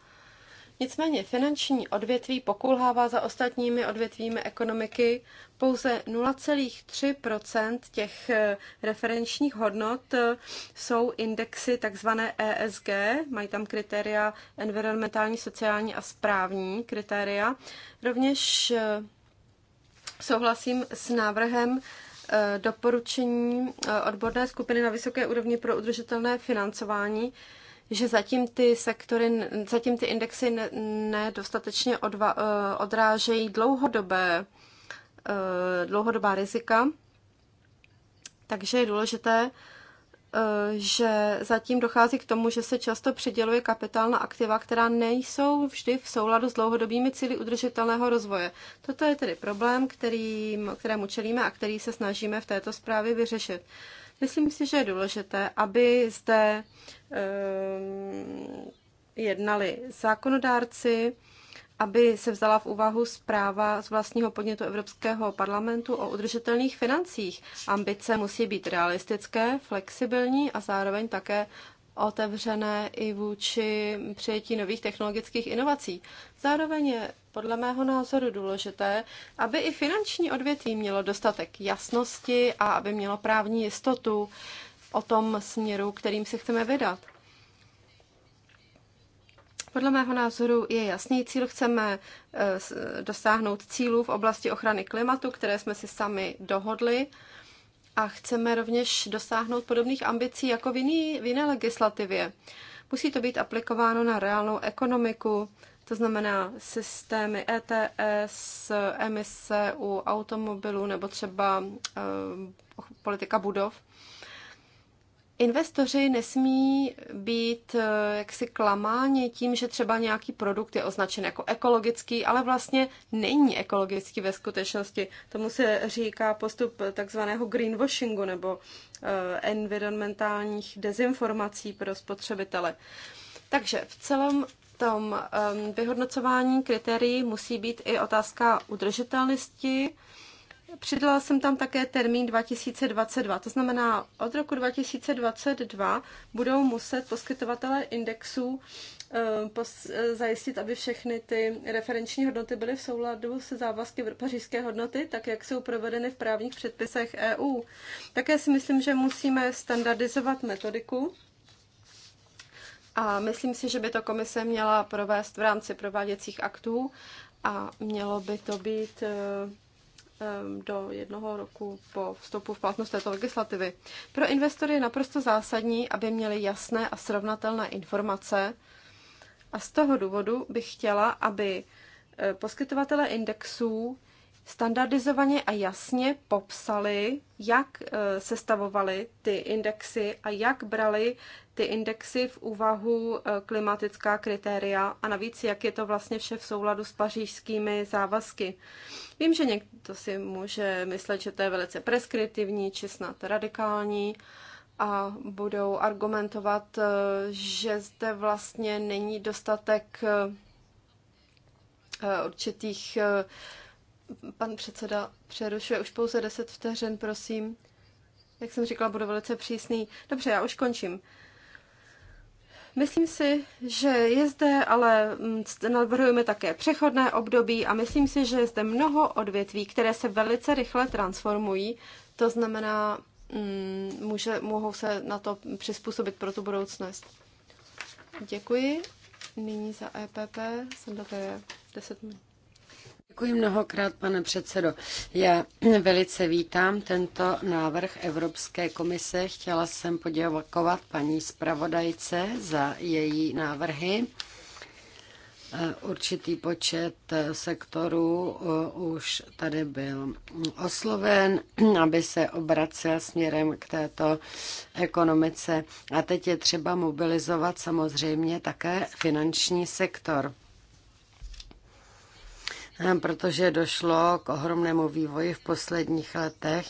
Nicméně finanční odvětví pokulhává za ostatními odvětvími ekonomiky. Pouze 0,3 těch eh, referenčních hodnot eh, jsou indexy tzv. ESG, mají tam kritéria environmentální, sociální a správní kritéria. Rovněž eh, souhlasím s návrhem doporučení odborné skupiny na vysoké úrovni pro udržitelné financování, že zatím ty sektory, zatím ty indexy nedostatečně eh, odrážejí dlouhodobé, eh, dlouhodobá rizika. Takže je důležité, eh, že zatím dochází k tomu, že se často přiděluje kapitál na aktiva, která nejsou vždy v souladu s dlouhodobými cíly udržitelného rozvoje. Toto je tedy problém, kterým, kterému čelíme a který se snažíme v této zprávě vyřešit. Uh, Myslím si, že je důležité, aby zde um, jednali zákonodárci, aby se vzala v úvahu zpráva z vlastního podnětu Evropského parlamentu o udržitelných financích. Ambice musí být realistické, flexibilní a zároveň také otevřené i vůči přijetí nových technologických inovací. Zároveň je podle mého názoru důležité, aby i finanční odvětví mělo dostatek jasnosti a aby mělo právní jistotu o tom směru, kterým se chceme vydat. Podle mého názoru je jasný cíl. Chceme eh, dosáhnout cílů v oblasti ochrany klimatu, které jsme si sami dohodli a chceme rovněž dosáhnout podobných ambicí jako v, jiný, v jiné legislativě. Musí to být aplikováno na reálnou ekonomiku, to znamená systémy ETS, emise u automobilů nebo třeba uh, politika budov. Investoři nesmí být eh, jaksi klamáni tím, že třeba nějaký produkt je označen jako ekologický, ale vlastně není ekologický ve skutečnosti. Tomu se říká postup takzvaného greenwashingu nebo eh, environmentálních dezinformací pro spotřebitele. Takže v celém tom eh, vyhodnocování kritérií musí být i otázka udržitelnosti, Přidala jsem tam také termín 2022, to znamená, od roku 2022 budou muset poskytovatelé indexů eh, eh, zajistit, aby všechny ty referenční hodnoty byly v souladu se závazky pařížské hodnoty, tak jak jsou provedeny v právních předpisech EU. Také si myslím, že musíme standardizovat metodiku a myslím si, že by to komise měla provést v rámci prováděcích aktů a mělo by to být eh, do jednoho roku po vstupu v platnost této legislativy. Pro investory je naprosto zásadní, aby měli jasné a srovnatelné informace. A z toho důvodu bych chtěla, aby eh, poskytovatele indexů standardizovaně a jasně popsali, jak eh, sestavovali ty indexy a jak brali ty indexy v úvahu eh, klimatická kritéria a navíc, jak je to vlastně vše v souladu s pařížskými závazky. Vím, že někdo si může myslet, že to je velice preskriptivní či snad radikální a budou argumentovat, eh, že zde vlastně není dostatek eh, určitých. Pan předseda přerušuje už pouze 10 vteřin, prosím. Jak jsem říkala, budu velice přísný. Dobře, já už končím. Myslím si, že je zde, ale mm, navrhujeme také přechodné období a myslím si, že je zde mnoho odvětví, které se velice rychle transformují. To znamená, mm, může, mohou se na to přizpůsobit pro tu budoucnost. Děkuji. Nyní za EPP jsem do 10 minut. Děkuji mnohokrát, pane předsedo. Já velice vítám tento návrh Evropské komise. Chtěla jsem poděkovat paní zpravodajce za její návrhy. Určitý počet sektorů uh, už tady byl osloven, aby se obracel směrem k této ekonomice. A teď je třeba mobilizovat samozřejmě také finanční sektor. Ehm, protože došlo k ohromnému vývoji v posledních letech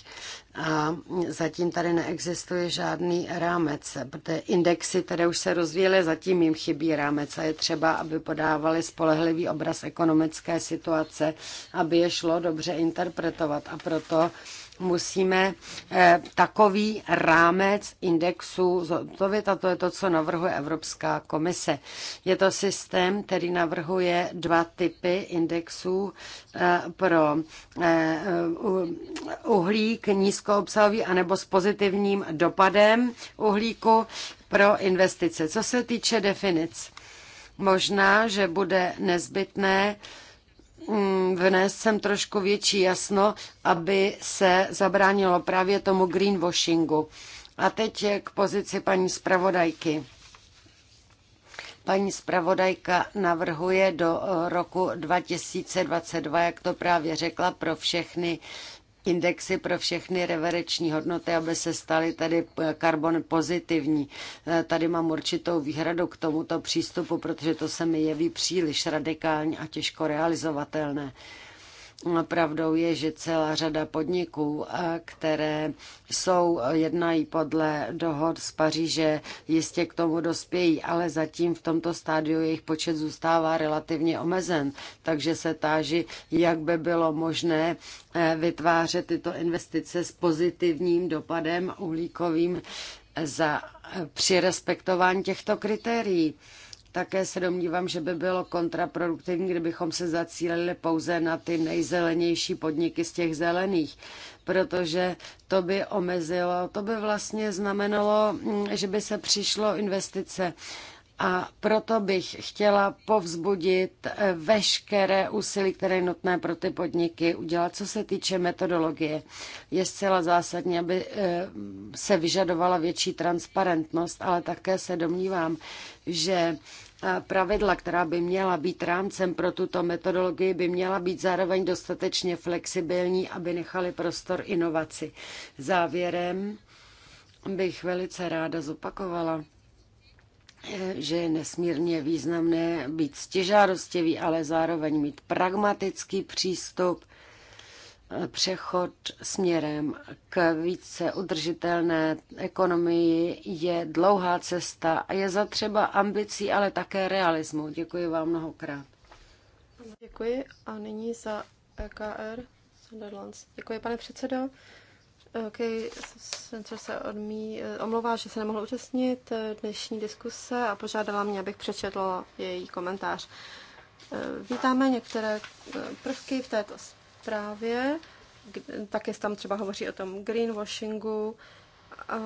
a zatím tady neexistuje žádný rámec, protože indexy, které už se rozvíjely, zatím jim chybí rámec a je třeba, aby podávali spolehlivý obraz ekonomické situace, aby je šlo dobře interpretovat a proto musíme eh, takový rámec indexu zhotovit a to je to, co navrhuje Evropská komise. Je to systém, který navrhuje dva typy indexů eh, pro eh, uhlík nízkoobsahový anebo s pozitivním dopadem uhlíku pro investice. Co se týče definic, možná, že bude nezbytné Mm, vnést sem trošku větší jasno, aby se zabránilo právě tomu greenwashingu. A teď k pozici paní zpravodajky. Paní zpravodajka navrhuje do eh, roku 2022, jak to právě řekla, pro všechny indexy pro všechny reverenční hodnoty, aby se staly tady eh, karbon pozitivní. Eh, tady mám určitou výhradu k tomuto přístupu, protože to se mi jeví příliš radikální a těžko realizovatelné. Pravdou je, že celá řada podniků, které jsou, jednají podle dohod z Paříže, jistě k tomu dospějí, ale zatím v tomto stádiu jejich počet zůstává relativně omezen. Takže se táží, jak by bylo možné e, vytvářet tyto investice s pozitivním dopadem uhlíkovým za, e, při respektování těchto kritérií. Také se domnívám, že by bylo kontraproduktivní, kdybychom se zacílili pouze na ty nejzelenější podniky z těch zelených, protože to by omezilo, to by vlastně znamenalo, mm, že by se přišlo investice a proto bych chtěla povzbudit eh, veškeré úsilí, které je nutné pro ty podniky udělat. Co se týče metodologie, je zcela zásadní, aby eh, se vyžadovala větší transparentnost, ale také se domnívám, že eh, pravidla, která by měla být rámcem pro tuto metodologii, by měla být zároveň dostatečně flexibilní, aby nechali prostor inovaci. Závěrem bych velice ráda zopakovala že je nesmírně významné být stěžárostivý, ale zároveň mít pragmatický přístup, eh, přechod směrem k více udržitelné ekonomii je dlouhá cesta a je zatřeba ambicí, ale také realismu. Děkuji vám mnohokrát. Děkuji a nyní za EKR Sunderlands. Děkuji, pane předsedo. Kej jsem se odmí, omlouvá, že se nemohl účastnit eh, dnešní diskuse a požádala mě, abych přečetla její komentář. Eh, vítáme některé eh, prvky v této zprávě, také tam třeba hovoří o tom greenwashingu, a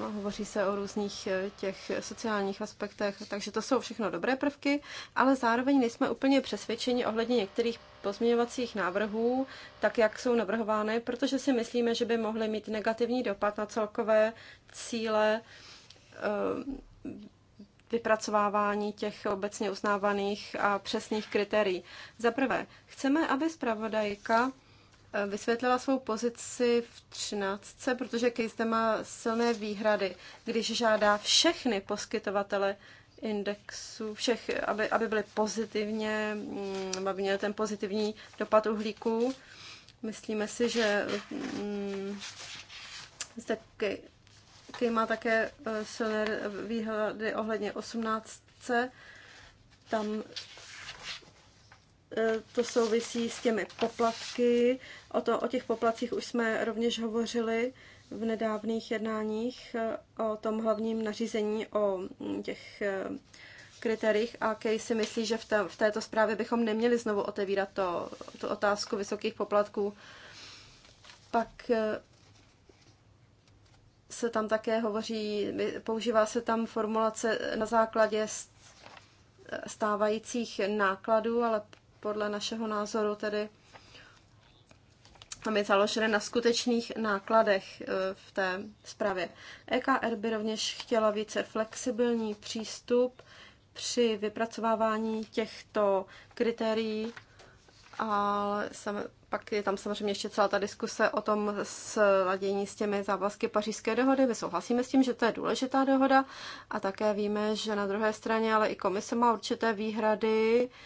hovoří se o různých e, těch sociálních aspektech, takže to jsou všechno dobré prvky, ale zároveň nejsme úplně přesvědčeni ohledně některých pozměňovacích návrhů, tak jak jsou navrhovány, protože si myslíme, že by mohly mít negativní dopad na celkové cíle e, vypracovávání těch obecně uznávaných a přesných kritérií. Za prvé, chceme, aby zpravodajka Eh, vysvětlila svou pozici v 13, protože Case má silné výhrady, když žádá všechny poskytovatele indexu, všech, aby, aby byly pozitivně, mm, aby měl ten pozitivní dopad uhlíků. Myslíme si, že mm, zde Kej, má také eh, silné výhrady ohledně 18. Tam E, to souvisí s těmi poplatky. O, to, o těch poplatcích už jsme rovněž hovořili v nedávných jednáních e, o tom hlavním nařízení o mm, těch e, kritériích a Kej si myslí, že v, té, v této zprávě bychom neměli znovu otevírat to, tu otázku vysokých poplatků. Pak se tam také hovoří, používá se tam formulace na základě stávajících nákladů, ale podle našeho názoru tedy tam je založené na skutečných nákladech eh, v té zprávě. EKR by rovněž chtěla více flexibilní přístup při vypracovávání těchto kritérií, ale sam, pak je tam samozřejmě ještě celá ta diskuse o tom sladění s těmi závazky pařížské dohody. My souhlasíme s tím, že to je důležitá dohoda a také víme, že na druhé straně ale i komise má určité výhrady, uh,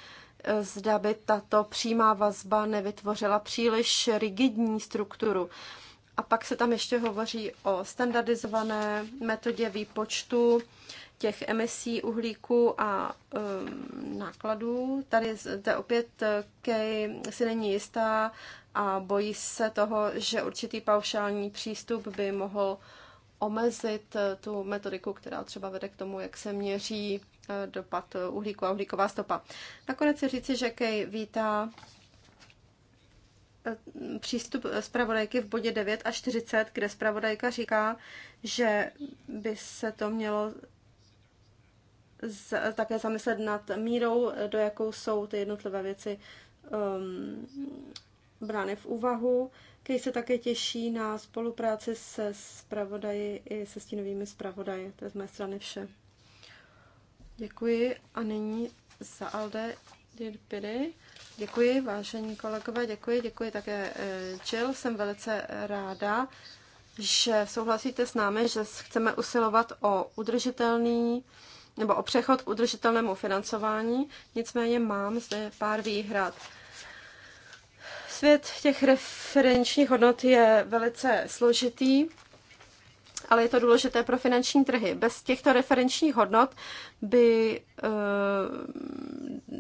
zda by tato přímá vazba nevytvořila příliš rigidní strukturu. A pak se tam ještě hovoří o standardizované metodě výpočtu těch emisí uhlíku a um, nákladů. Tady zde opět Kej si není jistá a bojí se toho, že určitý paušální přístup by mohl omezit eh, tu metodiku, která třeba vede k tomu, jak se měří Eh, dopad uhlíku a uhlíková stopa. Nakonec si říci, že Kej vítá eh, přístup zpravodajky v bodě 9 a 40, kde zpravodajka říká, že by se to mělo z, také zamyslet nad mírou, do jakou jsou ty jednotlivé věci um, brány v úvahu. Kej se také těší na spolupráci se zpravodaji i se stínovými zpravodaji. To je z mé strany vše. Děkuji a nyní za Alde Dirpiri. Děkuji, vážení kolegové, děkuji, děkuji také eh, Jill. Jsem velice ráda, že souhlasíte s námi, že chceme usilovat o udržitelný nebo o přechod k udržitelnému financování. Nicméně mám zde pár výhrad. Svět těch referenčních hodnot je velice složitý ale je to důležité pro finanční trhy. Bez těchto referenčních hodnot by eh,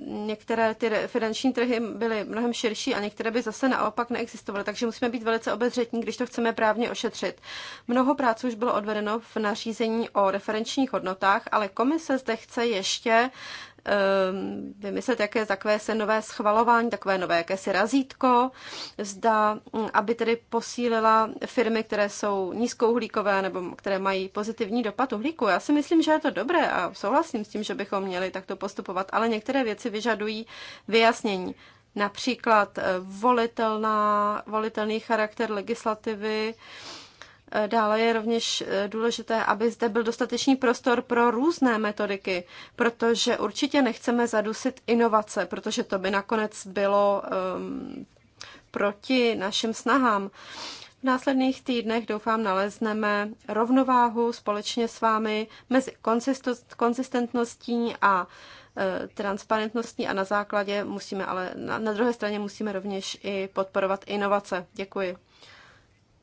některé ty finanční trhy byly mnohem širší a některé by zase naopak neexistovaly. Takže musíme být velice obezřetní, když to chceme právně ošetřit. Mnoho práce už bylo odvedeno v nařízení o referenčních hodnotách, ale komise zde chce ještě Ehm, vymyslet jaké takové se nové schvalování, takové nové jakési razítko, zda, mm, aby tedy posílila firmy, které jsou nízkouhlíkové nebo které mají pozitivní dopad uhlíku. Já si myslím, že je to dobré a souhlasím s tím, že bychom měli takto postupovat, ale některé věci vyžadují vyjasnění. Například eh, volitelná, volitelný charakter legislativy, Dále je rovněž eh, důležité, aby zde byl dostatečný prostor pro různé metodiky, protože určitě nechceme zadusit inovace, protože to by nakonec bylo um, proti našim snahám. V následných týdnech doufám nalezneme rovnováhu společně s vámi mezi konzistentností a eh, transparentností a na základě musíme, ale na, na druhé straně musíme rovněž i podporovat inovace. Děkuji.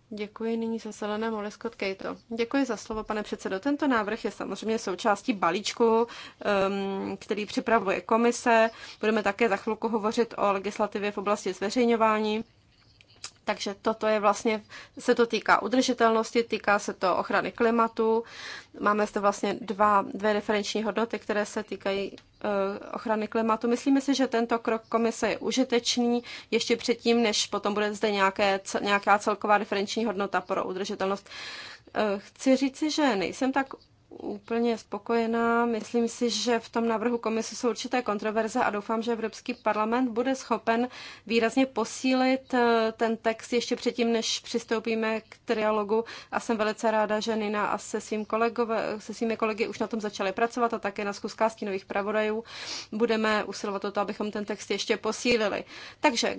Děkuji nyní za Selena Moleskot Kejto. Děkuji za slovo, pane předsedo. Tento návrh je samozřejmě součástí balíčku, um, který připravuje komise. Budeme také za chvilku hovořit o legislativě v oblasti zveřejňování. Takže toto je vlastně, se to týká udržitelnosti, týká se to ochrany klimatu. Máme zde vlastně dva, dvě referenční hodnoty, které se týkají eh, ochrany klimatu. Myslíme si, že tento krok komise je užitečný ještě předtím, než potom bude zde nějaké, nějaká celková referenční hodnota pro udržitelnost. Eh, chci říci, že nejsem tak úplně spokojená. Myslím si, že v tom návrhu komise jsou určité kontroverze a doufám, že Evropský parlament bude schopen výrazně posílit eh, ten text ještě předtím, než přistoupíme k trialogu. A jsem velice ráda, že Nina a se, svým kolegové, se svými kolegy už na tom začaly pracovat a také na zkuskách stínových pravodajů budeme usilovat o to, abychom ten text ještě posílili. Takže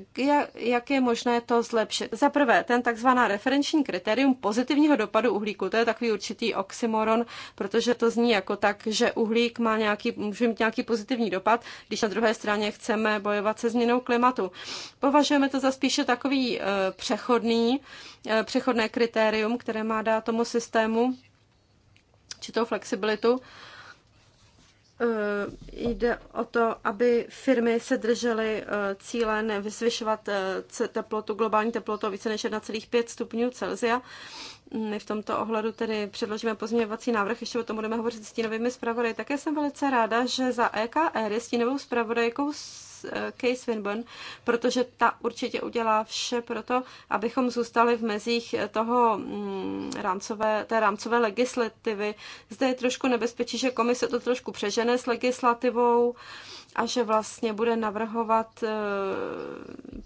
jak je možné to zlepšit? Za prvé, ten takzvaná referenční kritérium pozitivního dopadu uhlíku, to je takový určitý oxymoron, protože to zní jako tak, že uhlík má nějaký, může mít nějaký pozitivní dopad, když na druhé straně chceme bojovat se změnou klimatu. Považujeme to za spíše takový eh, přechodný, eh, přechodné kritérium, které má dát tomu systému či tou flexibilitu eh, jde o to, aby firmy se držely cíle nevyzvyšovat teplotu, globální teplotu více než 1,5 stupňů Celsia. My v tomto ohledu tedy předložíme pozměňovací návrh, ještě o tom budeme hovořit s stínovými zpravodaji. Také jsem velice ráda, že za EKR je stínovou zpravodajkou eh, Kay Swinburne, protože ta určitě udělá vše pro to, abychom zůstali v mezích toho mm, rámcové, té rámcové legislativy. Zde je trošku nebezpečí, že komise to trošku přežene s legislativou a že vlastně bude navrhovat eh,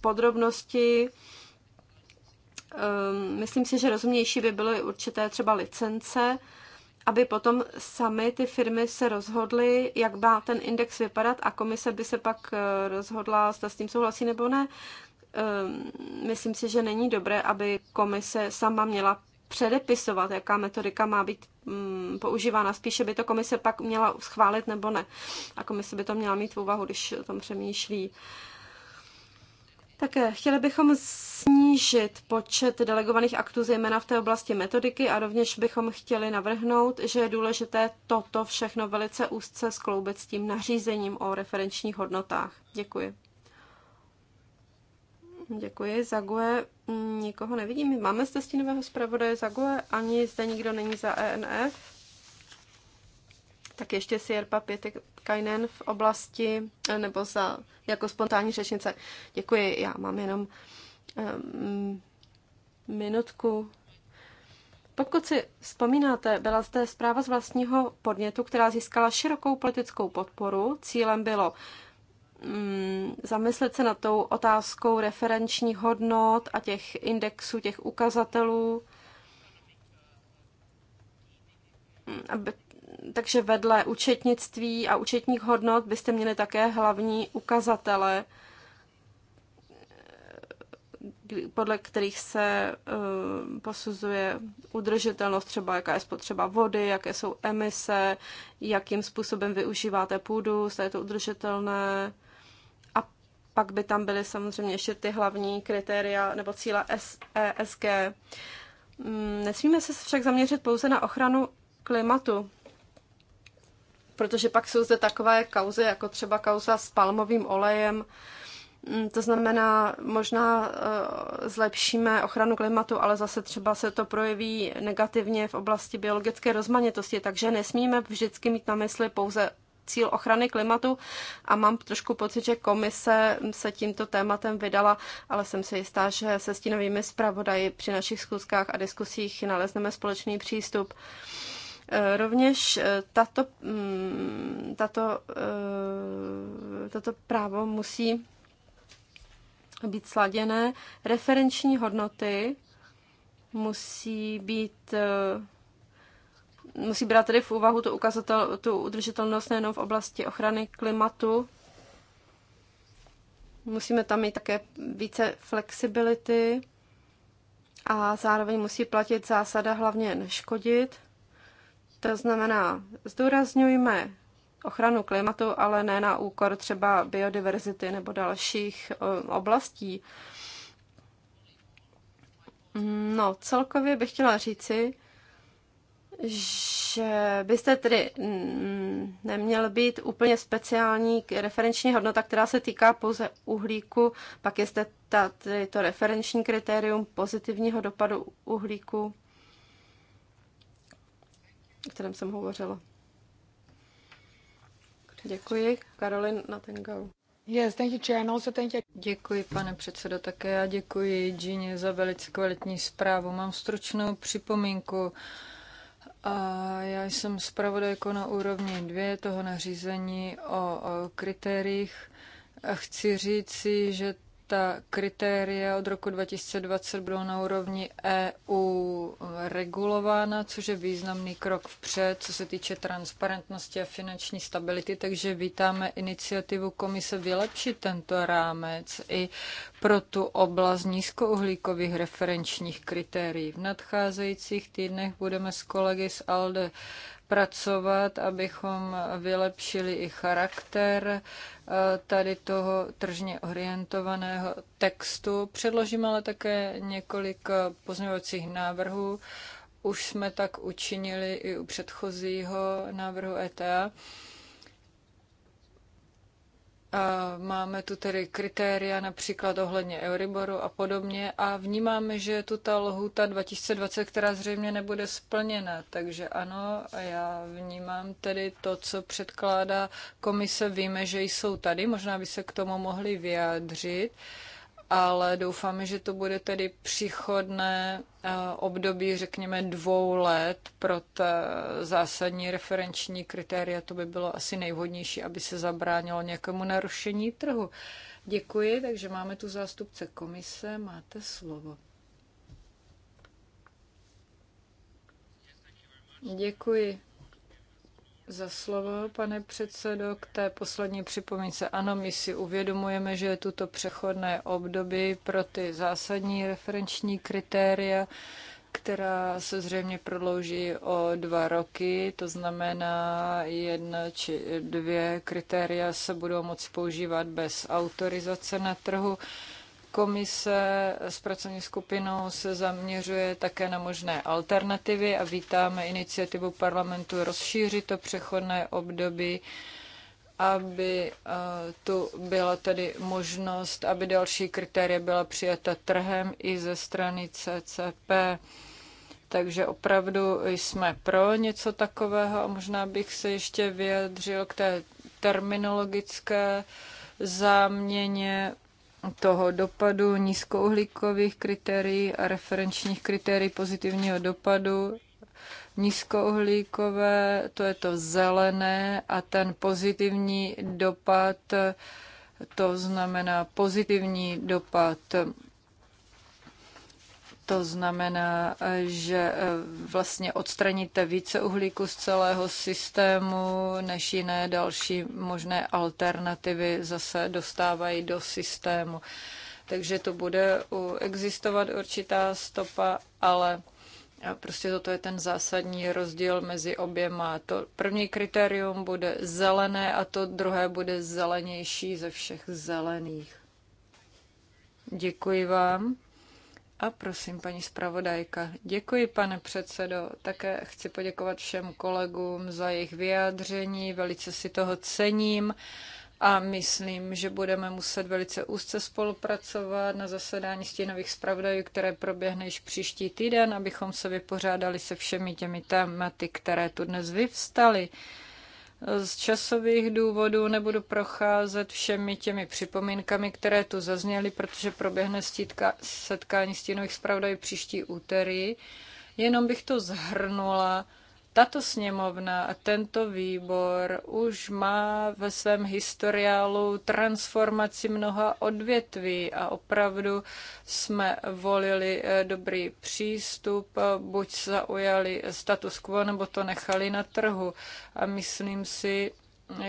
podrobnosti, Ehm, myslím si, že rozumnější by byly určité třeba licence, aby potom sami ty firmy se rozhodly, jak má ten index vypadat a komise by se pak eh, rozhodla, zda s tím souhlasí nebo ne. Ehm, myslím si, že není dobré, aby komise sama měla předepisovat, jaká metodika má být mm, používána. Spíše by to komise pak měla schválit nebo ne. A komise by to měla mít v úvahu, když o tom přemýšlí. Uh, také eh, chtěli bychom snížit počet delegovaných aktů, zejména v té oblasti metodiky, a rovněž bychom chtěli navrhnout, že je důležité toto všechno velice úzce skloubit s tím nařízením o referenčních hodnotách. Děkuji. Děkuji. Zague mm, nikoho nevidím. Máme zde stínového zpravodaje Zague, ani zde nikdo není za ENF tak ještě si Jerpa Pětikainen v oblasti, eh, nebo za, jako spontánní řečnice. Děkuji, já mám jenom um, minutku. Pokud si vzpomínáte, byla zde zpráva z vlastního podnětu, která získala širokou politickou podporu. Cílem bylo mm, zamyslet se nad tou otázkou referenční hodnot a těch indexů, těch ukazatelů, aby takže vedle účetnictví a účetních hodnot byste měli také hlavní ukazatele, podle kterých se eh, posuzuje udržitelnost, třeba jaká je spotřeba vody, jaké jsou emise, jakým způsobem využíváte půdu, zda je to udržitelné. A pak by tam byly samozřejmě ještě ty hlavní kritéria nebo cíle ESG. Mm, nesmíme se však zaměřit pouze na ochranu klimatu protože pak jsou zde takové kauzy, jako třeba kauza s palmovým olejem, mm, to znamená, možná eh, zlepšíme ochranu klimatu, ale zase třeba se to projeví negativně v oblasti biologické rozmanitosti, takže nesmíme vždycky mít na mysli pouze cíl ochrany klimatu a mám trošku pocit, že komise se tímto tématem vydala, ale jsem si jistá, že se stínovými zpravodaji při našich schůzkách a diskusích nalezneme společný přístup. Eh, rovněž eh, tato, mm, tato, eh, tato právo musí být sladěné. Referenční hodnoty musí být musí brát tedy v úvahu tu, ukazatel, tu udržitelnost nejenom v oblasti ochrany klimatu. Musíme tam mít také více flexibility a zároveň musí platit zásada hlavně neškodit. To znamená, zdůrazňujme ochranu klimatu, ale ne na úkor třeba biodiverzity nebo dalších oblastí. No, celkově bych chtěla říci, že byste tedy neměl být úplně speciální referenční hodnota, která se týká pouze uhlíku, pak je zde to referenční kritérium pozitivního dopadu uhlíku o kterém jsem hovořila. Děkuji, Karolin Natengau. Yes, thank you, Chair, and also thank you. Děkuji, pane předsedo, také já děkuji Gini za velice kvalitní zprávu. Mám stručnou připomínku. A já jsem zpravodajko na úrovni dvě toho nařízení o, o kritériích. A chci říci, že ta kritéria od roku 2020 budou na úrovni EU regulována, což je významný krok vpřed, co se týče transparentnosti a finanční stability, takže vítáme iniciativu komise vylepšit tento rámec i pro tu oblast nízkouhlíkových referenčních kritérií. V nadcházejících týdnech budeme s kolegy z ALDE pracovat, abychom vylepšili i charakter eh, tady toho tržně orientovaného textu. Předložím ale také několik eh, pozměňovacích návrhů. Už jsme tak učinili i u předchozího návrhu ETA. Máme tu tedy kritéria například ohledně Euriboru a podobně a vnímáme, že je tu ta lhůta 2020, která zřejmě nebude splněna. Takže ano, já vnímám tedy to, co předkládá komise. Víme, že jsou tady, možná by se k tomu mohli vyjádřit. Uh, ale doufáme, že to bude tedy příchodné eh, období, řekněme, dvou let pro ta zásadní referenční kritéria. To by bylo asi nejvhodnější, aby se zabránilo nějakému narušení trhu. Děkuji, takže máme tu zástupce komise, máte slovo. Děkuji za slovo, pane předsedo. K té poslední připomínce. Ano, my si uvědomujeme, že je tuto přechodné období pro ty zásadní referenční kritéria, která se zřejmě prodlouží o dva roky, to znamená jedna či dvě kritéria se budou moci používat bez autorizace na trhu. Komise s pracovní skupinou se zaměřuje také na možné alternativy a vítáme iniciativu parlamentu rozšířit to přechodné období aby eh, tu byla tedy možnost, aby další kritéria byla přijata trhem i ze strany CCP. Takže opravdu jsme pro něco takového a možná bych se ještě vyjadřil k té terminologické záměně toho dopadu nízkouhlíkových kritérií a referenčních kritérií pozitivního dopadu. Nízkouhlíkové, to je to zelené a ten pozitivní dopad, to znamená pozitivní dopad to znamená, že eh, vlastně odstraníte více uhlíku z celého systému, než jiné další možné alternativy zase dostávají do systému. Takže to bude existovat určitá stopa, ale prostě toto je ten zásadní rozdíl mezi oběma. To první kritérium bude zelené a to druhé bude zelenější ze všech zelených. Děkuji vám. A prosím, paní zpravodajka. Děkuji, pane předsedo. Také chci poděkovat všem kolegům za jejich vyjádření. Velice si toho cením a myslím, že budeme muset velice úzce spolupracovat na zasedání stínových zpravodajů, které proběhne již příští týden, abychom se vypořádali se všemi těmi tématy, které tu dnes vyvstaly. Z časových důvodů nebudu procházet všemi těmi připomínkami, které tu zazněly, protože proběhne stítka, setkání stínových zpravodajů příští úterý. Jenom bych to zhrnula tato sněmovna a tento výbor už má ve svém historiálu transformaci mnoha odvětví a opravdu jsme volili eh, dobrý přístup, eh, buď zaujali status quo, nebo to nechali na trhu. A myslím si,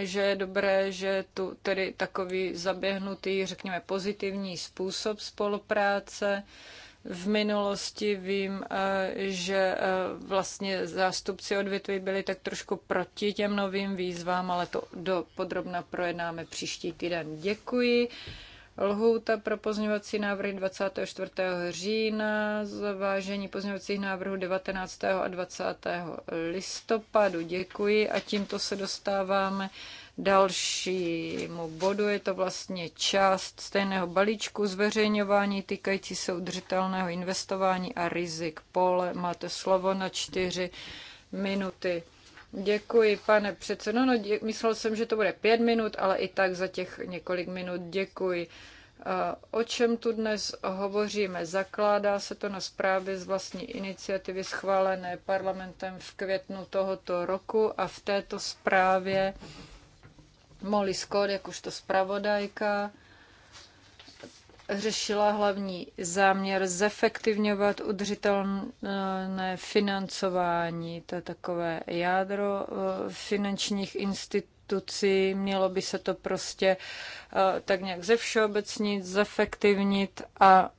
že je dobré, že tu tedy takový zaběhnutý, řekněme, pozitivní způsob spolupráce, v minulosti vím, eh, že eh, vlastně zástupci odvětví byli tak trošku proti těm novým výzvám, ale to do podrobna projednáme příští týden. Děkuji. Lhůta pro pozměňovací návrhy 24. října, zvážení pozměňovacích návrhů 19. a 20. listopadu. Děkuji a tímto se dostáváme dalšímu bodu. Je to vlastně část stejného balíčku zveřejňování týkající se udržitelného investování a rizik. Pole, máte slovo na čtyři minuty. Děkuji, pane předsedo. No, dě- myslel jsem, že to bude pět minut, ale i tak za těch několik minut děkuji. O čem tu dnes hovoříme? Zakládá se to na zprávě z vlastní iniciativy schválené parlamentem v květnu tohoto roku a v této zprávě Molly Scott, jakožto zpravodajka, řešila hlavní záměr zefektivňovat udržitelné financování. To je takové jádro eh, finančních institucí. Mělo by se to prostě eh, tak nějak všeobecnit, zefektivnit a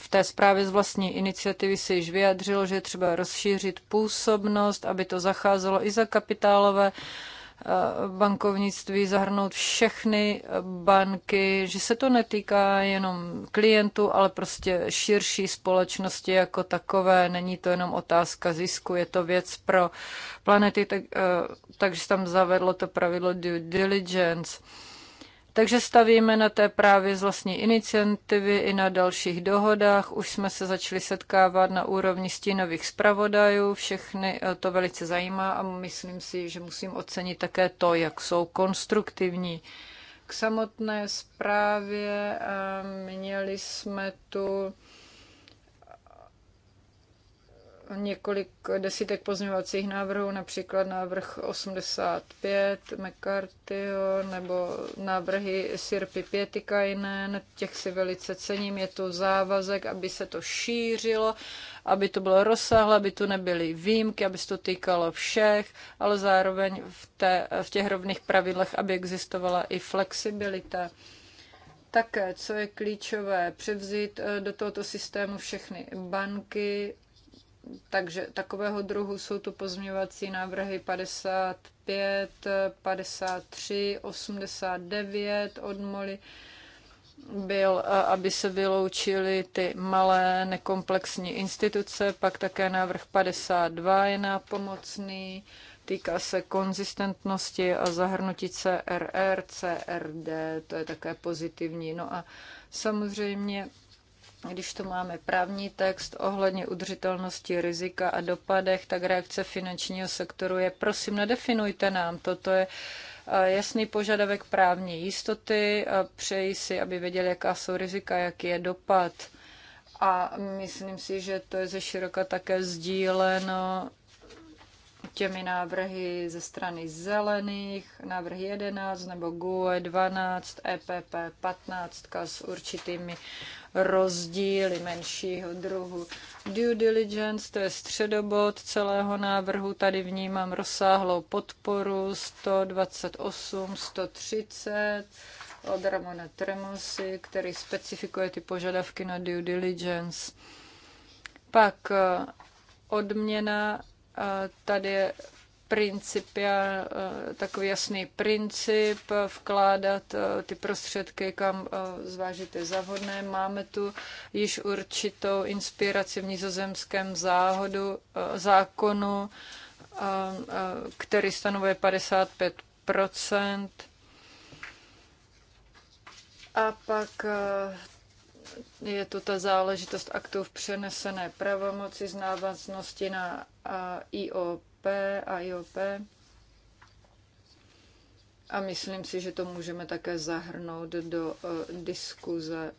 v té zprávě z vlastní iniciativy se již vyjadřilo, že je třeba rozšířit působnost, aby to zacházelo i za kapitálové Eh, bankovnictví zahrnout všechny banky, že se to netýká jenom klientů, ale prostě širší společnosti jako takové. Není to jenom otázka zisku, je to věc pro planety, tak, eh, takže tam zavedlo to pravidlo due diligence. Takže stavíme na té právě z vlastní iniciativy i na dalších dohodách. Už jsme se začali setkávat na úrovni stínových zpravodajů. Všechny eh, to velice zajímá a myslím si, že musím ocenit také to, jak jsou konstruktivní. K samotné zprávě eh, měli jsme tu několik desítek pozměňovacích návrhů, například návrh 85 McCarthyho nebo návrhy Sirpy Pietikainen, těch si velice cením, je to závazek, aby se to šířilo, aby to bylo rozsáhlé, aby tu nebyly výjimky, aby se to týkalo všech, ale zároveň v, té, v těch rovných pravidlech, aby existovala i flexibilita. Také, co je klíčové, převzít eh, do tohoto systému všechny banky, takže takového druhu jsou tu pozměňovací návrhy 55, 53, 89 od Moli byl, aby se vyloučily ty malé nekomplexní instituce, pak také návrh 52 je nápomocný, týká se konzistentnosti a zahrnutí CRR, CRD, to je také pozitivní. No a samozřejmě když tu máme právní text ohledně udržitelnosti rizika a dopadech, tak reakce finančního sektoru je, prosím, nedefinujte nám, to. To je eh, jasný požadavek právní jistoty, přeji si, aby věděli, jaká jsou rizika, jaký je dopad. A myslím si, že to je ze široka také sdíleno těmi návrhy ze strany zelených, návrh 11 nebo GUE 12, EPP 15 s určitými rozdíly menšího druhu. Due diligence, to je středobod celého návrhu, tady vnímám rozsáhlou podporu 128, 130 od Ramona Tremosy, který specifikuje ty požadavky na due diligence. Pak eh, odměna, eh, tady je principia, eh, takový jasný princip, vkládat eh, ty prostředky, kam eh, zvážíte za Máme tu již určitou inspiraci v nizozemském záhodu, zákonu, který stanovuje 55 A pak je to ta záležitost aktů v přenesené pravomoci z návaznosti na IOP, a IOP. A myslím si, že to můžeme také zahrnout do eh, diskuze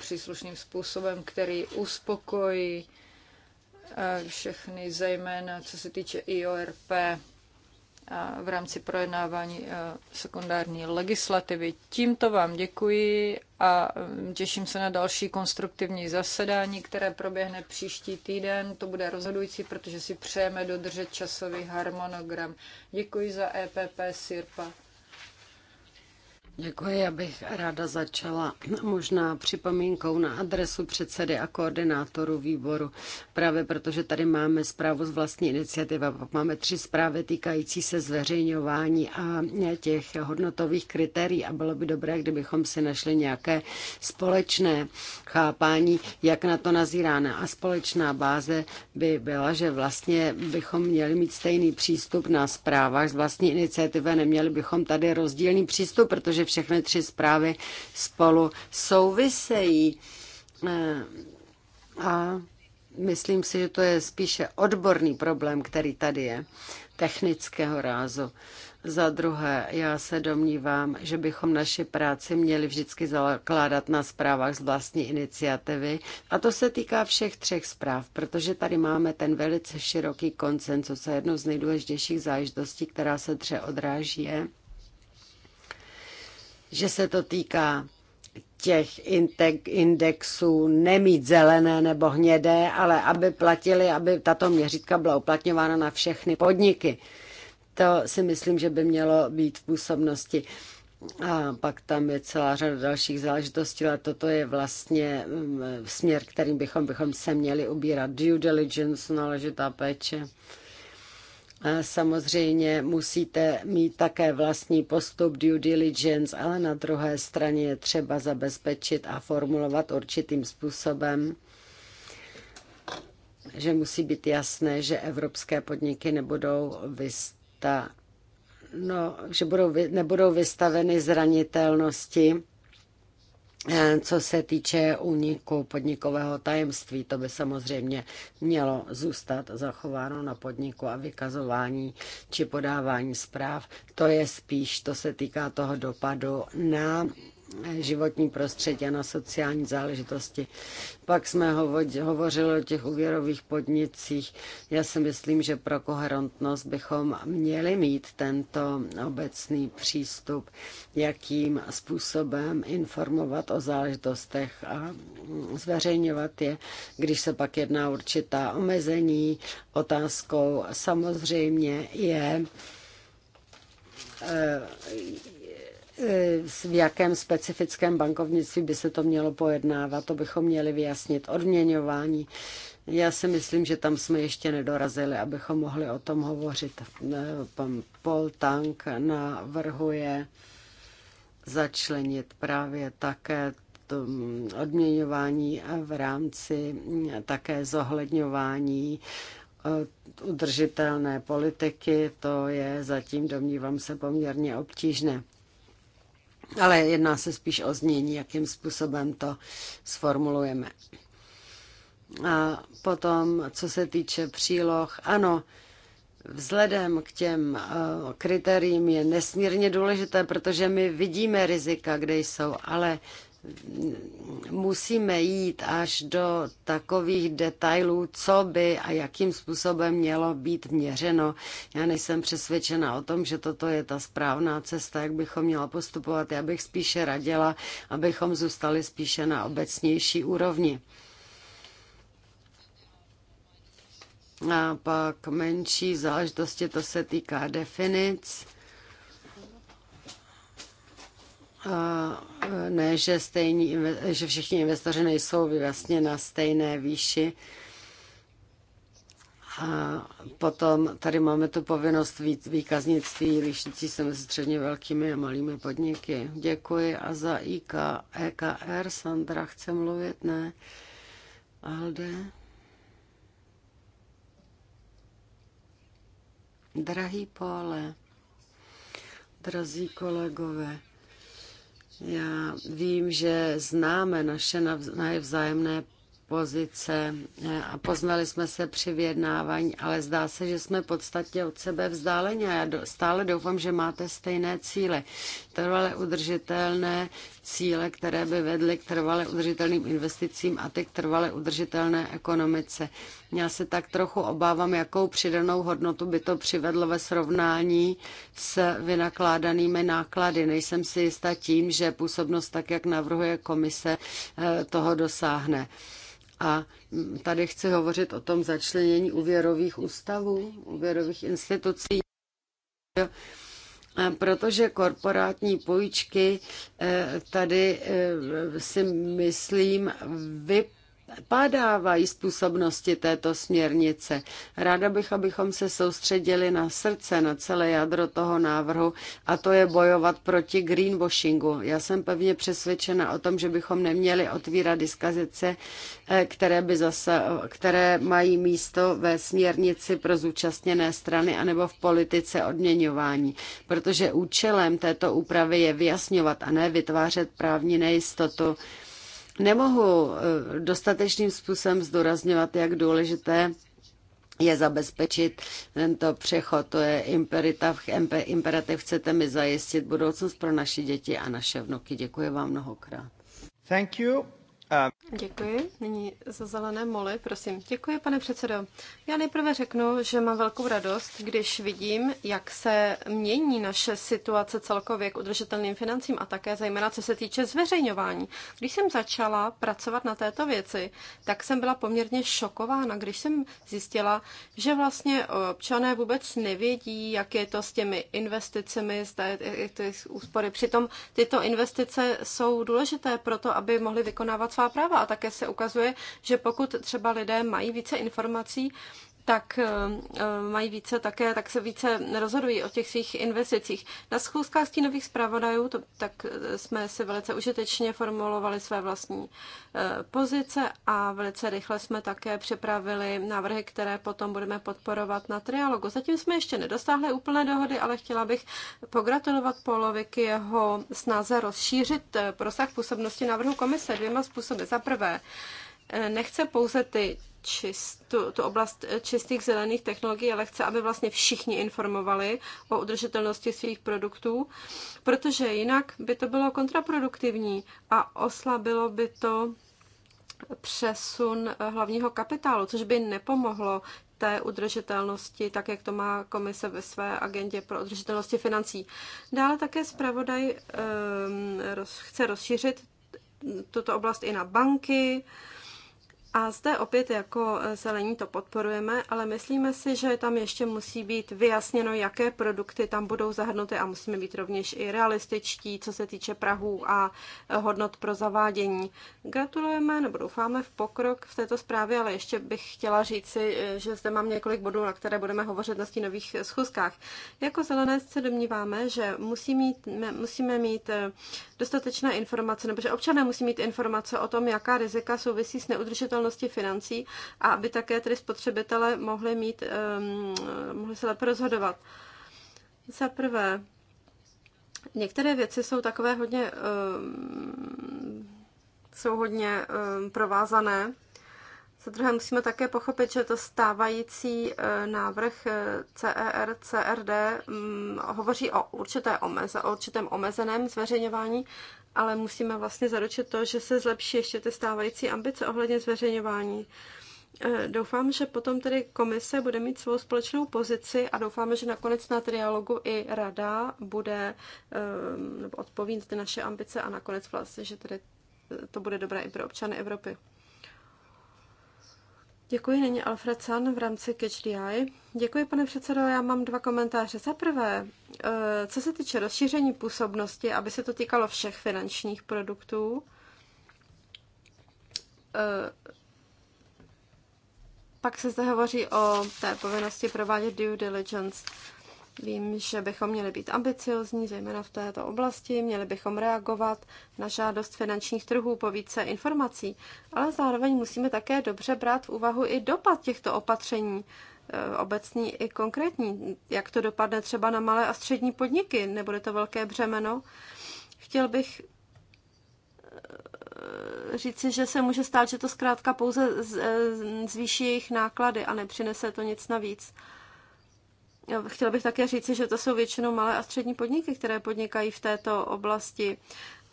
příslušným způsobem, který uspokojí eh, všechny, zejména co se týče IORP v rámci projednávání e, sekundární legislativy. Tímto vám děkuji a e, těším se na další konstruktivní zasedání, které proběhne příští týden. To bude rozhodující, protože si přejeme dodržet časový harmonogram. Děkuji za EPP Sirpa. Děkuji, já bych ráda začala možná připomínkou na adresu předsedy a koordinátoru výboru, právě protože tady máme zprávu z vlastní iniciativy, pak máme tři zprávy týkající se zveřejňování a těch hodnotových kritérií a bylo by dobré, kdybychom si našli nějaké společné chápání, jak na to nazíráme. A společná báze by byla, že vlastně bychom měli mít stejný přístup na zprávách z vlastní iniciativy, neměli bychom tady rozdílný přístup, protože všechny tři zprávy spolu souvisejí. Eh, a myslím si, že to je spíše odborný problém, který tady je, technického rázu. Za druhé, já se domnívám, že bychom naši práci měli vždycky zakládat na zprávách z vlastní iniciativy. A to se týká všech třech zpráv, protože tady máme ten velice široký koncensus a jednou z nejdůležitějších záležitostí, která se tře odráží, je, že se to týká těch indexů nemít zelené nebo hnědé, ale aby platili, aby tato měřítka byla uplatňována na všechny podniky. To si myslím, že by mělo být v působnosti. A pak tam je celá řada dalších záležitostí, ale toto je vlastně mm, směr, kterým bychom, bychom se měli ubírat. Due diligence, náležitá péče. Samozřejmě musíte mít také vlastní postup due diligence, ale na druhé straně je třeba zabezpečit a formulovat určitým způsobem, že musí být jasné, že evropské podniky nebudou vysta, no, že budou, nebudou vystaveny zranitelnosti Eh, co se týče úniku podnikového tajemství, to by samozřejmě mělo zůstat zachováno na podniku a vykazování či podávání zpráv. To je spíš, to se týká toho dopadu na životní prostředí a na sociální záležitosti. Pak jsme hovořili o těch úvěrových podnicích. Já si myslím, že pro koherentnost bychom měli mít tento obecný přístup, jakým způsobem informovat o záležitostech a zveřejňovat je, když se pak jedná určitá omezení. Otázkou samozřejmě je, eh, v jakém specifickém bankovnictví by se to mělo pojednávat, to bychom měli vyjasnit odměňování. Já si myslím, že tam jsme ještě nedorazili, abychom mohli o tom hovořit. Pan Paul Tank navrhuje začlenit právě také mm, odměňování v rámci mm, také zohledňování e, udržitelné politiky. To je zatím, domnívám se, poměrně obtížné ale jedná se spíš o znění, jakým způsobem to sformulujeme. A potom, co se týče příloh, ano, vzhledem k těm eh, kritériím je nesmírně důležité, protože my vidíme rizika, kde jsou, ale musíme jít až do takových detailů, co by a jakým způsobem mělo být měřeno. Já nejsem přesvědčena o tom, že toto je ta správná cesta, jak bychom měla postupovat. Já bych spíše radila, abychom zůstali spíše na obecnější úrovni. A pak menší záležitosti, to se týká definic E, ne, že, stejní, že všichni investoři nejsou vlastně na stejné výši. A potom tady máme tu povinnost výkaznictví lišící se mezi středně velkými a malými podniky. Děkuji a za IK, EKR. Sandra chce mluvit, ne? Alde? Drahý Pole, drazí kolegové, já vím, že známe naše najvzájemné pozice eh, a poznali jsme se při vyjednávání, ale zdá se, že jsme podstatně od sebe vzdáleni a já stále doufám, že máte stejné cíle. Trvale udržitelné cíle, které by vedly k trvale udržitelným investicím a ty k trvale udržitelné ekonomice. Já se tak trochu obávám, jakou přidanou hodnotu by to přivedlo ve srovnání s vynakládanými náklady. Nejsem si jistá tím, že působnost tak, jak navrhuje komise, eh, toho dosáhne. A tady chci hovořit o tom začlenění úvěrových ústavů, úvěrových institucí, protože korporátní půjčky eh, tady eh, si myslím vyp padávají způsobnosti této směrnice. Ráda bych, abychom se soustředili na srdce, na celé jádro toho návrhu a to je bojovat proti greenwashingu. Já jsem pevně přesvědčena o tom, že bychom neměli otvírat diskazice, eh, které, by zase, které mají místo ve směrnici pro zúčastněné strany anebo v politice odměňování, protože účelem této úpravy je vyjasňovat a ne vytvářet právní nejistotu Nemohu eh, dostatečným způsobem zdůrazňovat, jak důležité je zabezpečit tento přechod. To je imperativ, imperativ chcete mi zajistit budoucnost pro naše děti a naše vnuky. Děkuji vám mnohokrát. Thank you. Děkuji. Nyní za zelené moly, prosím. Děkuji, pane předsedo. Já nejprve řeknu, že mám velkou radost, když vidím, jak se mění naše situace celkově k udržitelným financím a také zejména co se týče zveřejňování. Když jsem začala pracovat na této věci, tak jsem byla poměrně šokována, když jsem zjistila, že vlastně občané vůbec nevědí, jak je to s těmi investicemi, s ty úspory. Přitom tyto investice jsou důležité pro to, aby mohli vykonávat svá práva. A také se ukazuje, že pokud třeba lidé mají více informací, tak eh, eh, mají více také, tak se více rozhodují o těch svých investicích. Na schůzkách stínových zpravodajů to, tak eh, jsme si velice užitečně formulovali své vlastní pozice a velice rychle jsme také připravili návrhy, které potom budeme podporovat na trialogu. Zatím jsme ještě nedostáhli úplné dohody, ale chtěla bych pogratulovat Polovi k jeho snaze rozšířit prosah působnosti návrhu komise dvěma způsoby. Za prvé, Eh, nechce pouze ty čist, tu, tu oblast eh, čistých zelených technologií, ale chce, aby vlastně všichni informovali o udržitelnosti svých produktů, protože jinak by to bylo kontraproduktivní a oslabilo by to přesun eh, hlavního kapitálu, což by nepomohlo té udržitelnosti, tak jak to má komise ve své agendě pro udržitelnosti financí. Dále také zpravodaj um, roz, chce rozšířit tuto oblast i na banky, uh, a zde opět jako e, zelení to podporujeme, ale myslíme si, že tam ještě musí být vyjasněno, jaké produkty tam budou zahrnuty a musíme být rovněž i realističtí, co se týče Prahu a e, hodnot pro zavádění. Gratulujeme nebo doufáme v pokrok v této zprávě, ale ještě bych chtěla říci, e, že zde mám několik bodů, na které budeme hovořit na těch nových schůzkách. Jako zelené se domníváme, že musí mít, musíme mít dostatečné informace, nebo že občané musí mít informace o tom, jaká rizika souvisí s neudržitelností financí a aby také tedy spotřebitele mohli mít, um, mohli se lépe rozhodovat. Za prvé, některé věci jsou takové hodně, um, jsou hodně um, provázané za druhé musíme také pochopit, že to stávající e, návrh e, CER, CRD mm, hovoří o, určité omeze, o určitém omezeném zveřejňování, ale musíme vlastně zaručit to, že se zlepší ještě ty stávající ambice ohledně zveřejňování. E, doufám, že potom tedy komise bude mít svou společnou pozici a doufáme, že nakonec na trialogu i rada bude nebo odpovím ty naše ambice a nakonec vlastně, že tedy to bude dobré i pro občany Evropy. Děkuji, není Alfred San v rámci CatchDI. Děkuji, pane předsedo, já mám dva komentáře. Za prvé, eh, co se týče rozšíření působnosti, aby se to týkalo všech finančních produktů, eh, pak se zde hovoří o té povinnosti provádět due diligence. Vím, že bychom měli být ambiciozní, zejména v této oblasti, měli bychom reagovat na žádost finančních trhů po více informací, ale zároveň musíme také dobře brát v úvahu i dopad těchto opatření, eh, obecný i konkrétní. Jak to dopadne třeba na malé a střední podniky? Nebude to velké břemeno? Chtěl bych eh, říci, že se může stát, že to zkrátka pouze eh, zvýší jejich náklady a nepřinese to nic navíc. Chtěla bych také říci, že to jsou většinou malé a střední podniky, které podnikají v této oblasti.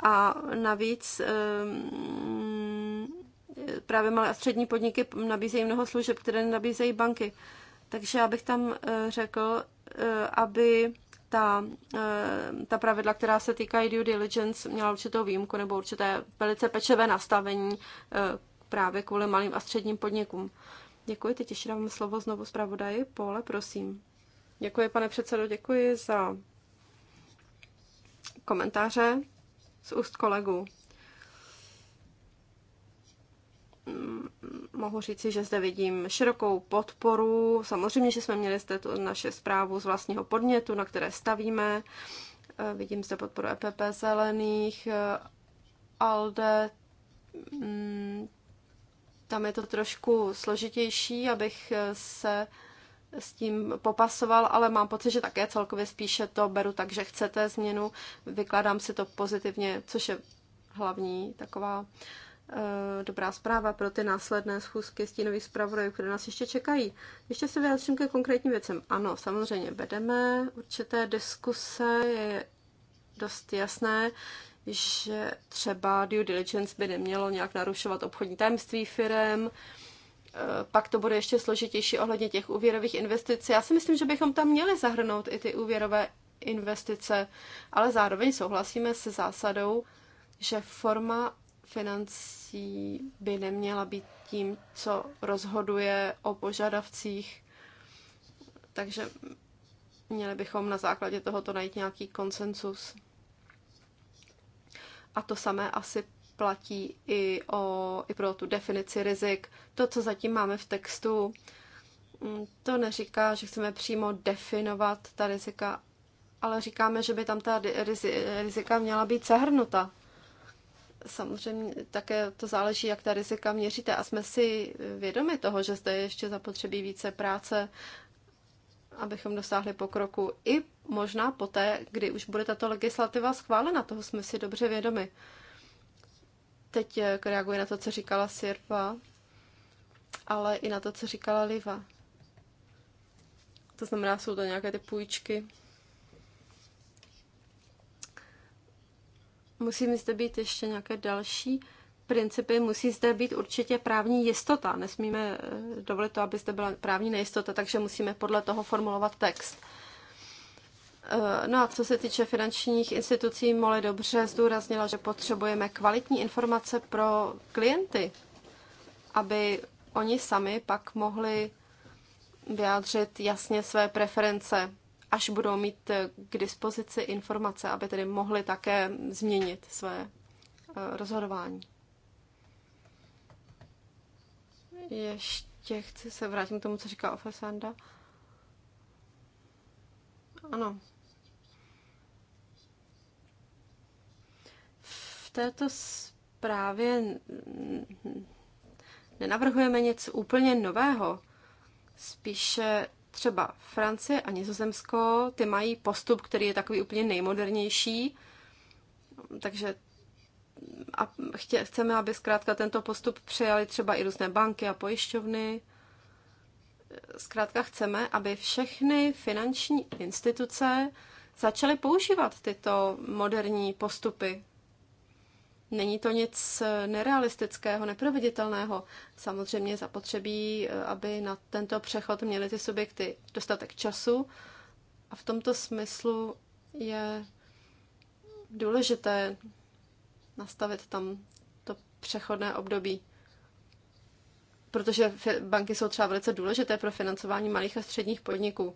A navíc ehm, právě malé a střední podniky nabízejí mnoho služeb, které nabízejí banky. Takže já bych tam eh, řekl, eh, aby ta, eh, ta pravidla, která se týkají due diligence, měla určitou výjimku nebo určité velice pečevé nastavení právě kvůli malým a středním podnikům. Děkuji, teď ještě dávám slovo znovu zpravodaji. Pole, prosím. Děkuji, pane předsedo, děkuji za komentáře z úst kolegů. Mm, mohu říci, že zde vidím širokou podporu. Samozřejmě, že jsme měli zde tu naše zprávu z vlastního podnětu, na které stavíme. Eh, vidím zde podporu EPP zelených, eh, ALDE. Mm, tam je to trošku složitější, abych eh, se s tím popasoval, ale mám pocit, že také celkově spíše to beru tak, že chcete změnu, vykládám si to pozitivně, což je hlavní taková eh, dobrá zpráva pro ty následné schůzky stínových zpravodajů, které nás ještě čekají. Ještě se vyjádřím ke konkrétním věcem. Ano, samozřejmě vedeme určité diskuse, je dost jasné, že třeba due diligence by nemělo nějak narušovat obchodní tajemství firem, Eh, pak to bude ještě složitější ohledně těch úvěrových investic. Já si myslím, že bychom tam měli zahrnout i ty úvěrové investice, ale zároveň souhlasíme se zásadou, že forma financí by neměla být tím, co rozhoduje o požadavcích. Takže měli bychom na základě tohoto najít nějaký konsensus. A to samé asi platí i, o, i pro tu definici rizik. To, co zatím máme v textu, mm, to neříká, že chceme přímo definovat ta rizika, ale říkáme, že by tam ta rizika měla být zahrnuta. Samozřejmě také to záleží, jak ta rizika měříte. A jsme si vědomi toho, že zde ještě zapotřebí více práce, abychom dosáhli pokroku. I možná poté, kdy už bude tato legislativa schválena, toho jsme si dobře vědomi. Teď eh, reaguje na to, co říkala Sirpa, ale i na to, co říkala Liva. To znamená, jsou to nějaké ty půjčky. Musí zde být ještě nějaké další principy. Musí zde být určitě právní jistota. Nesmíme eh, dovolit to, aby zde byla právní nejistota, takže musíme podle toho formulovat text. Eh, no a co se týče finančních institucí, Moli dobře zdůraznila, že potřebujeme kvalitní informace pro klienty, aby oni sami pak mohli vyjádřit jasně své preference, až budou mít eh, k dispozici informace, aby tedy mohli také změnit své eh, rozhodování. Ještě chci se vrátit k tomu, co říká Ofesanda. Ano, této zprávě nenavrhujeme nic úplně nového. Spíše třeba Francie a Nizozemsko, ty mají postup, který je takový úplně nejmodernější, takže a chtě, chceme, aby zkrátka tento postup přijali třeba i různé banky a pojišťovny. Zkrátka chceme, aby všechny finanční instituce začaly používat tyto moderní postupy Není to nic eh, nerealistického, neproveditelného. Samozřejmě zapotřebí, eh, aby na tento přechod měly ty subjekty dostatek času a v tomto smyslu je důležité nastavit tam to přechodné období. Protože banky jsou třeba velice důležité pro financování malých a středních podniků.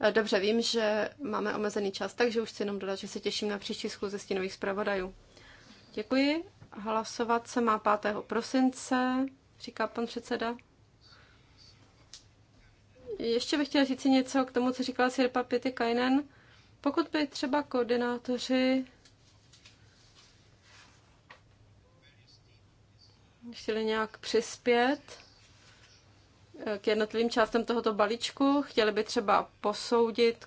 Eh, dobře, vím, že máme omezený čas, takže už chci jenom dodat, že se těším na příští schůzi stínových zpravodajů. Děkuji. Hlasovat se má 5. prosince, říká pan předseda. Ještě bych chtěla říct něco k tomu, co říkala Sirpa Pěty Kainen. Pokud by třeba koordinátoři chtěli nějak přispět eh, k jednotlivým částem tohoto balíčku, chtěli by třeba posoudit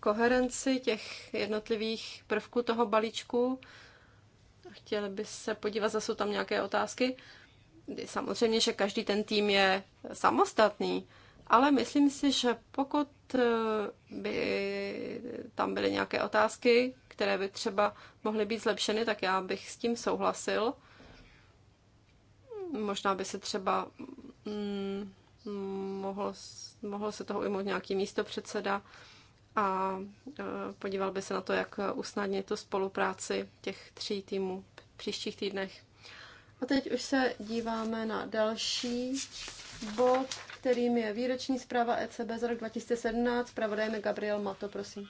koherenci těch jednotlivých prvků toho balíčku, chtěli by se podívat, zase jsou tam nějaké otázky. Samozřejmě, že každý ten tým je samostatný, ale myslím si, že pokud eh, by tam byly nějaké otázky, které by třeba mohly být zlepšeny, tak já bych s tím souhlasil. Možná by se třeba mm, mohl, mohl se toho ujmout nějaký místo předseda a e, podíval by se na to, jak usnadnit tu spolupráci těch tří týmů v příštích týdnech. A teď už se díváme na další bod, kterým je výroční zpráva ECB za rok 2017. Zpravodajeme Gabriel Mato, prosím.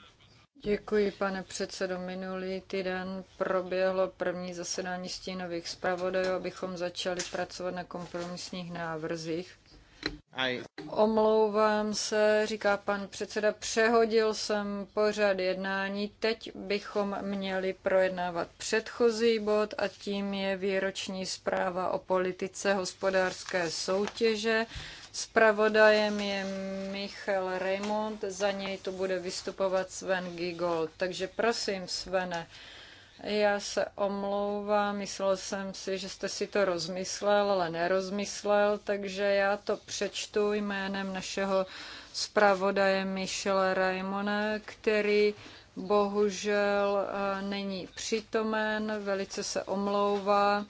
Děkuji, pane předsedo. Minulý týden proběhlo první zasedání stínových zpravodajů, abychom začali pracovat na kompromisních návrzích Omlouvám se, říká pan předseda, přehodil jsem pořad jednání. Teď bychom měli projednávat předchozí bod a tím je výroční zpráva o politice hospodářské soutěže. Spravodajem je Michal Raymond, za něj tu bude vystupovat Sven Gigold. Takže prosím, Svene. Já se omlouvám, myslel jsem si, že jste si to rozmyslel, ale nerozmyslel, takže já to přečtu jménem našeho zpravodaje Michela Raimona, který bohužel eh, není přítomen, velice se omlouvá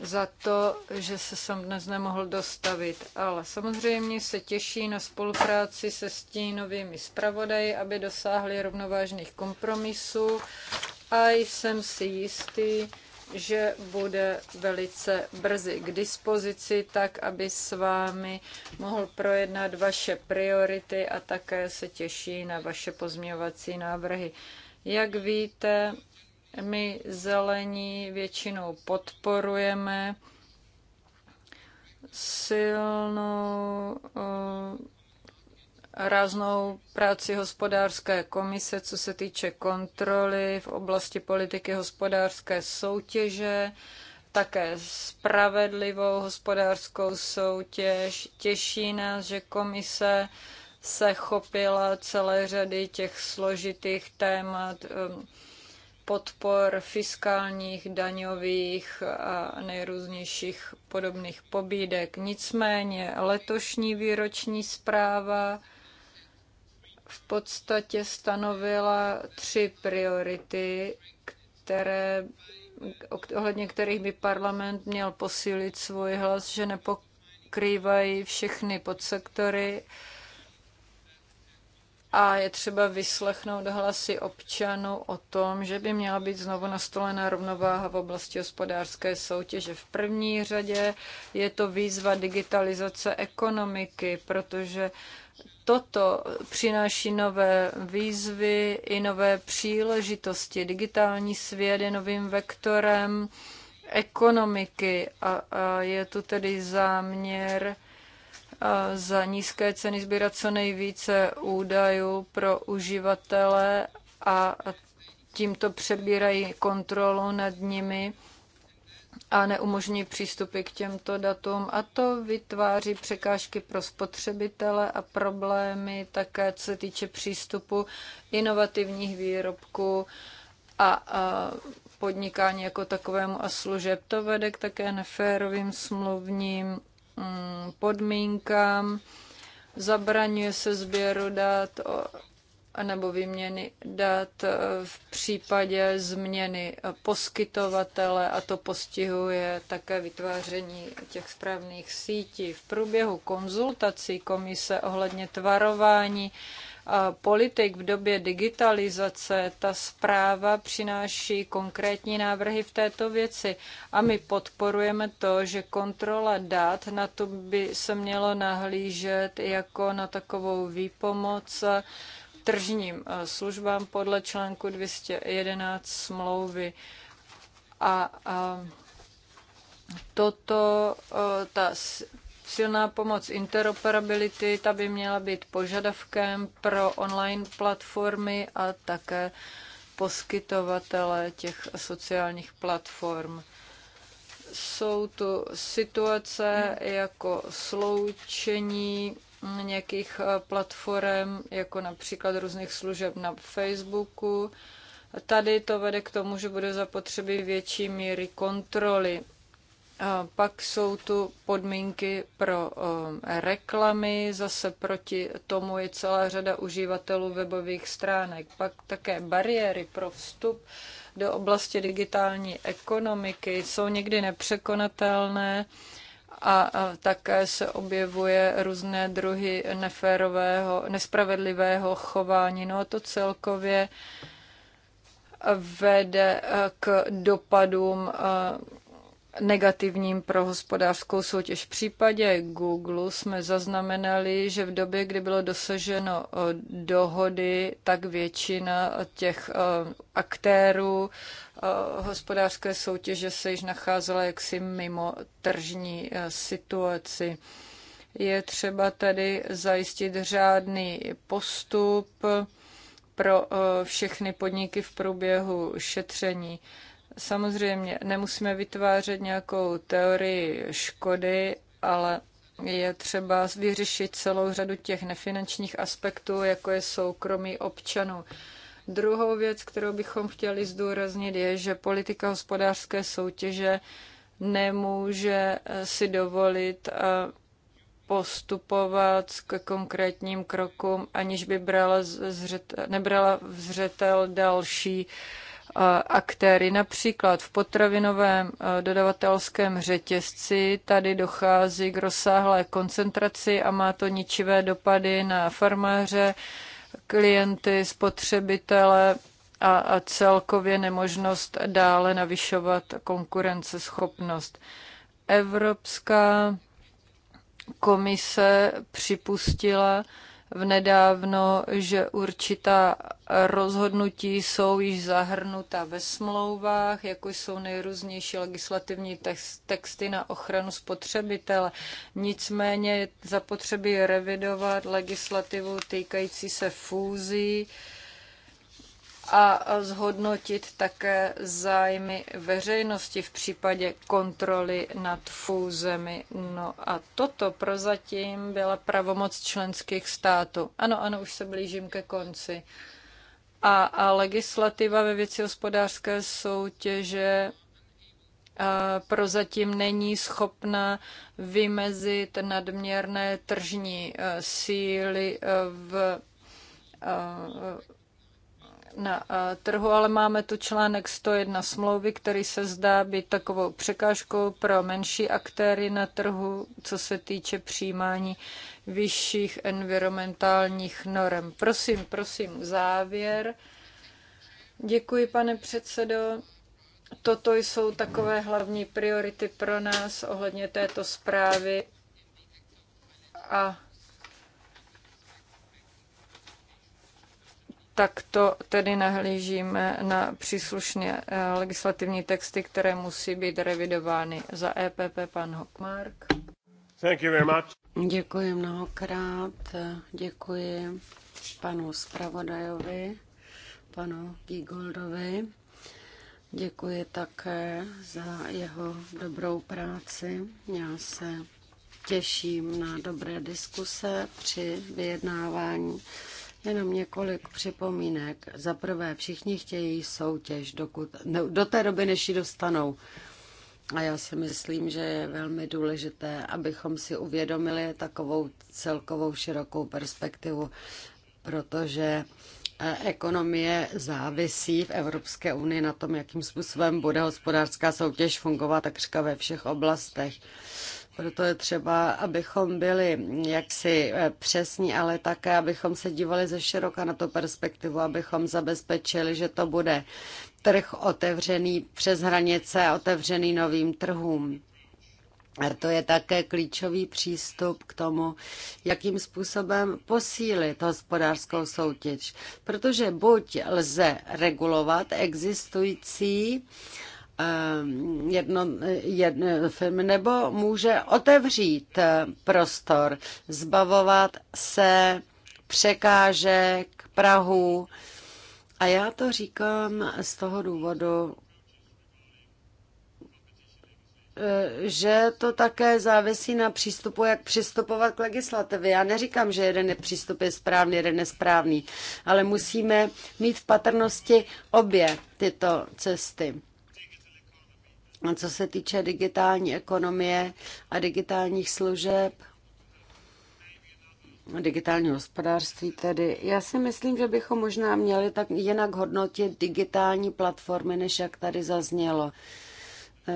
za to, že se sem dnes nemohl dostavit. Ale samozřejmě se těší na spolupráci se stínovými zpravodaji, aby dosáhli rovnovážných kompromisů a jsem si jistý, že bude velice brzy k dispozici, tak aby s vámi mohl projednat vaše priority a také se těší na vaše pozměňovací návrhy. Jak víte, my zelení většinou podporujeme silnou eh, ráznou práci hospodářské komise, co se týče kontroly v oblasti politiky hospodářské soutěže, také spravedlivou hospodářskou soutěž. Těší nás, že komise se chopila celé řady těch složitých témat um, podpor fiskálních, daňových a nejrůznějších podobných pobídek. Nicméně letošní výroční zpráva v podstatě stanovila tři priority, které, ohledně kterých by parlament měl posílit svůj hlas, že nepokrývají všechny podsektory a je třeba vyslechnout hlasy občanů o tom, že by měla být znovu nastolena rovnováha v oblasti hospodářské soutěže. V první řadě je to výzva digitalizace ekonomiky, protože toto přináší nové výzvy i nové příležitosti. Digitální svět je novým vektorem ekonomiky a, a je tu tedy záměr za nízké ceny sbírat co nejvíce údajů pro uživatele a tímto přebírají kontrolu nad nimi a neumožní přístupy k těmto datům a to vytváří překážky pro spotřebitele a problémy také, co se týče přístupu inovativních výrobků a, a podnikání jako takovému a služeb. To vede k také neférovým smluvním mm, podmínkám, zabraňuje se sběru dat, nebo výměny dat e, v případě změny e, poskytovatele a to postihuje také vytváření těch správných sítí. V průběhu konzultací komise ohledně tvarování e, politik v době digitalizace, ta zpráva přináší konkrétní návrhy v této věci. A my podporujeme to, že kontrola dat, na to by se mělo nahlížet jako na takovou výpomoc tržním eh, službám podle článku 211 smlouvy. A, a toto, eh, ta silná pomoc interoperability, ta by měla být požadavkem pro online platformy a také poskytovatele těch sociálních platform jsou tu situace jako sloučení nějakých eh, platform, jako například různých služeb na Facebooku. Tady to vede k tomu, že bude zapotřebí větší míry kontroly. Eh, pak jsou tu podmínky pro eh, reklamy, zase proti tomu je celá řada uživatelů webových stránek. Pak také bariéry pro vstup do oblasti digitální ekonomiky jsou někdy nepřekonatelné a také se objevuje různé druhy neférového, nespravedlivého chování. No a to celkově vede eh, k dopadům eh, negativním pro hospodářskou soutěž. V případě Google jsme zaznamenali, že v době, kdy bylo dosaženo eh, dohody, tak většina těch eh, aktérů eh, hospodářské soutěže se již nacházela jaksi mimo tržní situaci. Je třeba tedy zajistit řádný postup pro všechny podniky v průběhu šetření. Samozřejmě nemusíme vytvářet nějakou teorii škody, ale je třeba vyřešit celou řadu těch nefinančních aspektů, jako je soukromí občanů. Druhou věc, kterou bychom chtěli zdůraznit, je, že politika hospodářské soutěže nemůže eh, si dovolit eh, postupovat k konkrétním krokům, aniž by brala zřetel, nebrala vzřetel další uh, aktéry. Například v potravinovém e, dodavatelském řetězci tady dochází k rozsáhlé koncentraci a má to ničivé dopady na farmáře, klienty, spotřebitele a, celkově nemožnost dále navyšovat konkurenceschopnost. Evropská komise připustila, v nedávno, že určitá rozhodnutí jsou již zahrnuta ve smlouvách, jako jsou nejrůznější legislativní texty na ochranu spotřebitele. Nicméně zapotřebí revidovat legislativu týkající se fúzí, a zhodnotit také zájmy veřejnosti v případě kontroly nad fúzemi. No a toto prozatím byla pravomoc členských států. Ano, ano, už se blížím ke konci. A, a legislativa ve věci hospodářské soutěže prozatím není schopna vymezit nadměrné tržní e, síly e, v e, na eh, trhu, ale máme tu článek 101 smlouvy, který se zdá být takovou překážkou pro menší aktéry na trhu, co se týče přijímání vyšších environmentálních norm. Prosím, prosím, závěr. Děkuji, pane předsedo. Toto jsou takové hlavní priority pro nás ohledně této zprávy a takto tedy nahlížíme na příslušné eh, legislativní texty, které musí být revidovány za EPP pan Hockmark. Thank you very much. Děkuji mnohokrát. Děkuji panu zpravodajovi, panu Gigoldovi. Děkuji také za jeho dobrou práci. Já se těším na dobré diskuse při vyjednávání Jenom několik připomínek. Za prvé, všichni chtějí soutěž dokud, ne, do té doby, než ji dostanou. A já si myslím, že je velmi důležité, abychom si uvědomili takovou celkovou širokou perspektivu, protože eh, ekonomie závisí v Evropské unii na tom, jakým způsobem bude hospodářská soutěž fungovat takřka ve všech oblastech. Proto je třeba, abychom byli jaksi eh, přesní, ale také, abychom se dívali ze široka na tu perspektivu, abychom zabezpečili, že to bude trh otevřený přes hranice, otevřený novým trhům. A to je také klíčový přístup k tomu, jakým způsobem posílit hospodářskou soutěž. Protože buď lze regulovat existující uh, Eh, jedno, jedno, film, nebo může otevřít eh, prostor, zbavovat se překážek, prahu. A já to říkám z toho důvodu, eh, že to také závisí na přístupu, jak přistupovat k legislativě. Já neříkám, že jeden přístup je správný, jeden nesprávný, ale musíme mít v patrnosti obě tyto cesty. Co se týče digitální ekonomie a digitálních služeb, digitálního hospodářství tedy. Já si myslím, že bychom možná měli tak jinak hodnotit digitální platformy, než jak tady zaznělo.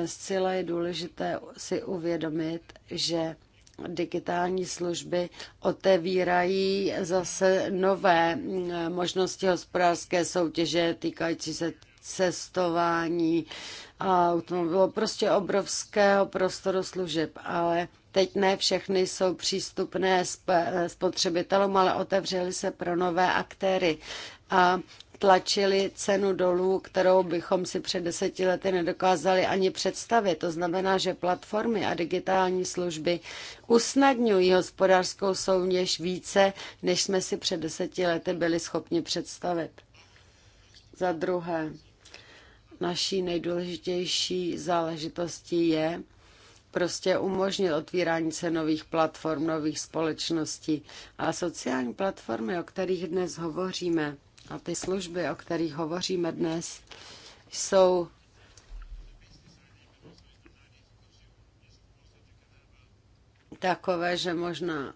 Zcela je důležité si uvědomit, že digitální služby otevírají zase nové mm, možnosti hospodářské soutěže týkající se cestování, to bylo prostě obrovského prostoru služeb, ale teď ne všechny jsou přístupné spotřebitelům, ale otevřely se pro nové aktéry a tlačili cenu dolů, kterou bychom si před deseti lety nedokázali ani představit. To znamená, že platformy a digitální služby usnadňují hospodářskou souměž více, než jsme si před deseti lety byli schopni představit. Za druhé, naší nejdůležitější záležitostí je prostě umožnit otvírání se nových platform, nových společností. A sociální platformy, o kterých dnes hovoříme, a ty služby, o kterých hovoříme dnes, jsou takové, že možná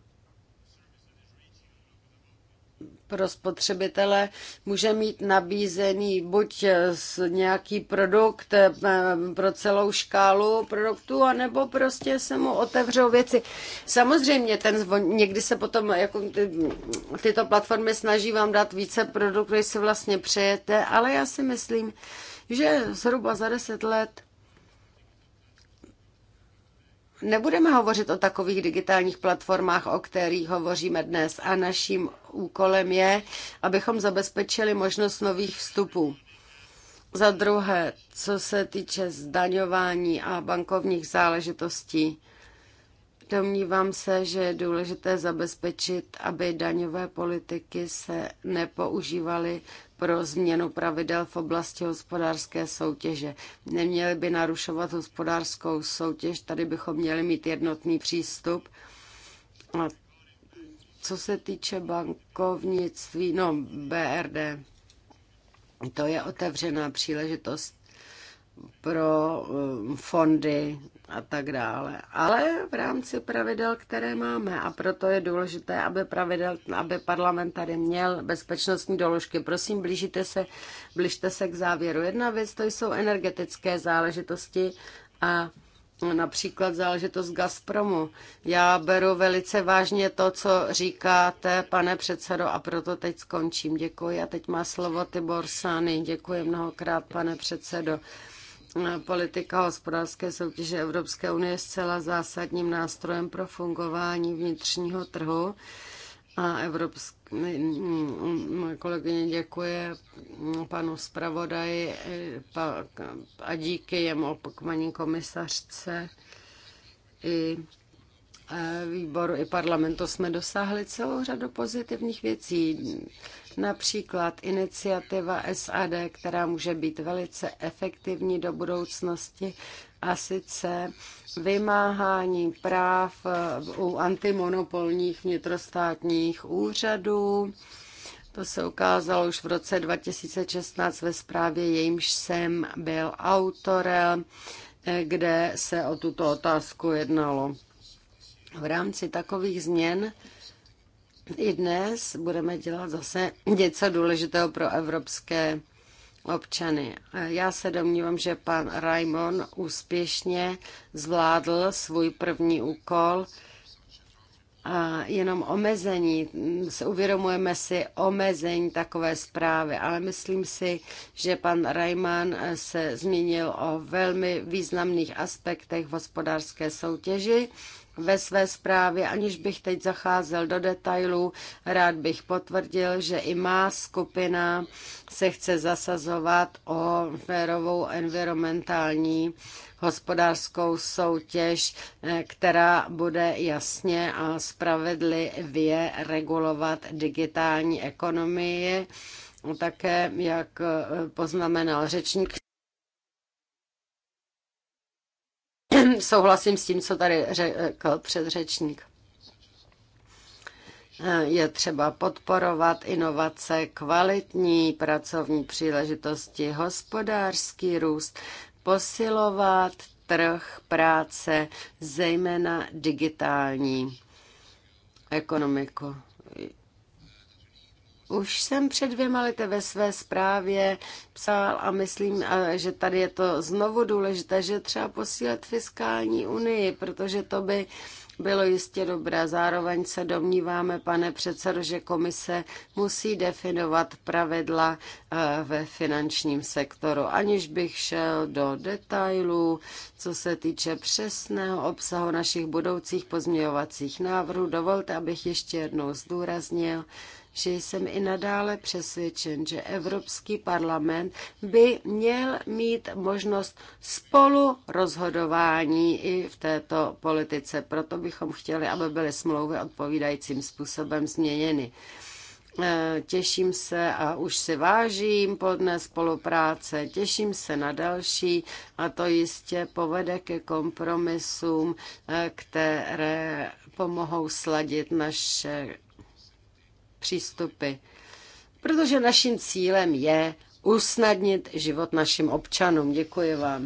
pro spotřebitele může mít nabízený buď nějaký produkt eh, pro celou škálu produktů, anebo prostě se mu otevřou věci. Samozřejmě ten zvon, někdy se potom jako ty, tyto platformy snaží vám dát více produktů, když si vlastně přejete, ale já si myslím, že zhruba za deset let nebudeme hovořit o takových digitálních platformách, o kterých hovoříme dnes. A naším úkolem je, abychom zabezpečili možnost nových vstupů. Za druhé, co se týče zdaňování a bankovních záležitostí, domnívám se, že je důležité zabezpečit, aby daňové politiky se nepoužívaly pro změnu pravidel v oblasti hospodářské soutěže. Neměli by narušovat hospodářskou soutěž, tady bychom měli mít jednotný přístup. A co se týče bankovnictví, no BRD, to je otevřená příležitost pro um, fondy a tak dále. Ale v rámci pravidel, které máme, a proto je důležité, aby, pravidel, aby parlament tady měl bezpečnostní doložky. Prosím, blížíte se, blížte se k závěru. Jedna věc, to jsou energetické záležitosti a například záležitost Gazpromu. Já beru velice vážně to, co říkáte, pane předsedo, a proto teď skončím. Děkuji. A teď má slovo Tibor Sány. Děkuji mnohokrát, pane předsedo. Eh, politika hospodářské soutěže Evropské unie je zcela zásadním nástrojem pro fungování vnitřního trhu. A Evropské kolegyně děkuje panu zpravodaji eh, a díky jemu opakovaní komisařce i eh, výboru i parlamentu jsme dosáhli celou řadu pozitivních věcí. Například iniciativa SAD, která může být velice efektivní do budoucnosti, a sice vymáhání práv eh, u antimonopolních vnitrostátních úřadů. To se ukázalo už v roce 2016 ve zprávě, jejímž jsem byl autorem, eh, kde se o tuto otázku jednalo. V rámci takových změn i dnes budeme dělat zase něco důležitého pro evropské občany. Já se domnívám, že pan Raimon úspěšně zvládl svůj první úkol. A jenom omezení, uvědomujeme si omezení takové zprávy, ale myslím si, že pan Rajman se zmínil o velmi významných aspektech v hospodářské soutěži ve své zprávě, aniž bych teď zacházel do detailů, rád bych potvrdil, že i má skupina se chce zasazovat o férovou environmentální hospodářskou soutěž, eh, která bude jasně a spravedlivě regulovat digitální ekonomii. Také, jak eh, poznamenal řečník, Souhlasím s tím, co tady řekl předřečník. Je třeba podporovat inovace, kvalitní pracovní příležitosti, hospodářský růst, posilovat trh práce, zejména digitální ekonomiku. Už jsem před dvěma lety ve své zprávě psal a myslím, eh, že tady je to znovu důležité, že třeba posílat fiskální unii, protože to by bylo jistě dobré. Zároveň se domníváme, pane předsedo, že komise musí definovat pravidla eh, ve finančním sektoru, aniž bych šel do detailů, co se týče přesného obsahu našich budoucích pozměňovacích návrhů. Dovolte, abych ještě jednou zdůraznil, že jsem i nadále přesvědčen, že Evropský parlament by měl mít možnost spolu rozhodování i v této politice. Proto bychom chtěli, aby byly smlouvy odpovídajícím způsobem změněny. E, těším se a už si vážím dne spolupráce, těším se na další a to jistě povede ke kompromisům, e, které pomohou sladit naše přístupy. Protože naším cílem je usnadnit život našim občanům. Děkuji vám.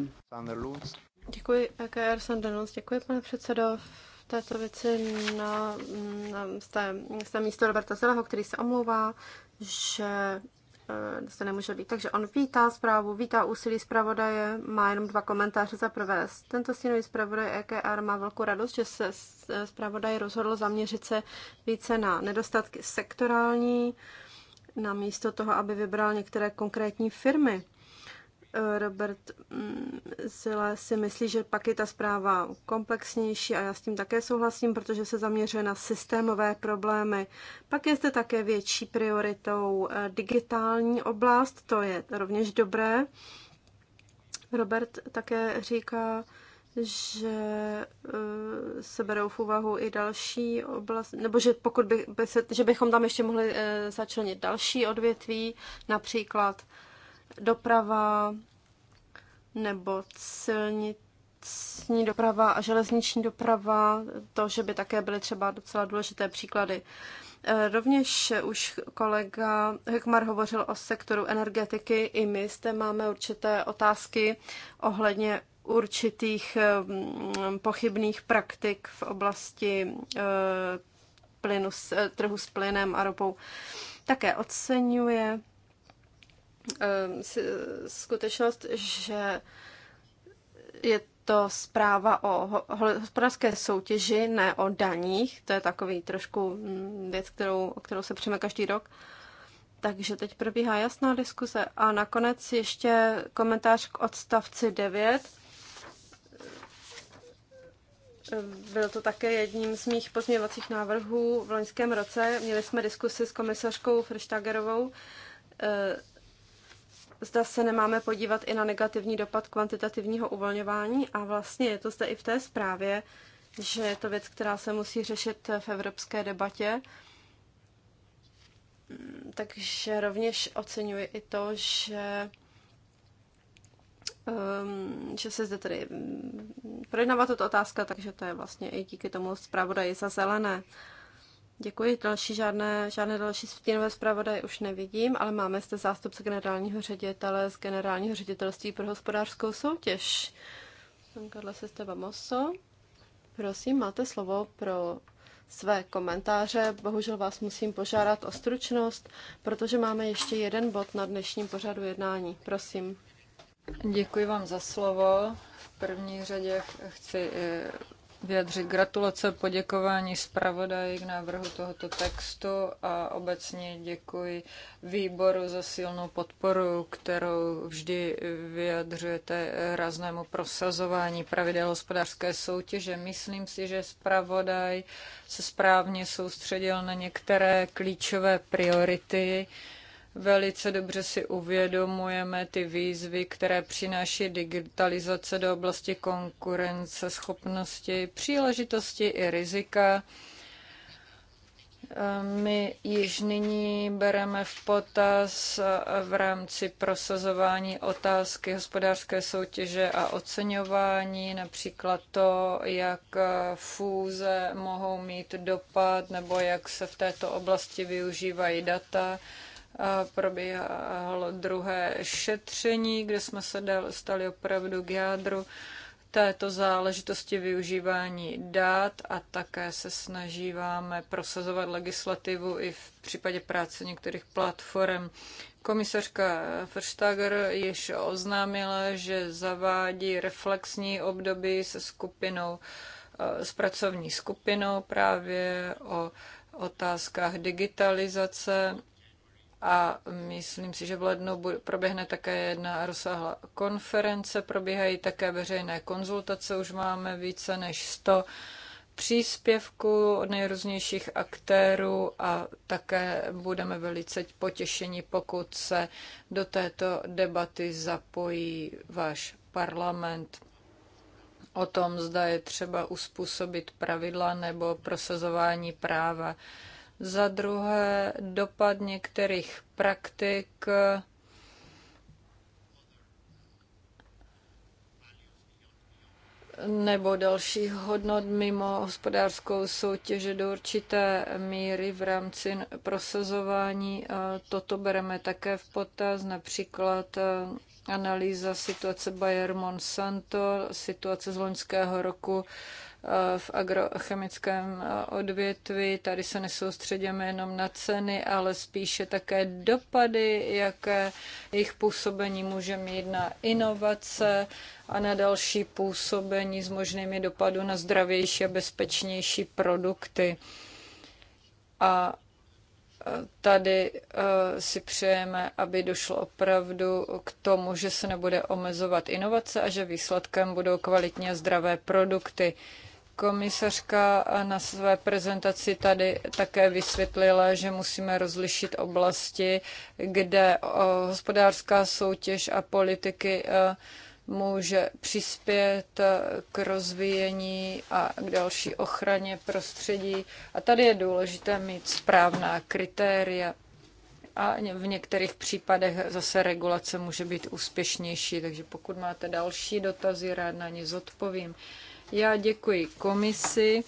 Děkuji, EKR Sanderlunds. Děkuji, pane předsedo. V této věci na, na, jste, jste místo Roberta Zeleho, který se omlouvá, že Eh, se nemůže být. Takže on vítá zprávu, vítá úsilí zpravodaje, má jenom dva komentáře za prvé. Tento stínový zpravodaj EKR má velkou radost, že se eh, zpravodaj rozhodl zaměřit se více na nedostatky sektorální, na místo toho, aby vybral některé konkrétní firmy. Robert mm, Sila si myslí, že pak je ta zpráva komplexnější a já s tím také souhlasím, protože se zaměřuje na systémové problémy. Pak je zde také větší prioritou eh, digitální oblast, to je rovněž dobré. Robert také říká, že eh, se berou v úvahu i další oblast, nebo že pokud by, by se, že bychom tam ještě mohli eh, začlenit další odvětví, například doprava nebo silniční doprava a železniční doprava, to, že by také byly třeba docela důležité příklady. Eh, rovněž už kolega Hekmar hovořil o sektoru energetiky, i my zde máme určité otázky ohledně určitých mm, pochybných praktik v oblasti eh, plynu, eh, trhu s plynem a ropou. Také oceňuje Ehm, skutečnost, že je to zpráva o hospodářské soutěži, ne o daních. To je takový trošku mm, věc, kterou, o kterou se přijme každý rok. Takže teď probíhá jasná diskuse. A nakonec ještě komentář k odstavci 9. Ehm, byl to také jedním z mých pozměňovacích návrhů v loňském roce. Měli jsme diskusi s komisařkou Frštagerovou ehm, zda se nemáme podívat i na negativní dopad kvantitativního uvolňování a vlastně je to zde i v té zprávě, že je to věc, která se musí řešit v evropské debatě. Takže rovněž oceňuji i to, že um, že se zde tedy projednává tuto otázka, takže to je vlastně i díky tomu zpravodaji za zelené. Uh, Děkuji. Další žádné, žádné další stínové zpravodaje už nevidím, ale máme zde zástupce generálního ředitele z generálního ředitelství pro hospodářskou soutěž. Pan Karla Sesteva Moso. Prosím, máte slovo pro své komentáře. Bohužel vás musím požádat o stručnost, protože máme ještě jeden bod na dnešním pořadu jednání. Prosím. Děkuji vám za slovo. V první řadě chci eh, vyjadřit gratulace, poděkování zpravodaji k návrhu tohoto textu a obecně děkuji výboru za silnou podporu, kterou vždy vyjadřujete ráznému prosazování pravidel hospodářské soutěže. Myslím si, že zpravodaj se správně soustředil na některé klíčové priority, Velice dobře si uvědomujeme ty výzvy, které přináší digitalizace do oblasti konkurence, schopnosti, příležitosti i rizika. My již nyní bereme v potaz v rámci prosazování otázky hospodářské soutěže a oceňování, například to, jak fúze mohou mít dopad nebo jak se v této oblasti využívají data probíhalo druhé šetření, kde jsme se stali opravdu k jádru této záležitosti využívání dát a také se snažíváme prosazovat legislativu i v případě práce některých platform. Komisařka Verstager již oznámila, že zavádí reflexní období se skupinou, eh, s pracovní skupinou právě o otázkách digitalizace a myslím si, že v lednu proběhne také jedna rozsáhlá konference, probíhají také veřejné konzultace, už máme více než 100 příspěvků od nejrůznějších aktérů a také budeme velice potěšeni, pokud se do této debaty zapojí váš parlament o tom, zda je třeba uspůsobit pravidla nebo prosazování práva za druhé dopad některých praktik nebo dalších hodnot mimo hospodářskou soutěž do určité míry v rámci prosazování. Toto bereme také v potaz, například e, analýza situace Bayer Monsanto, situace z loňského roku Eh, v agrochemickém eh, odvětví. Tady se nesoustředíme jenom na ceny, ale spíše také dopady, jaké jejich působení může mít na inovace a na další působení s možnými dopady na zdravější a bezpečnější produkty. A eh, tady si přejeme, aby došlo opravdu k tomu, že se nebude omezovat inovace a že výsledkem budou kvalitní a zdravé produkty. Komisařka na své prezentaci tady také vysvětlila, že musíme rozlišit oblasti, kde hospodářská soutěž a politiky e, může přispět k rozvíjení a k další ochraně prostředí. A tady je důležité mít správná kritéria. A v některých případech zase regulace může být úspěšnější, takže pokud máte další dotazy, rád na ně zodpovím. Já děkuji komisi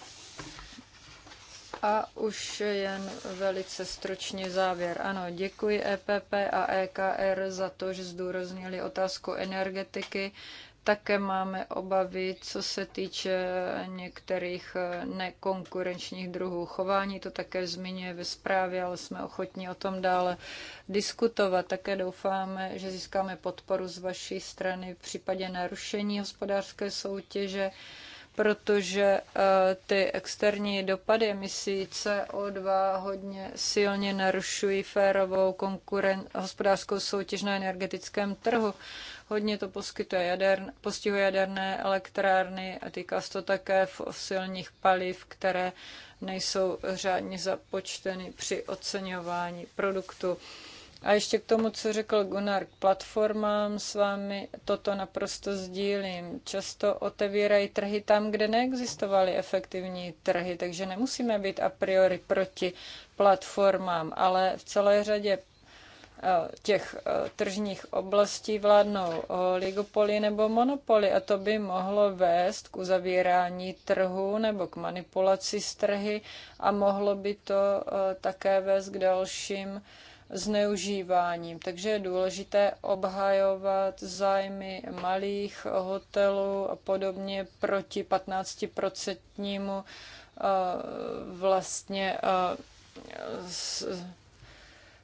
a už jen velice stručně závěr. Ano, děkuji EPP a EKR za to, že zdůraznili otázku energetiky. Také máme obavy, co se týče některých eh, nekonkurenčních druhů chování. To také zmiňuje ve zprávě, ale jsme ochotní o tom dále diskutovat. Také doufáme, že získáme podporu z vaší strany v případě narušení hospodářské soutěže protože eh, ty externí dopady emisí CO2 hodně silně narušují férovou konkuren- hospodářskou soutěž na energetickém trhu. Hodně to poskytuje jader- postihuje jaderné elektrárny a týká se to také fosilních paliv, které nejsou řádně započteny při oceňování produktu. A ještě k tomu, co řekl Gunnar k platformám, s vámi toto naprosto sdílím. Často otevírají trhy tam, kde neexistovaly efektivní trhy, takže nemusíme být a priori proti platformám, ale v celé řadě eh, těch eh, tržních oblastí vládnou oligopoly nebo monopoly a to by mohlo vést k uzavírání trhu nebo k manipulaci s trhy a mohlo by to eh, také vést k dalším zneužíváním. Takže je důležité obhajovat zájmy malých hotelů a podobně proti 15% eh, vlastně eh,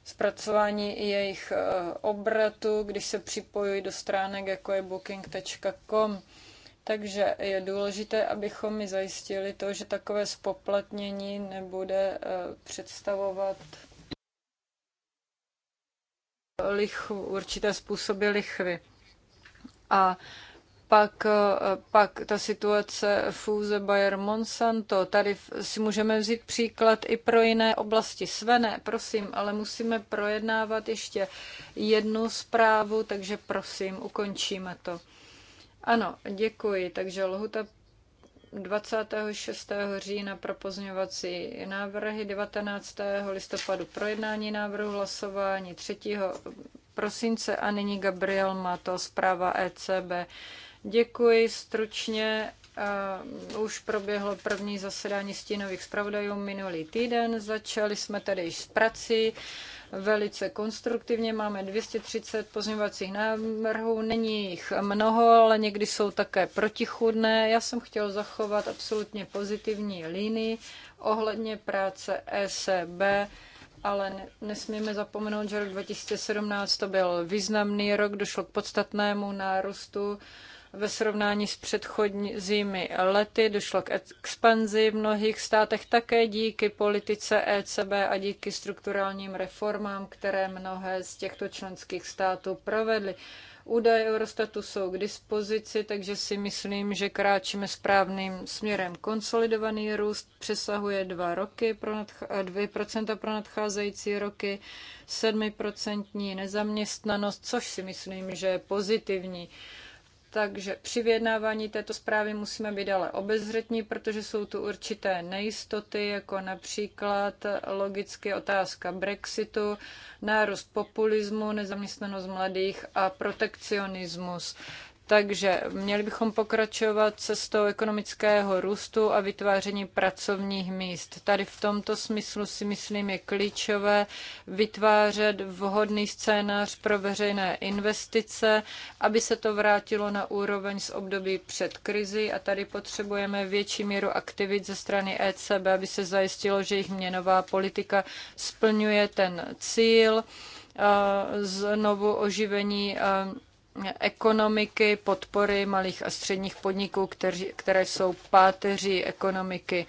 zpracování jejich eh, obratu, když se připojují do stránek, jako je booking.com. Takže je důležité, abychom mi zajistili to, že takové spoplatnění nebude představovat lichvu, určité způsoby lichvy. A pak, pak ta situace fúze Bayer-Monsanto. Tady si můžeme vzít příklad i pro jiné oblasti. Svené, prosím, ale musíme projednávat ještě jednu zprávu, takže prosím, ukončíme to. Ano, děkuji. Takže lhuta 26. října pro pozměňovací návrhy, 19. listopadu projednání návrhu hlasování, 3. prosince a nyní Gabriel to. zpráva ECB. Děkuji stručně. Uh, už proběhlo první zasedání stínových zpravodajů minulý týden. Začali jsme tady již s prací. Uh, velice konstruktivně. Máme 230 pozměňovacích návrhů, není jich mnoho, ale někdy jsou také protichudné. Já jsem chtěl zachovat absolutně pozitivní linii ohledně práce ECB, ale nesmíme zapomenout, že rok 2017 to byl významný rok, došlo k podstatnému nárůstu ve srovnání s předchozími lety. Došlo k expanzi v mnohých státech také díky politice ECB a díky strukturálním reformám, které mnohé z těchto členských států provedly. Údaje Eurostatu jsou k dispozici, takže si myslím, že kráčíme správným směrem. Konsolidovaný růst přesahuje dva roky pro nadch- 2% eh, pro nadcházející roky, 7% nezaměstnanost, což si myslím, že je pozitivní. Takže při vyjednávání této zprávy musíme být ale obezřetní, protože jsou tu určité nejistoty, jako například logicky otázka Brexitu, nárůst populismu, nezaměstnanost mladých a protekcionismus. Takže měli bychom pokračovat cestou ekonomického růstu a vytváření pracovních míst. Tady v tomto smyslu si myslím je klíčové vytvářet vhodný scénář pro veřejné investice, aby se to vrátilo na úroveň z období před krizi a tady potřebujeme větší míru aktivit ze strany ECB, aby se zajistilo, že jejich měnová politika splňuje ten cíl znovu oživení ekonomiky, podpory malých a středních podniků, kteří, které jsou páteří ekonomiky.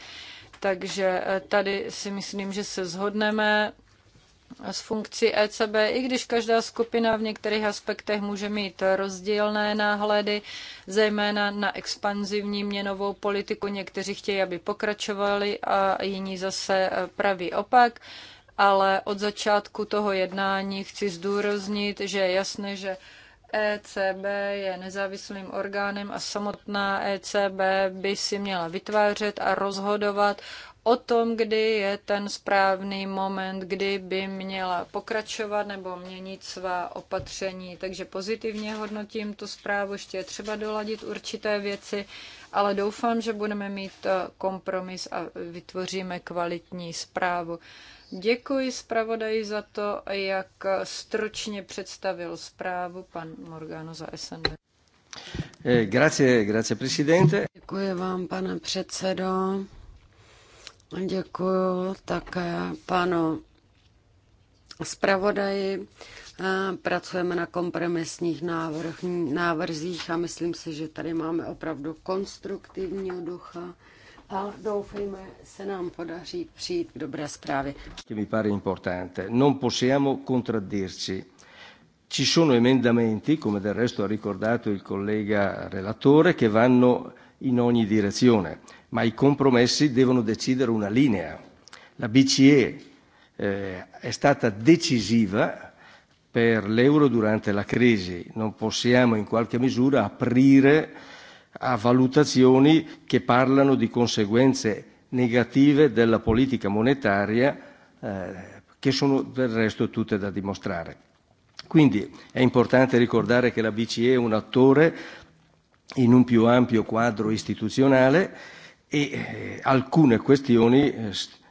Takže eh, tady si myslím, že se zhodneme s funkcí ECB, i když každá skupina v některých aspektech může mít rozdílné náhledy, zejména na expanzivní měnovou politiku. Někteří chtějí, aby pokračovali a jiní zase eh, pravý opak. Ale od začátku toho jednání chci zdůraznit, že je jasné, že ECB je nezávislým orgánem a samotná ECB by si měla vytvářet a rozhodovat o tom, kdy je ten správný moment, kdy by měla pokračovat nebo měnit svá opatření. Takže pozitivně hodnotím tu zprávu, ještě je třeba doladit určité věci, ale doufám, že budeme mít e, kompromis a vytvoříme kvalitní zprávu. Děkuji zpravodaji za to, jak stručně představil zprávu pan Morgano za SND. Eh, grazie, grazie, presidente. Děkuji vám, pane předsedo. Děkuji také panu zpravodaji. Eh, pracujeme na kompromisních návrh, návrzích a myslím si, že tady máme opravdu konstruktivního ducha a doufejme, se nám podaří přijít k dobré zprávě. Che mi pare importante, non possiamo contraddirci. Ci sono emendamenti, come del resto ha ricordato il collega relatore, che vanno in ogni direzione, ma i compromessi devono decidere una linea. La BCE eh, è stata decisiva per l'euro durante la crisi, non possiamo in qualche misura aprire a valutazioni che parlano di conseguenze negative della politica monetaria eh, che sono del resto tutte da dimostrare. Quindi è importante ricordare che la BCE è un attore in un più ampio quadro istituzionale e eh, alcune questioni eh,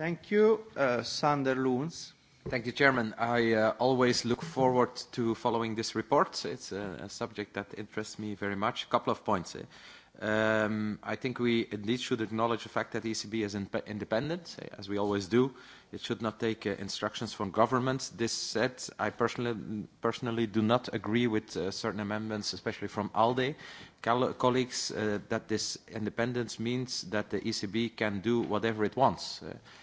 Thank you. Uh, Sander Loons. Thank you, Chairman. I uh, always look forward to following this report. It's a, a subject that interests me very much. A couple of points. Eh? Um, I think we indeed should acknowledge the fact that ECB e is in independent, eh, as we always do. It should not take uh, instructions from governments. This said, I personally, personally do not agree with uh, certain amendments, especially from ALDE colleagues, uh, that this independence means that the ECB can do whatever it wants. Uh,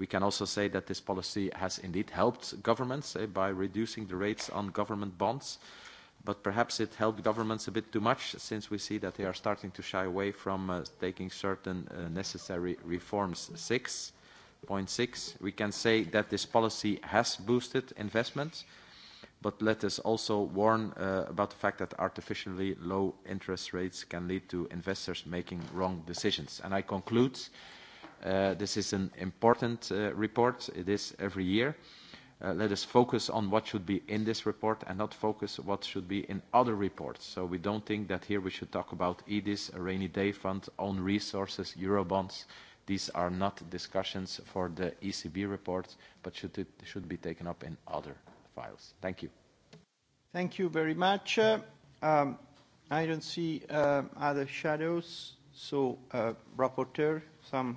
We can also say that this policy has indeed helped governments eh, by reducing the rates on government bonds, but perhaps it helped governments a bit too much since we see that they are starting to shy away from uh, taking certain uh, necessary reforms. Six, point six, we can say that this policy has boosted investments, but let us also warn uh, about the fact that artificially low interest rates can lead to investors making wrong decisions. And I conclude uh, Uh, this is an important uh, report. It is every year. Uh, let us focus on what should be in this report and not focus what should be in other reports. So we don't think that here we should talk about EDIS, a rainy day fund, own resources, Eurobonds. These are not discussions for the ECB report, but should, it, should be taken up in other files. Thank you. Thank you very much. Uh, um, I don't see uh, other shadows, so uh, rapporteur, some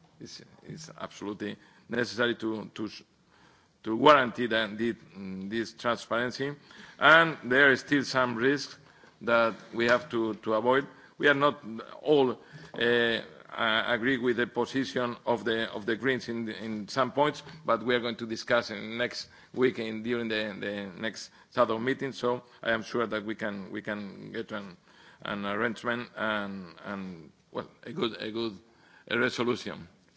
it's, it's absolutely necessary to, to, to guarantee that the, this transparency. And there are still some risks that we have to, to avoid. We are not all uh, uh, agree with the position of the, of the Greens in, in some points, but we are going to discuss in next week in, during the, the next SADC meeting. So I am sure that we can, we can get an, an arrangement and, and, well, a good, a good a resolution.